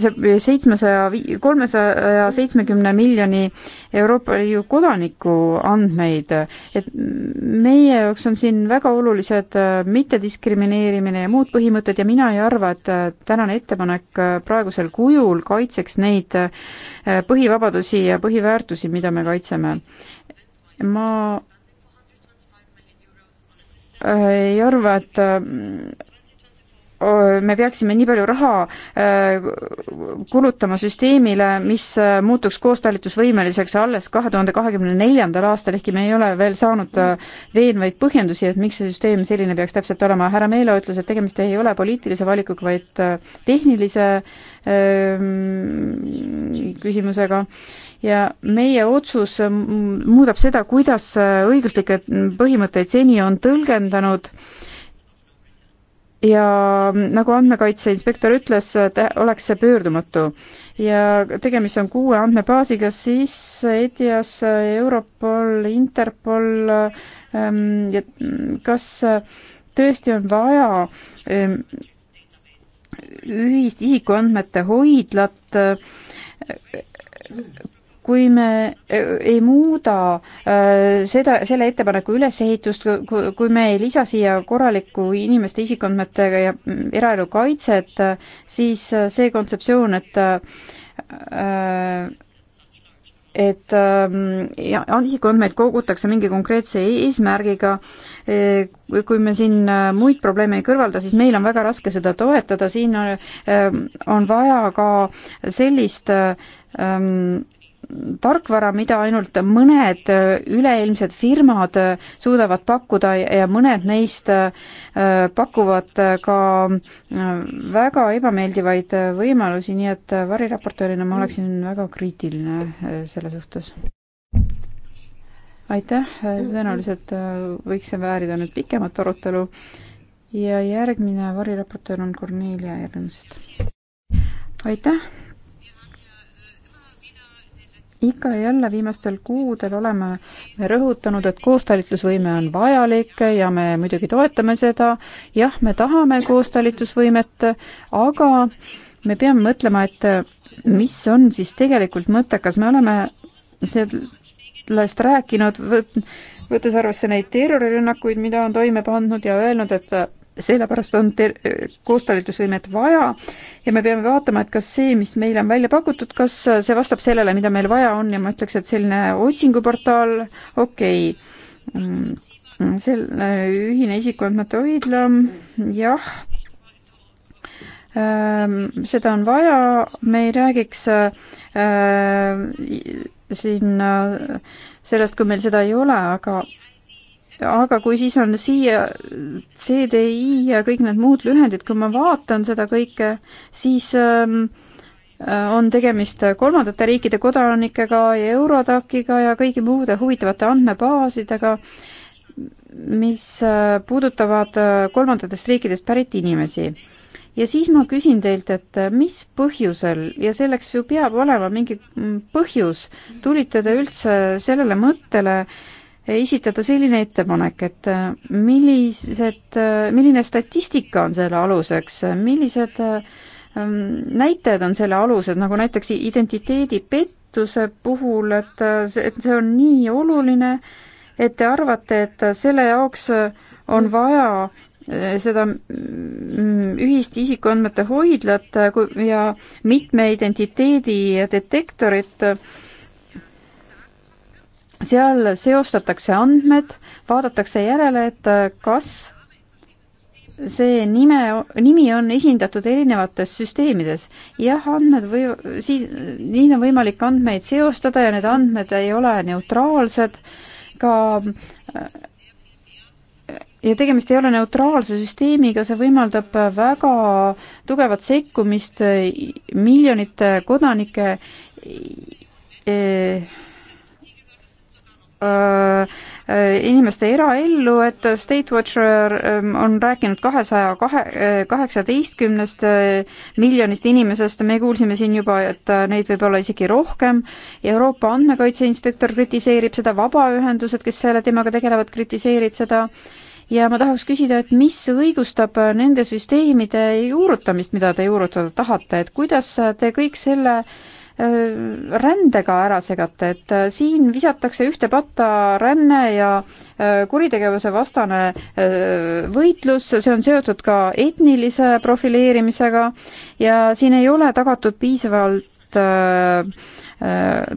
see seitsmesaja, kolmesaja seitsmekümne miljoni Euroopa Liidu kodaniku andmeid, et meie jaoks on siin väga olulised äh, mittediskrimineerimine ja muud põhimõtted ja mina ei arva, et äh, tänane ettepanek äh, praegusel kujul kaitseks neid põhivabadusi ja põhiväärtusi, mida me kaitseme. ma Äh, ei arva, et äh, me peaksime nii palju raha äh, kulutama süsteemile, mis muutuks koostalitusvõimeliseks alles kahe tuhande kahekümne neljandal aastal, ehkki me ei ole veel saanud veenvaid põhjendusi, et miks see süsteem selline peaks täpselt olema. härra Meelo ütles, et tegemist ei ole poliitilise valikuga, vaid tehnilise ähm, küsimusega ja meie otsus mm, muudab seda, kuidas äh, õiguslikke põhimõtteid seni on tõlgendanud ja nagu andmekaitse inspektor ütles, äh, oleks see pöördumatu. ja tegemist on kuue andmebaasiga, siis EDIAS, äh, Europol, Interpol ähm,, mm, kas tõesti on vaja ähm, ühist isikuandmete hoidlat äh,, kui me äh, ei muuda äh, seda, selle ettepaneku ülesehitust, kui me ei lisa siia korralikku inimeste isikuandmete ja eraelu kaitset, siis äh, see kontseptsioon, et et ähm, ja isikuandmeid kogutakse mingi konkreetse eesmärgiga, kui me siin muid probleeme ei kõrvalda, siis meil on väga raske seda toetada, siin on, on vaja ka sellist ähm, tarkvara, mida ainult mõned äh, üleilmsed firmad äh, suudavad pakkuda ja mõned neist äh, pakuvad ka väga ebameeldivaid võimalusi, nii et variraportöörina ma oleksin väga kriitiline selle suhtes. aitäh, tõenäoliselt võiks see väärida nüüd pikemat arutelu ja järgmine variraportöör on Kornelia Ernst. aitäh ikka ja jälle viimastel kuudel oleme me rõhutanud, et koostalitlusvõime on vajalik ja me muidugi toetame seda, jah, me tahame koostalitlusvõimet, aga me peame mõtlema, et mis on siis tegelikult mõttekas, me oleme sellest rääkinud, võttes arvesse neid terrorirünnakuid, mida on toime pandud ja öelnud, et sellepärast on ter-, koostalitusvõimet vaja ja me peame vaatama, et kas see, mis meile on välja pakutud, kas see vastab sellele, mida meil vaja on ja ma ütleks, et selline otsinguportaal, okei okay., mm, selle ühine isikuandmete hoidla, jah, ähm, seda on vaja, me ei räägiks äh, siin äh, sellest, kui meil seda ei ole, aga aga kui siis on siia CDI ja kõik need muud lühendid, kui ma vaatan seda kõike, siis ähm, äh, on tegemist kolmandate riikide kodanikega ja Eurodaciga ja kõigi muude huvitavate andmebaasidega, mis äh, puudutavad äh, kolmandatest riikidest pärit inimesi. ja siis ma küsin teilt, et mis põhjusel ja selleks ju peab olema mingi mm, põhjus, tulite te üldse sellele mõttele äh, esitada selline ettepanek, et äh, millised, äh, milline statistika on selle aluseks, millised äh, ähm, näitajad on selle alused, nagu näiteks identiteedipettuse puhul, et see, et see on nii oluline, et te arvate, et selle jaoks on vaja seda mm, mm, ühist isikuandmete hoidlat ja mitme identiteedi detektorit seal seostatakse andmed, vaadatakse järele, et äh, kas see nime, nimi on esindatud erinevates süsteemides. jah, andmed või siis, nii on võimalik andmeid seostada ja need andmed ei ole neutraalsed, ka äh, ja tegemist ei ole neutraalse süsteemiga, see võimaldab äh, väga tugevat sekkumist miljonite kodanike eh, Äh, äh, inimeste eraellu, et State Watcher ähm, on rääkinud kahesaja kahe, äh, kaheksateistkümnest miljonist inimesest, me kuulsime siin juba, et neid võib olla isegi rohkem, Euroopa Andmekaitse Inspektor kritiseerib seda, vabaühendused, kes selle teemaga tegelevad, kritiseerivad seda, ja ma tahaks küsida, et mis õigustab nende süsteemide juurutamist, mida te juurutada tahate, et kuidas te kõik selle äh, Äh, rändega ära segate, et äh, siin visatakse ühte patta ränne ja äh, kuritegevuse vastane võitlus, see on seotud ka etnilise profileerimisega ja siin ei ole tagatud piisavalt Äh,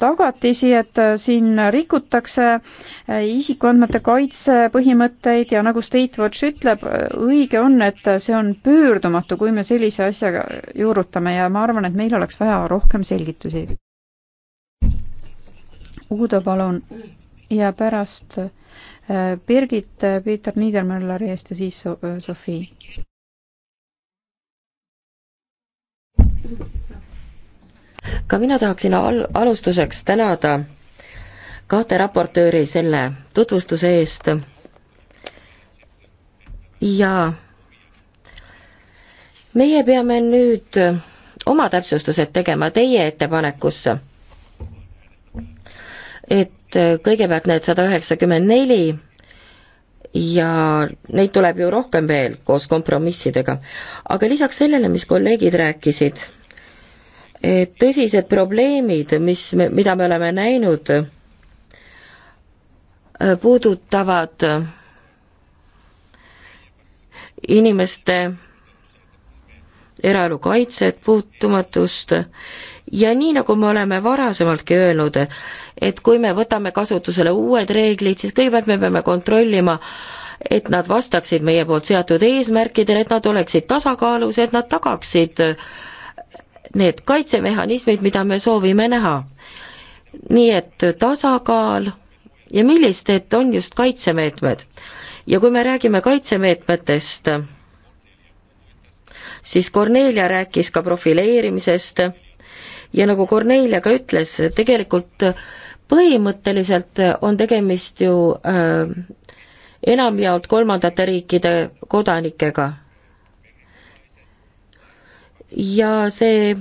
tagatisi, et äh, siin rikutakse äh, isikuandmete kaitse põhimõtteid ja nagu State Watch ütleb, õige on, et see on pöördumatu, kui me sellise asjaga juurutame ja ma arvan, et meil oleks vaja rohkem selgitusi. Uudo, palun. ja pärast Birgit, Peeter Niedermülleri eest ja siis Sofii ka mina tahaksin al-, alustuseks tänada kahte raportööri selle tutvustuse eest ja meie peame nüüd oma täpsustused tegema teie ettepanekusse. et kõigepealt need sada üheksakümmend neli ja neid tuleb ju rohkem veel koos kompromissidega. aga lisaks sellele, mis kolleegid rääkisid tõsised probleemid, mis, mida me oleme näinud, äh, puudutavad inimeste eraelu kaitset, puutumatust ja nii, nagu me oleme varasemaltki öelnud, et kui me võtame kasutusele uued reeglid, siis kõigepealt me peame kontrollima, et nad vastaksid meie poolt seatud eesmärkidele, et nad oleksid tasakaalus, et nad tagaksid äh, need kaitsemehhanismid, mida me soovime näha. nii et tasakaal ja millised on just kaitsemeetmed. ja kui me räägime kaitsemeetmetest, siis Kornelia rääkis ka profileerimisest ja nagu Kornelia ka ütles, tegelikult põhimõtteliselt on tegemist ju äh, enamjaolt kolmandate riikide kodanikega ja see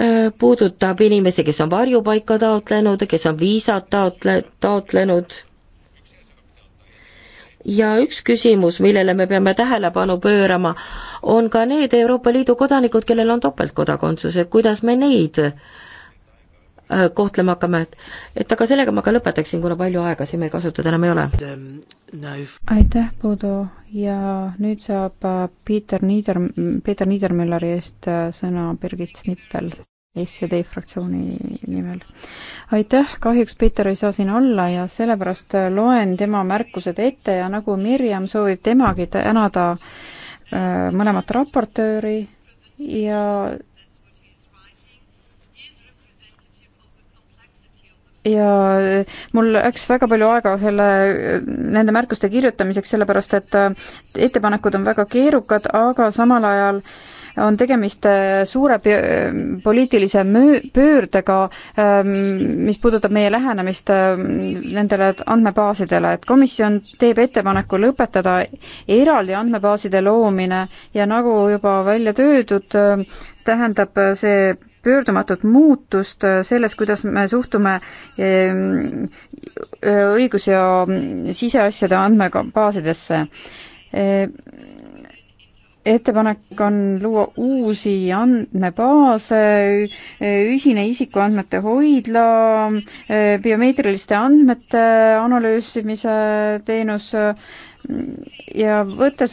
äh, puudutab inimesi, kes on varjupaika taotlenud, kes on viisat taotle-, taotlenud ja üks küsimus, millele me peame tähelepanu pöörama, on ka need Euroopa Liidu kodanikud, kellel on topeltkodakondsus, et kuidas me neid äh, Äh, kohtlema hakkame, et et aga sellega ma ka lõpetaksin, kuna palju aega siin meil kasutada enam ei ole. aitäh, Bodo, ja nüüd saab äh, Peeter Niider, Peeter Niidermülleri eest äh, sõna Birgit Snippel. SED fraktsiooni nimel. aitäh, kahjuks Peeter ei saa siin olla ja sellepärast loen tema märkused ette ja nagu Mirjam soovib temagi tänada mõlemat raportööri ja ja mul läks väga palju aega selle, nende märkuste kirjutamiseks, sellepärast et äh, ettepanekud on väga keerukad, aga samal ajal on tegemist äh, suure poliitilise möö-, pöördega, ähm, mis puudutab meie lähenemist ähm, nendele andmebaasidele, et komisjon teeb ettepaneku lõpetada eraldi andmebaaside loomine ja nagu juba välja töödud, äh, tähendab see pöördumatut muutust äh, selles, kuidas me suhtume ehm, õigus- ja siseasjade andmebaasidesse. Ehm, ettepanek on luua uusi andmebaase, e, ühine isikuandmete hoidla, e, biomeetriliste andmete analüüsimise teenus mm, ja võttes,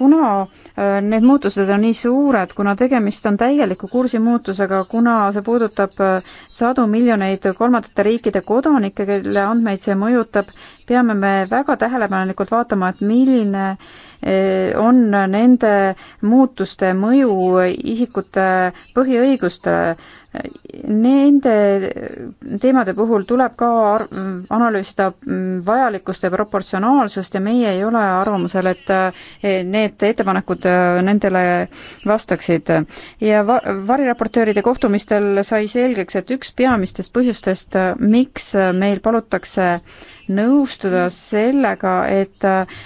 kuna Need muutused on nii suured, kuna tegemist on täieliku kursimuutusega, kuna see puudutab äh, sadu miljoneid kolmandate riikide kodanikke, kelle andmeid see mõjutab, peame me väga tähelepanelikult vaatama, et milline äh, on nende muutuste mõju isikute põhiõigustele Nende teemade puhul tuleb ka analüüsida vajalikkust ja proportsionaalsust ja meie ei ole arvamusel, et eh, need ettepanekud eh, nendele vastaksid. ja va-, variraportööride kohtumistel sai selgeks, et üks peamistest põhjustest, eh, miks meil palutakse äh, nõustuda sellega, et äh,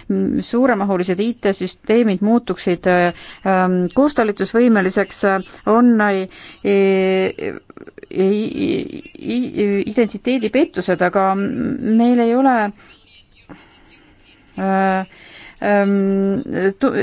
suuremahulised IT-süsteemid muutuksid äh, ähm, koostalitusvõimeliseks, äh, on e, e, identiteedipettused, aga meil ei ole äh, Ehm,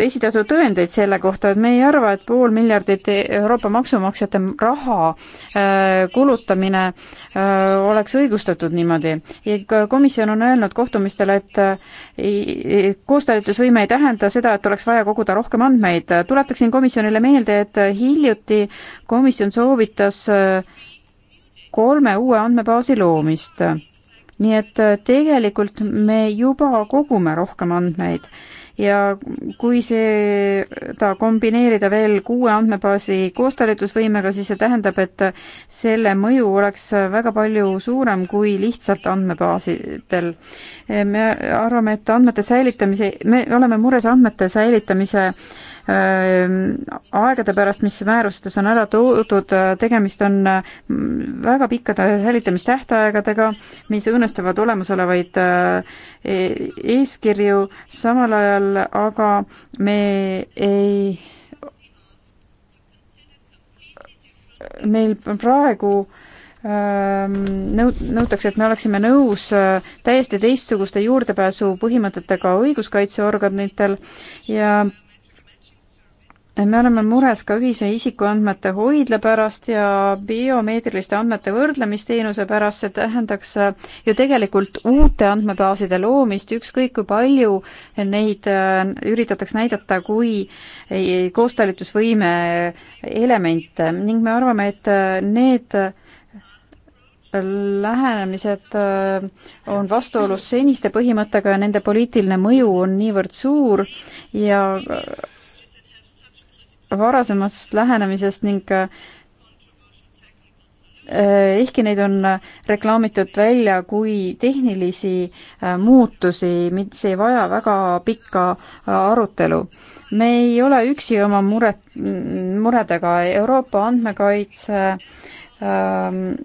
esitatud tõendeid selle kohta, et me ei arva, et pool miljardit e-, Euroopa maksumaksjate raha äh, kulutamine äh, oleks õigustatud niimoodi. ja komisjon on öelnud kohtumistele, et äh, koostalitusvõime ei tähenda seda, et oleks vaja koguda rohkem andmeid. tuletaksin komisjonile meelde, et hiljuti komisjon soovitas kolme uue andmebaasi loomist nii et äh, tegelikult me juba kogume rohkem andmeid ja kui seda kombineerida veel kuue andmebaasi koostalitusvõimega, siis see tähendab, et äh, selle mõju oleks äh, väga palju suurem kui lihtsalt andmebaasidel. me arvame, et andmete säilitamise, me oleme mures andmete säilitamise äh, Ehm, aegade pärast, mis määrustes on ära toodud, äh, tegemist on mm, väga pikkade säilitamistähtaegadega, mis õõnestavad olemasolevaid äh, e-, eeskirju, samal ajal aga me ei meil praegu ehm, nõut-, nõutakse, et me oleksime nõus äh, täiesti teistsuguste juurdepääsu põhimõtetega õiguskaitseorganitel ja me oleme mures ka ühise isikuandmete hoidla pärast ja biomeetriliste andmete võrdlemisteenuse pärast, see tähendaks ju tegelikult uute andmebaaside loomist, ükskõik kui palju neid äh, üritatakse näidata kui äh, koostalitusvõime elemente ning me arvame, et äh, need lähenemised on vastuolus seniste põhimõttega ja nende poliitiline mõju on niivõrd suur ja varasemast lähenemisest ning äh, äh, ehkki neid on reklaamitud välja kui tehnilisi äh, muutusi, mis ei vaja väga pikka arutelu. me ei ole üksi oma muret, muredega, Euroopa andmekaitse äh,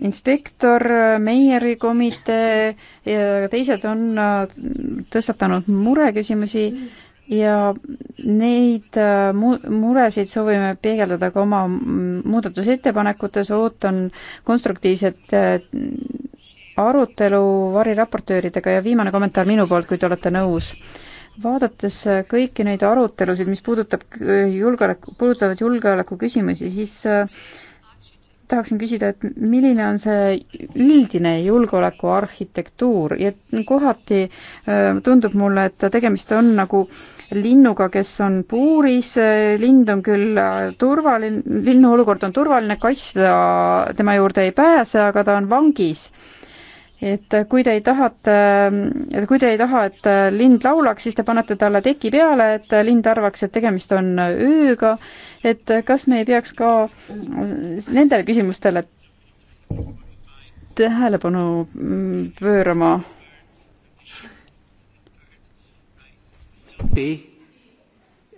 inspektor, Meieri komitee ja teised on tõstatanud mureküsimusi mm ja neid äh, mu-, muresid soovime peegeldada ka oma muudatusettepanekutes, ootan konstruktiivset äh, arutelu variraportööridega ja viimane kommentaar minu poolt, kui te olete nõus. vaadates äh, kõiki neid arutelusid, mis puudutab julgeoleku, puudutavad julgeolekuküsimusi, siis tahaksin küsida, et milline on see üldine julgeolekuarhitektuur ja kohati tundub mulle, et tegemist on nagu äh, linnuga, kes on puuris, lind on küll turvaline, linnu olukord on turvaline, kass teda, tema juurde ei pääse, aga ta on vangis et kui te ei tahate, kui te ei taha, et lind laulaks, siis te panete talle teki peale, et lind arvaks, et tegemist on ööga, et kas me ei peaks ka nendele küsimustele tähelepanu pöörama? Sophie,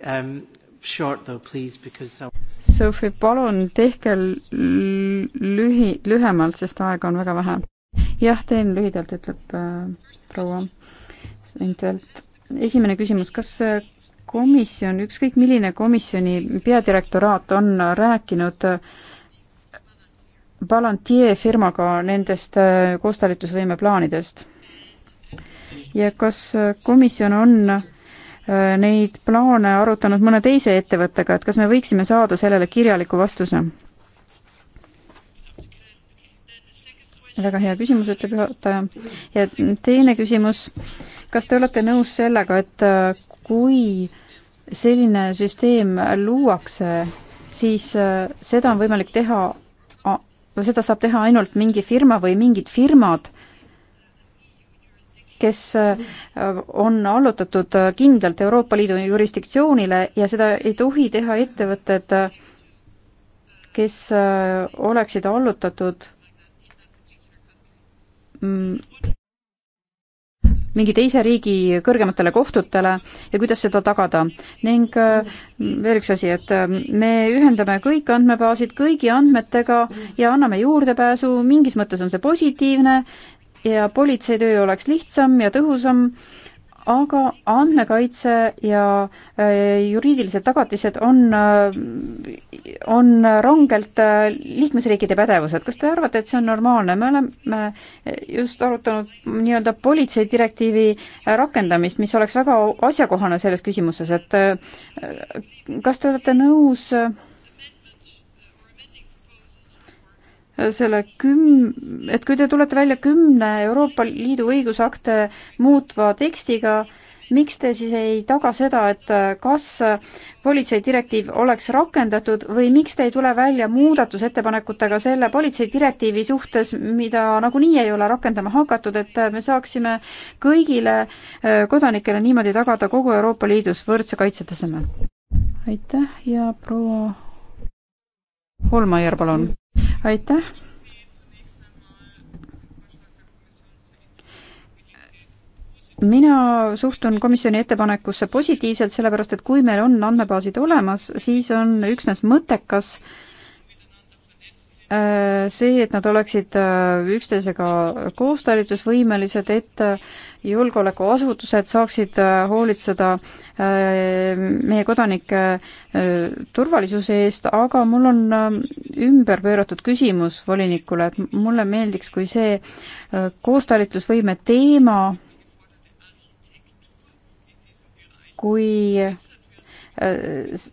um, short though please because I... Sophie, palun tehke lühi, lühemalt, sest aega on väga vähe. jah, teen lühidalt, ütleb äh, proua Sentelt. esimene küsimus, kas äh, komisjon, ükskõik milline komisjoni peadirektoraat on rääkinud äh, Palantir firmaga nendest äh, koostalitusvõime plaanidest? ja kas äh, komisjon on äh, Äh, neid plaane arutanud mõne teise ettevõttega, et kas me võiksime saada sellele kirjaliku vastuse? väga hea küsimus, ütleb juhataja. ja teine küsimus, kas te olete nõus sellega, et äh, kui selline süsteem luuakse, siis äh, seda on võimalik teha, seda saab teha ainult mingi firma või mingid firmad kes äh, on allutatud äh, kindlalt Euroopa Liidu jurisdiktsioonile ja seda ei tohi teha ettevõtted, äh, kes oleksid allutatud mm, mingi teise riigi kõrgematele kohtutele ja kuidas seda tagada. ning veel üks asi, et me ühendame kõik andmebaasid kõigi andmetega ja anname juurdepääsu, mingis mõttes on see positiivne, ja politsei töö oleks lihtsam ja tõhusam, aga andmekaitse ja äh, juriidilised tagatised on, äh, on rangelt äh, liikmesriikide pädevused. kas te arvate, et see on normaalne? me oleme just arutanud nii-öelda politseidirektiivi rakendamist, mis oleks väga asjakohane selles küsimuses, et kas te olete nõus selle küm-, et kui te tulete välja kümne Euroopa Liidu õigusakte muutva tekstiga, miks te siis ei taga seda, et kas politseidirektiiv oleks rakendatud või miks te ei tule välja muudatusettepanekutega selle politseidirektiivi suhtes, mida nagunii ei ole rakendama hakatud, et me saaksime kõigile äh, kodanikele niimoodi tagada kogu Euroopa Liidus võrdse kaitsetaseme? aitäh ja proua Holmajärv, palun aitäh. mina suhtun komisjoni ettepanekusse positiivselt, sellepärast et kui meil on andmebaasid olemas, siis on üksnes mõttekas äh, Äh, see, et nad oleksid äh, üksteisega koostalitusvõimelised, et äh, julgeolekuasutused saaksid hoolitseda meie kodanike turvalisuse eest, aga mul on ümberpööratud küsimus volinikule, et mulle meeldiks, kui see koostalitlusvõime teema kui Äh,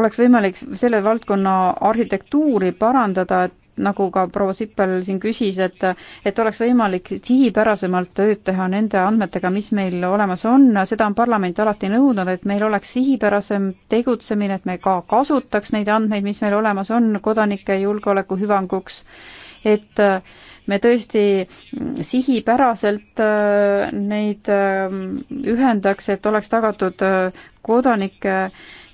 oleks võimalik selle valdkonna arhitektuuri parandada, et nagu ka proua Sippel siin küsis, et et oleks võimalik sihipärasemalt tööd teha nende andmetega, mis meil olemas on, seda on parlament alati nõudnud, et meil oleks sihipärasem tegutsemine, et me ka kasutaks neid andmeid, mis meil olemas on kodanike julgeoleku hüvanguks, et äh, me tõesti sihipäraselt äh, neid äh, ühendaks, et oleks tagatud äh, kodanike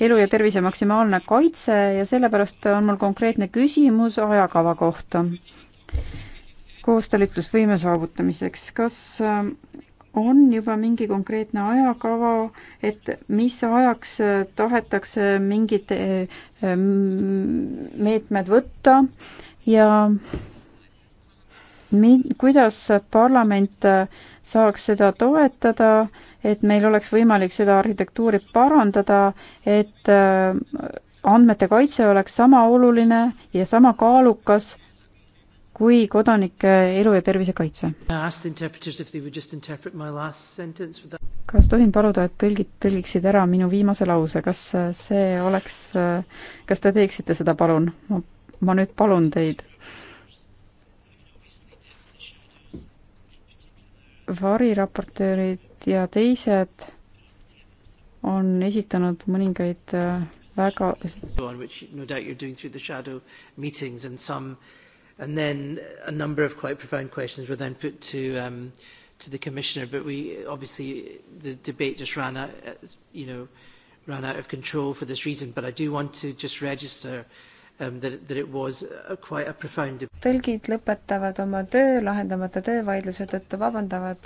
elu ja tervise maksimaalne kaitse ja sellepärast on mul konkreetne küsimus ajakava kohta koostalitlusvõime saavutamiseks. kas on juba mingi konkreetne ajakava, et mis ajaks tahetakse mingid meetmed võtta ja mi-, kuidas parlament äh, saaks seda toetada, et meil oleks võimalik seda arhitektuuri parandada, et äh, andmete kaitse oleks sama oluline ja sama kaalukas kui kodanike elu ja tervise kaitse. kas tohin paluda, et tõlgid tõlgiksid ära minu viimase lause, kas äh, see oleks, kas te teeksite seda, palun? ma nüüd palun teid variraportöörid ja teised on esitanud mõningaid äh, väga And then a number of quite profound questions were then put to um, to the commissioner. But we obviously the debate just ran out, uh, you know, ran out of control for this reason. But I do want to just register uh, Um, uh, tõlgid lõpetavad oma töö lahendamata töövaidluse tõttu, vabandavad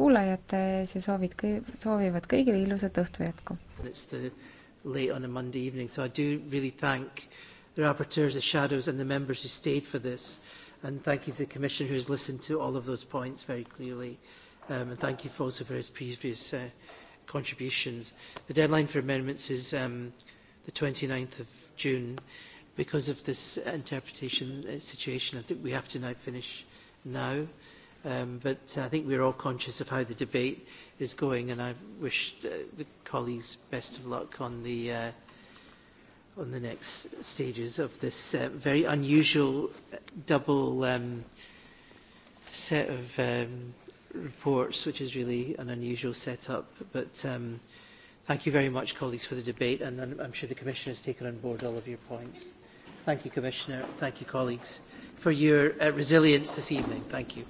kuulajate ees ja soovid, soovivad kõigile ilusat õhtu jätku. late on a Monday evening, so I do really thank the rapporteurs, the shadows and the members who stayed for this and thank you to the Commission who has listened to all of those points very clearly um, and thank you for also for his previous uh, contributions. The deadline for amendments is um, the 29th of June because of this interpretation uh, situation. I think we have to now finish now. Um, but I think we're all conscious of how the debate is going, and I wish uh, the colleagues best of luck on the, uh, on the next stages of this uh, very unusual uh, double um, set of um, reports, which is really an unusual setup. But um, thank you very much, colleagues, for the debate, and I'm, I'm sure the Commissioner has taken on board all of your points. Thank you, Commissioner. Thank you, colleagues, for your uh, resilience this evening. Thank you.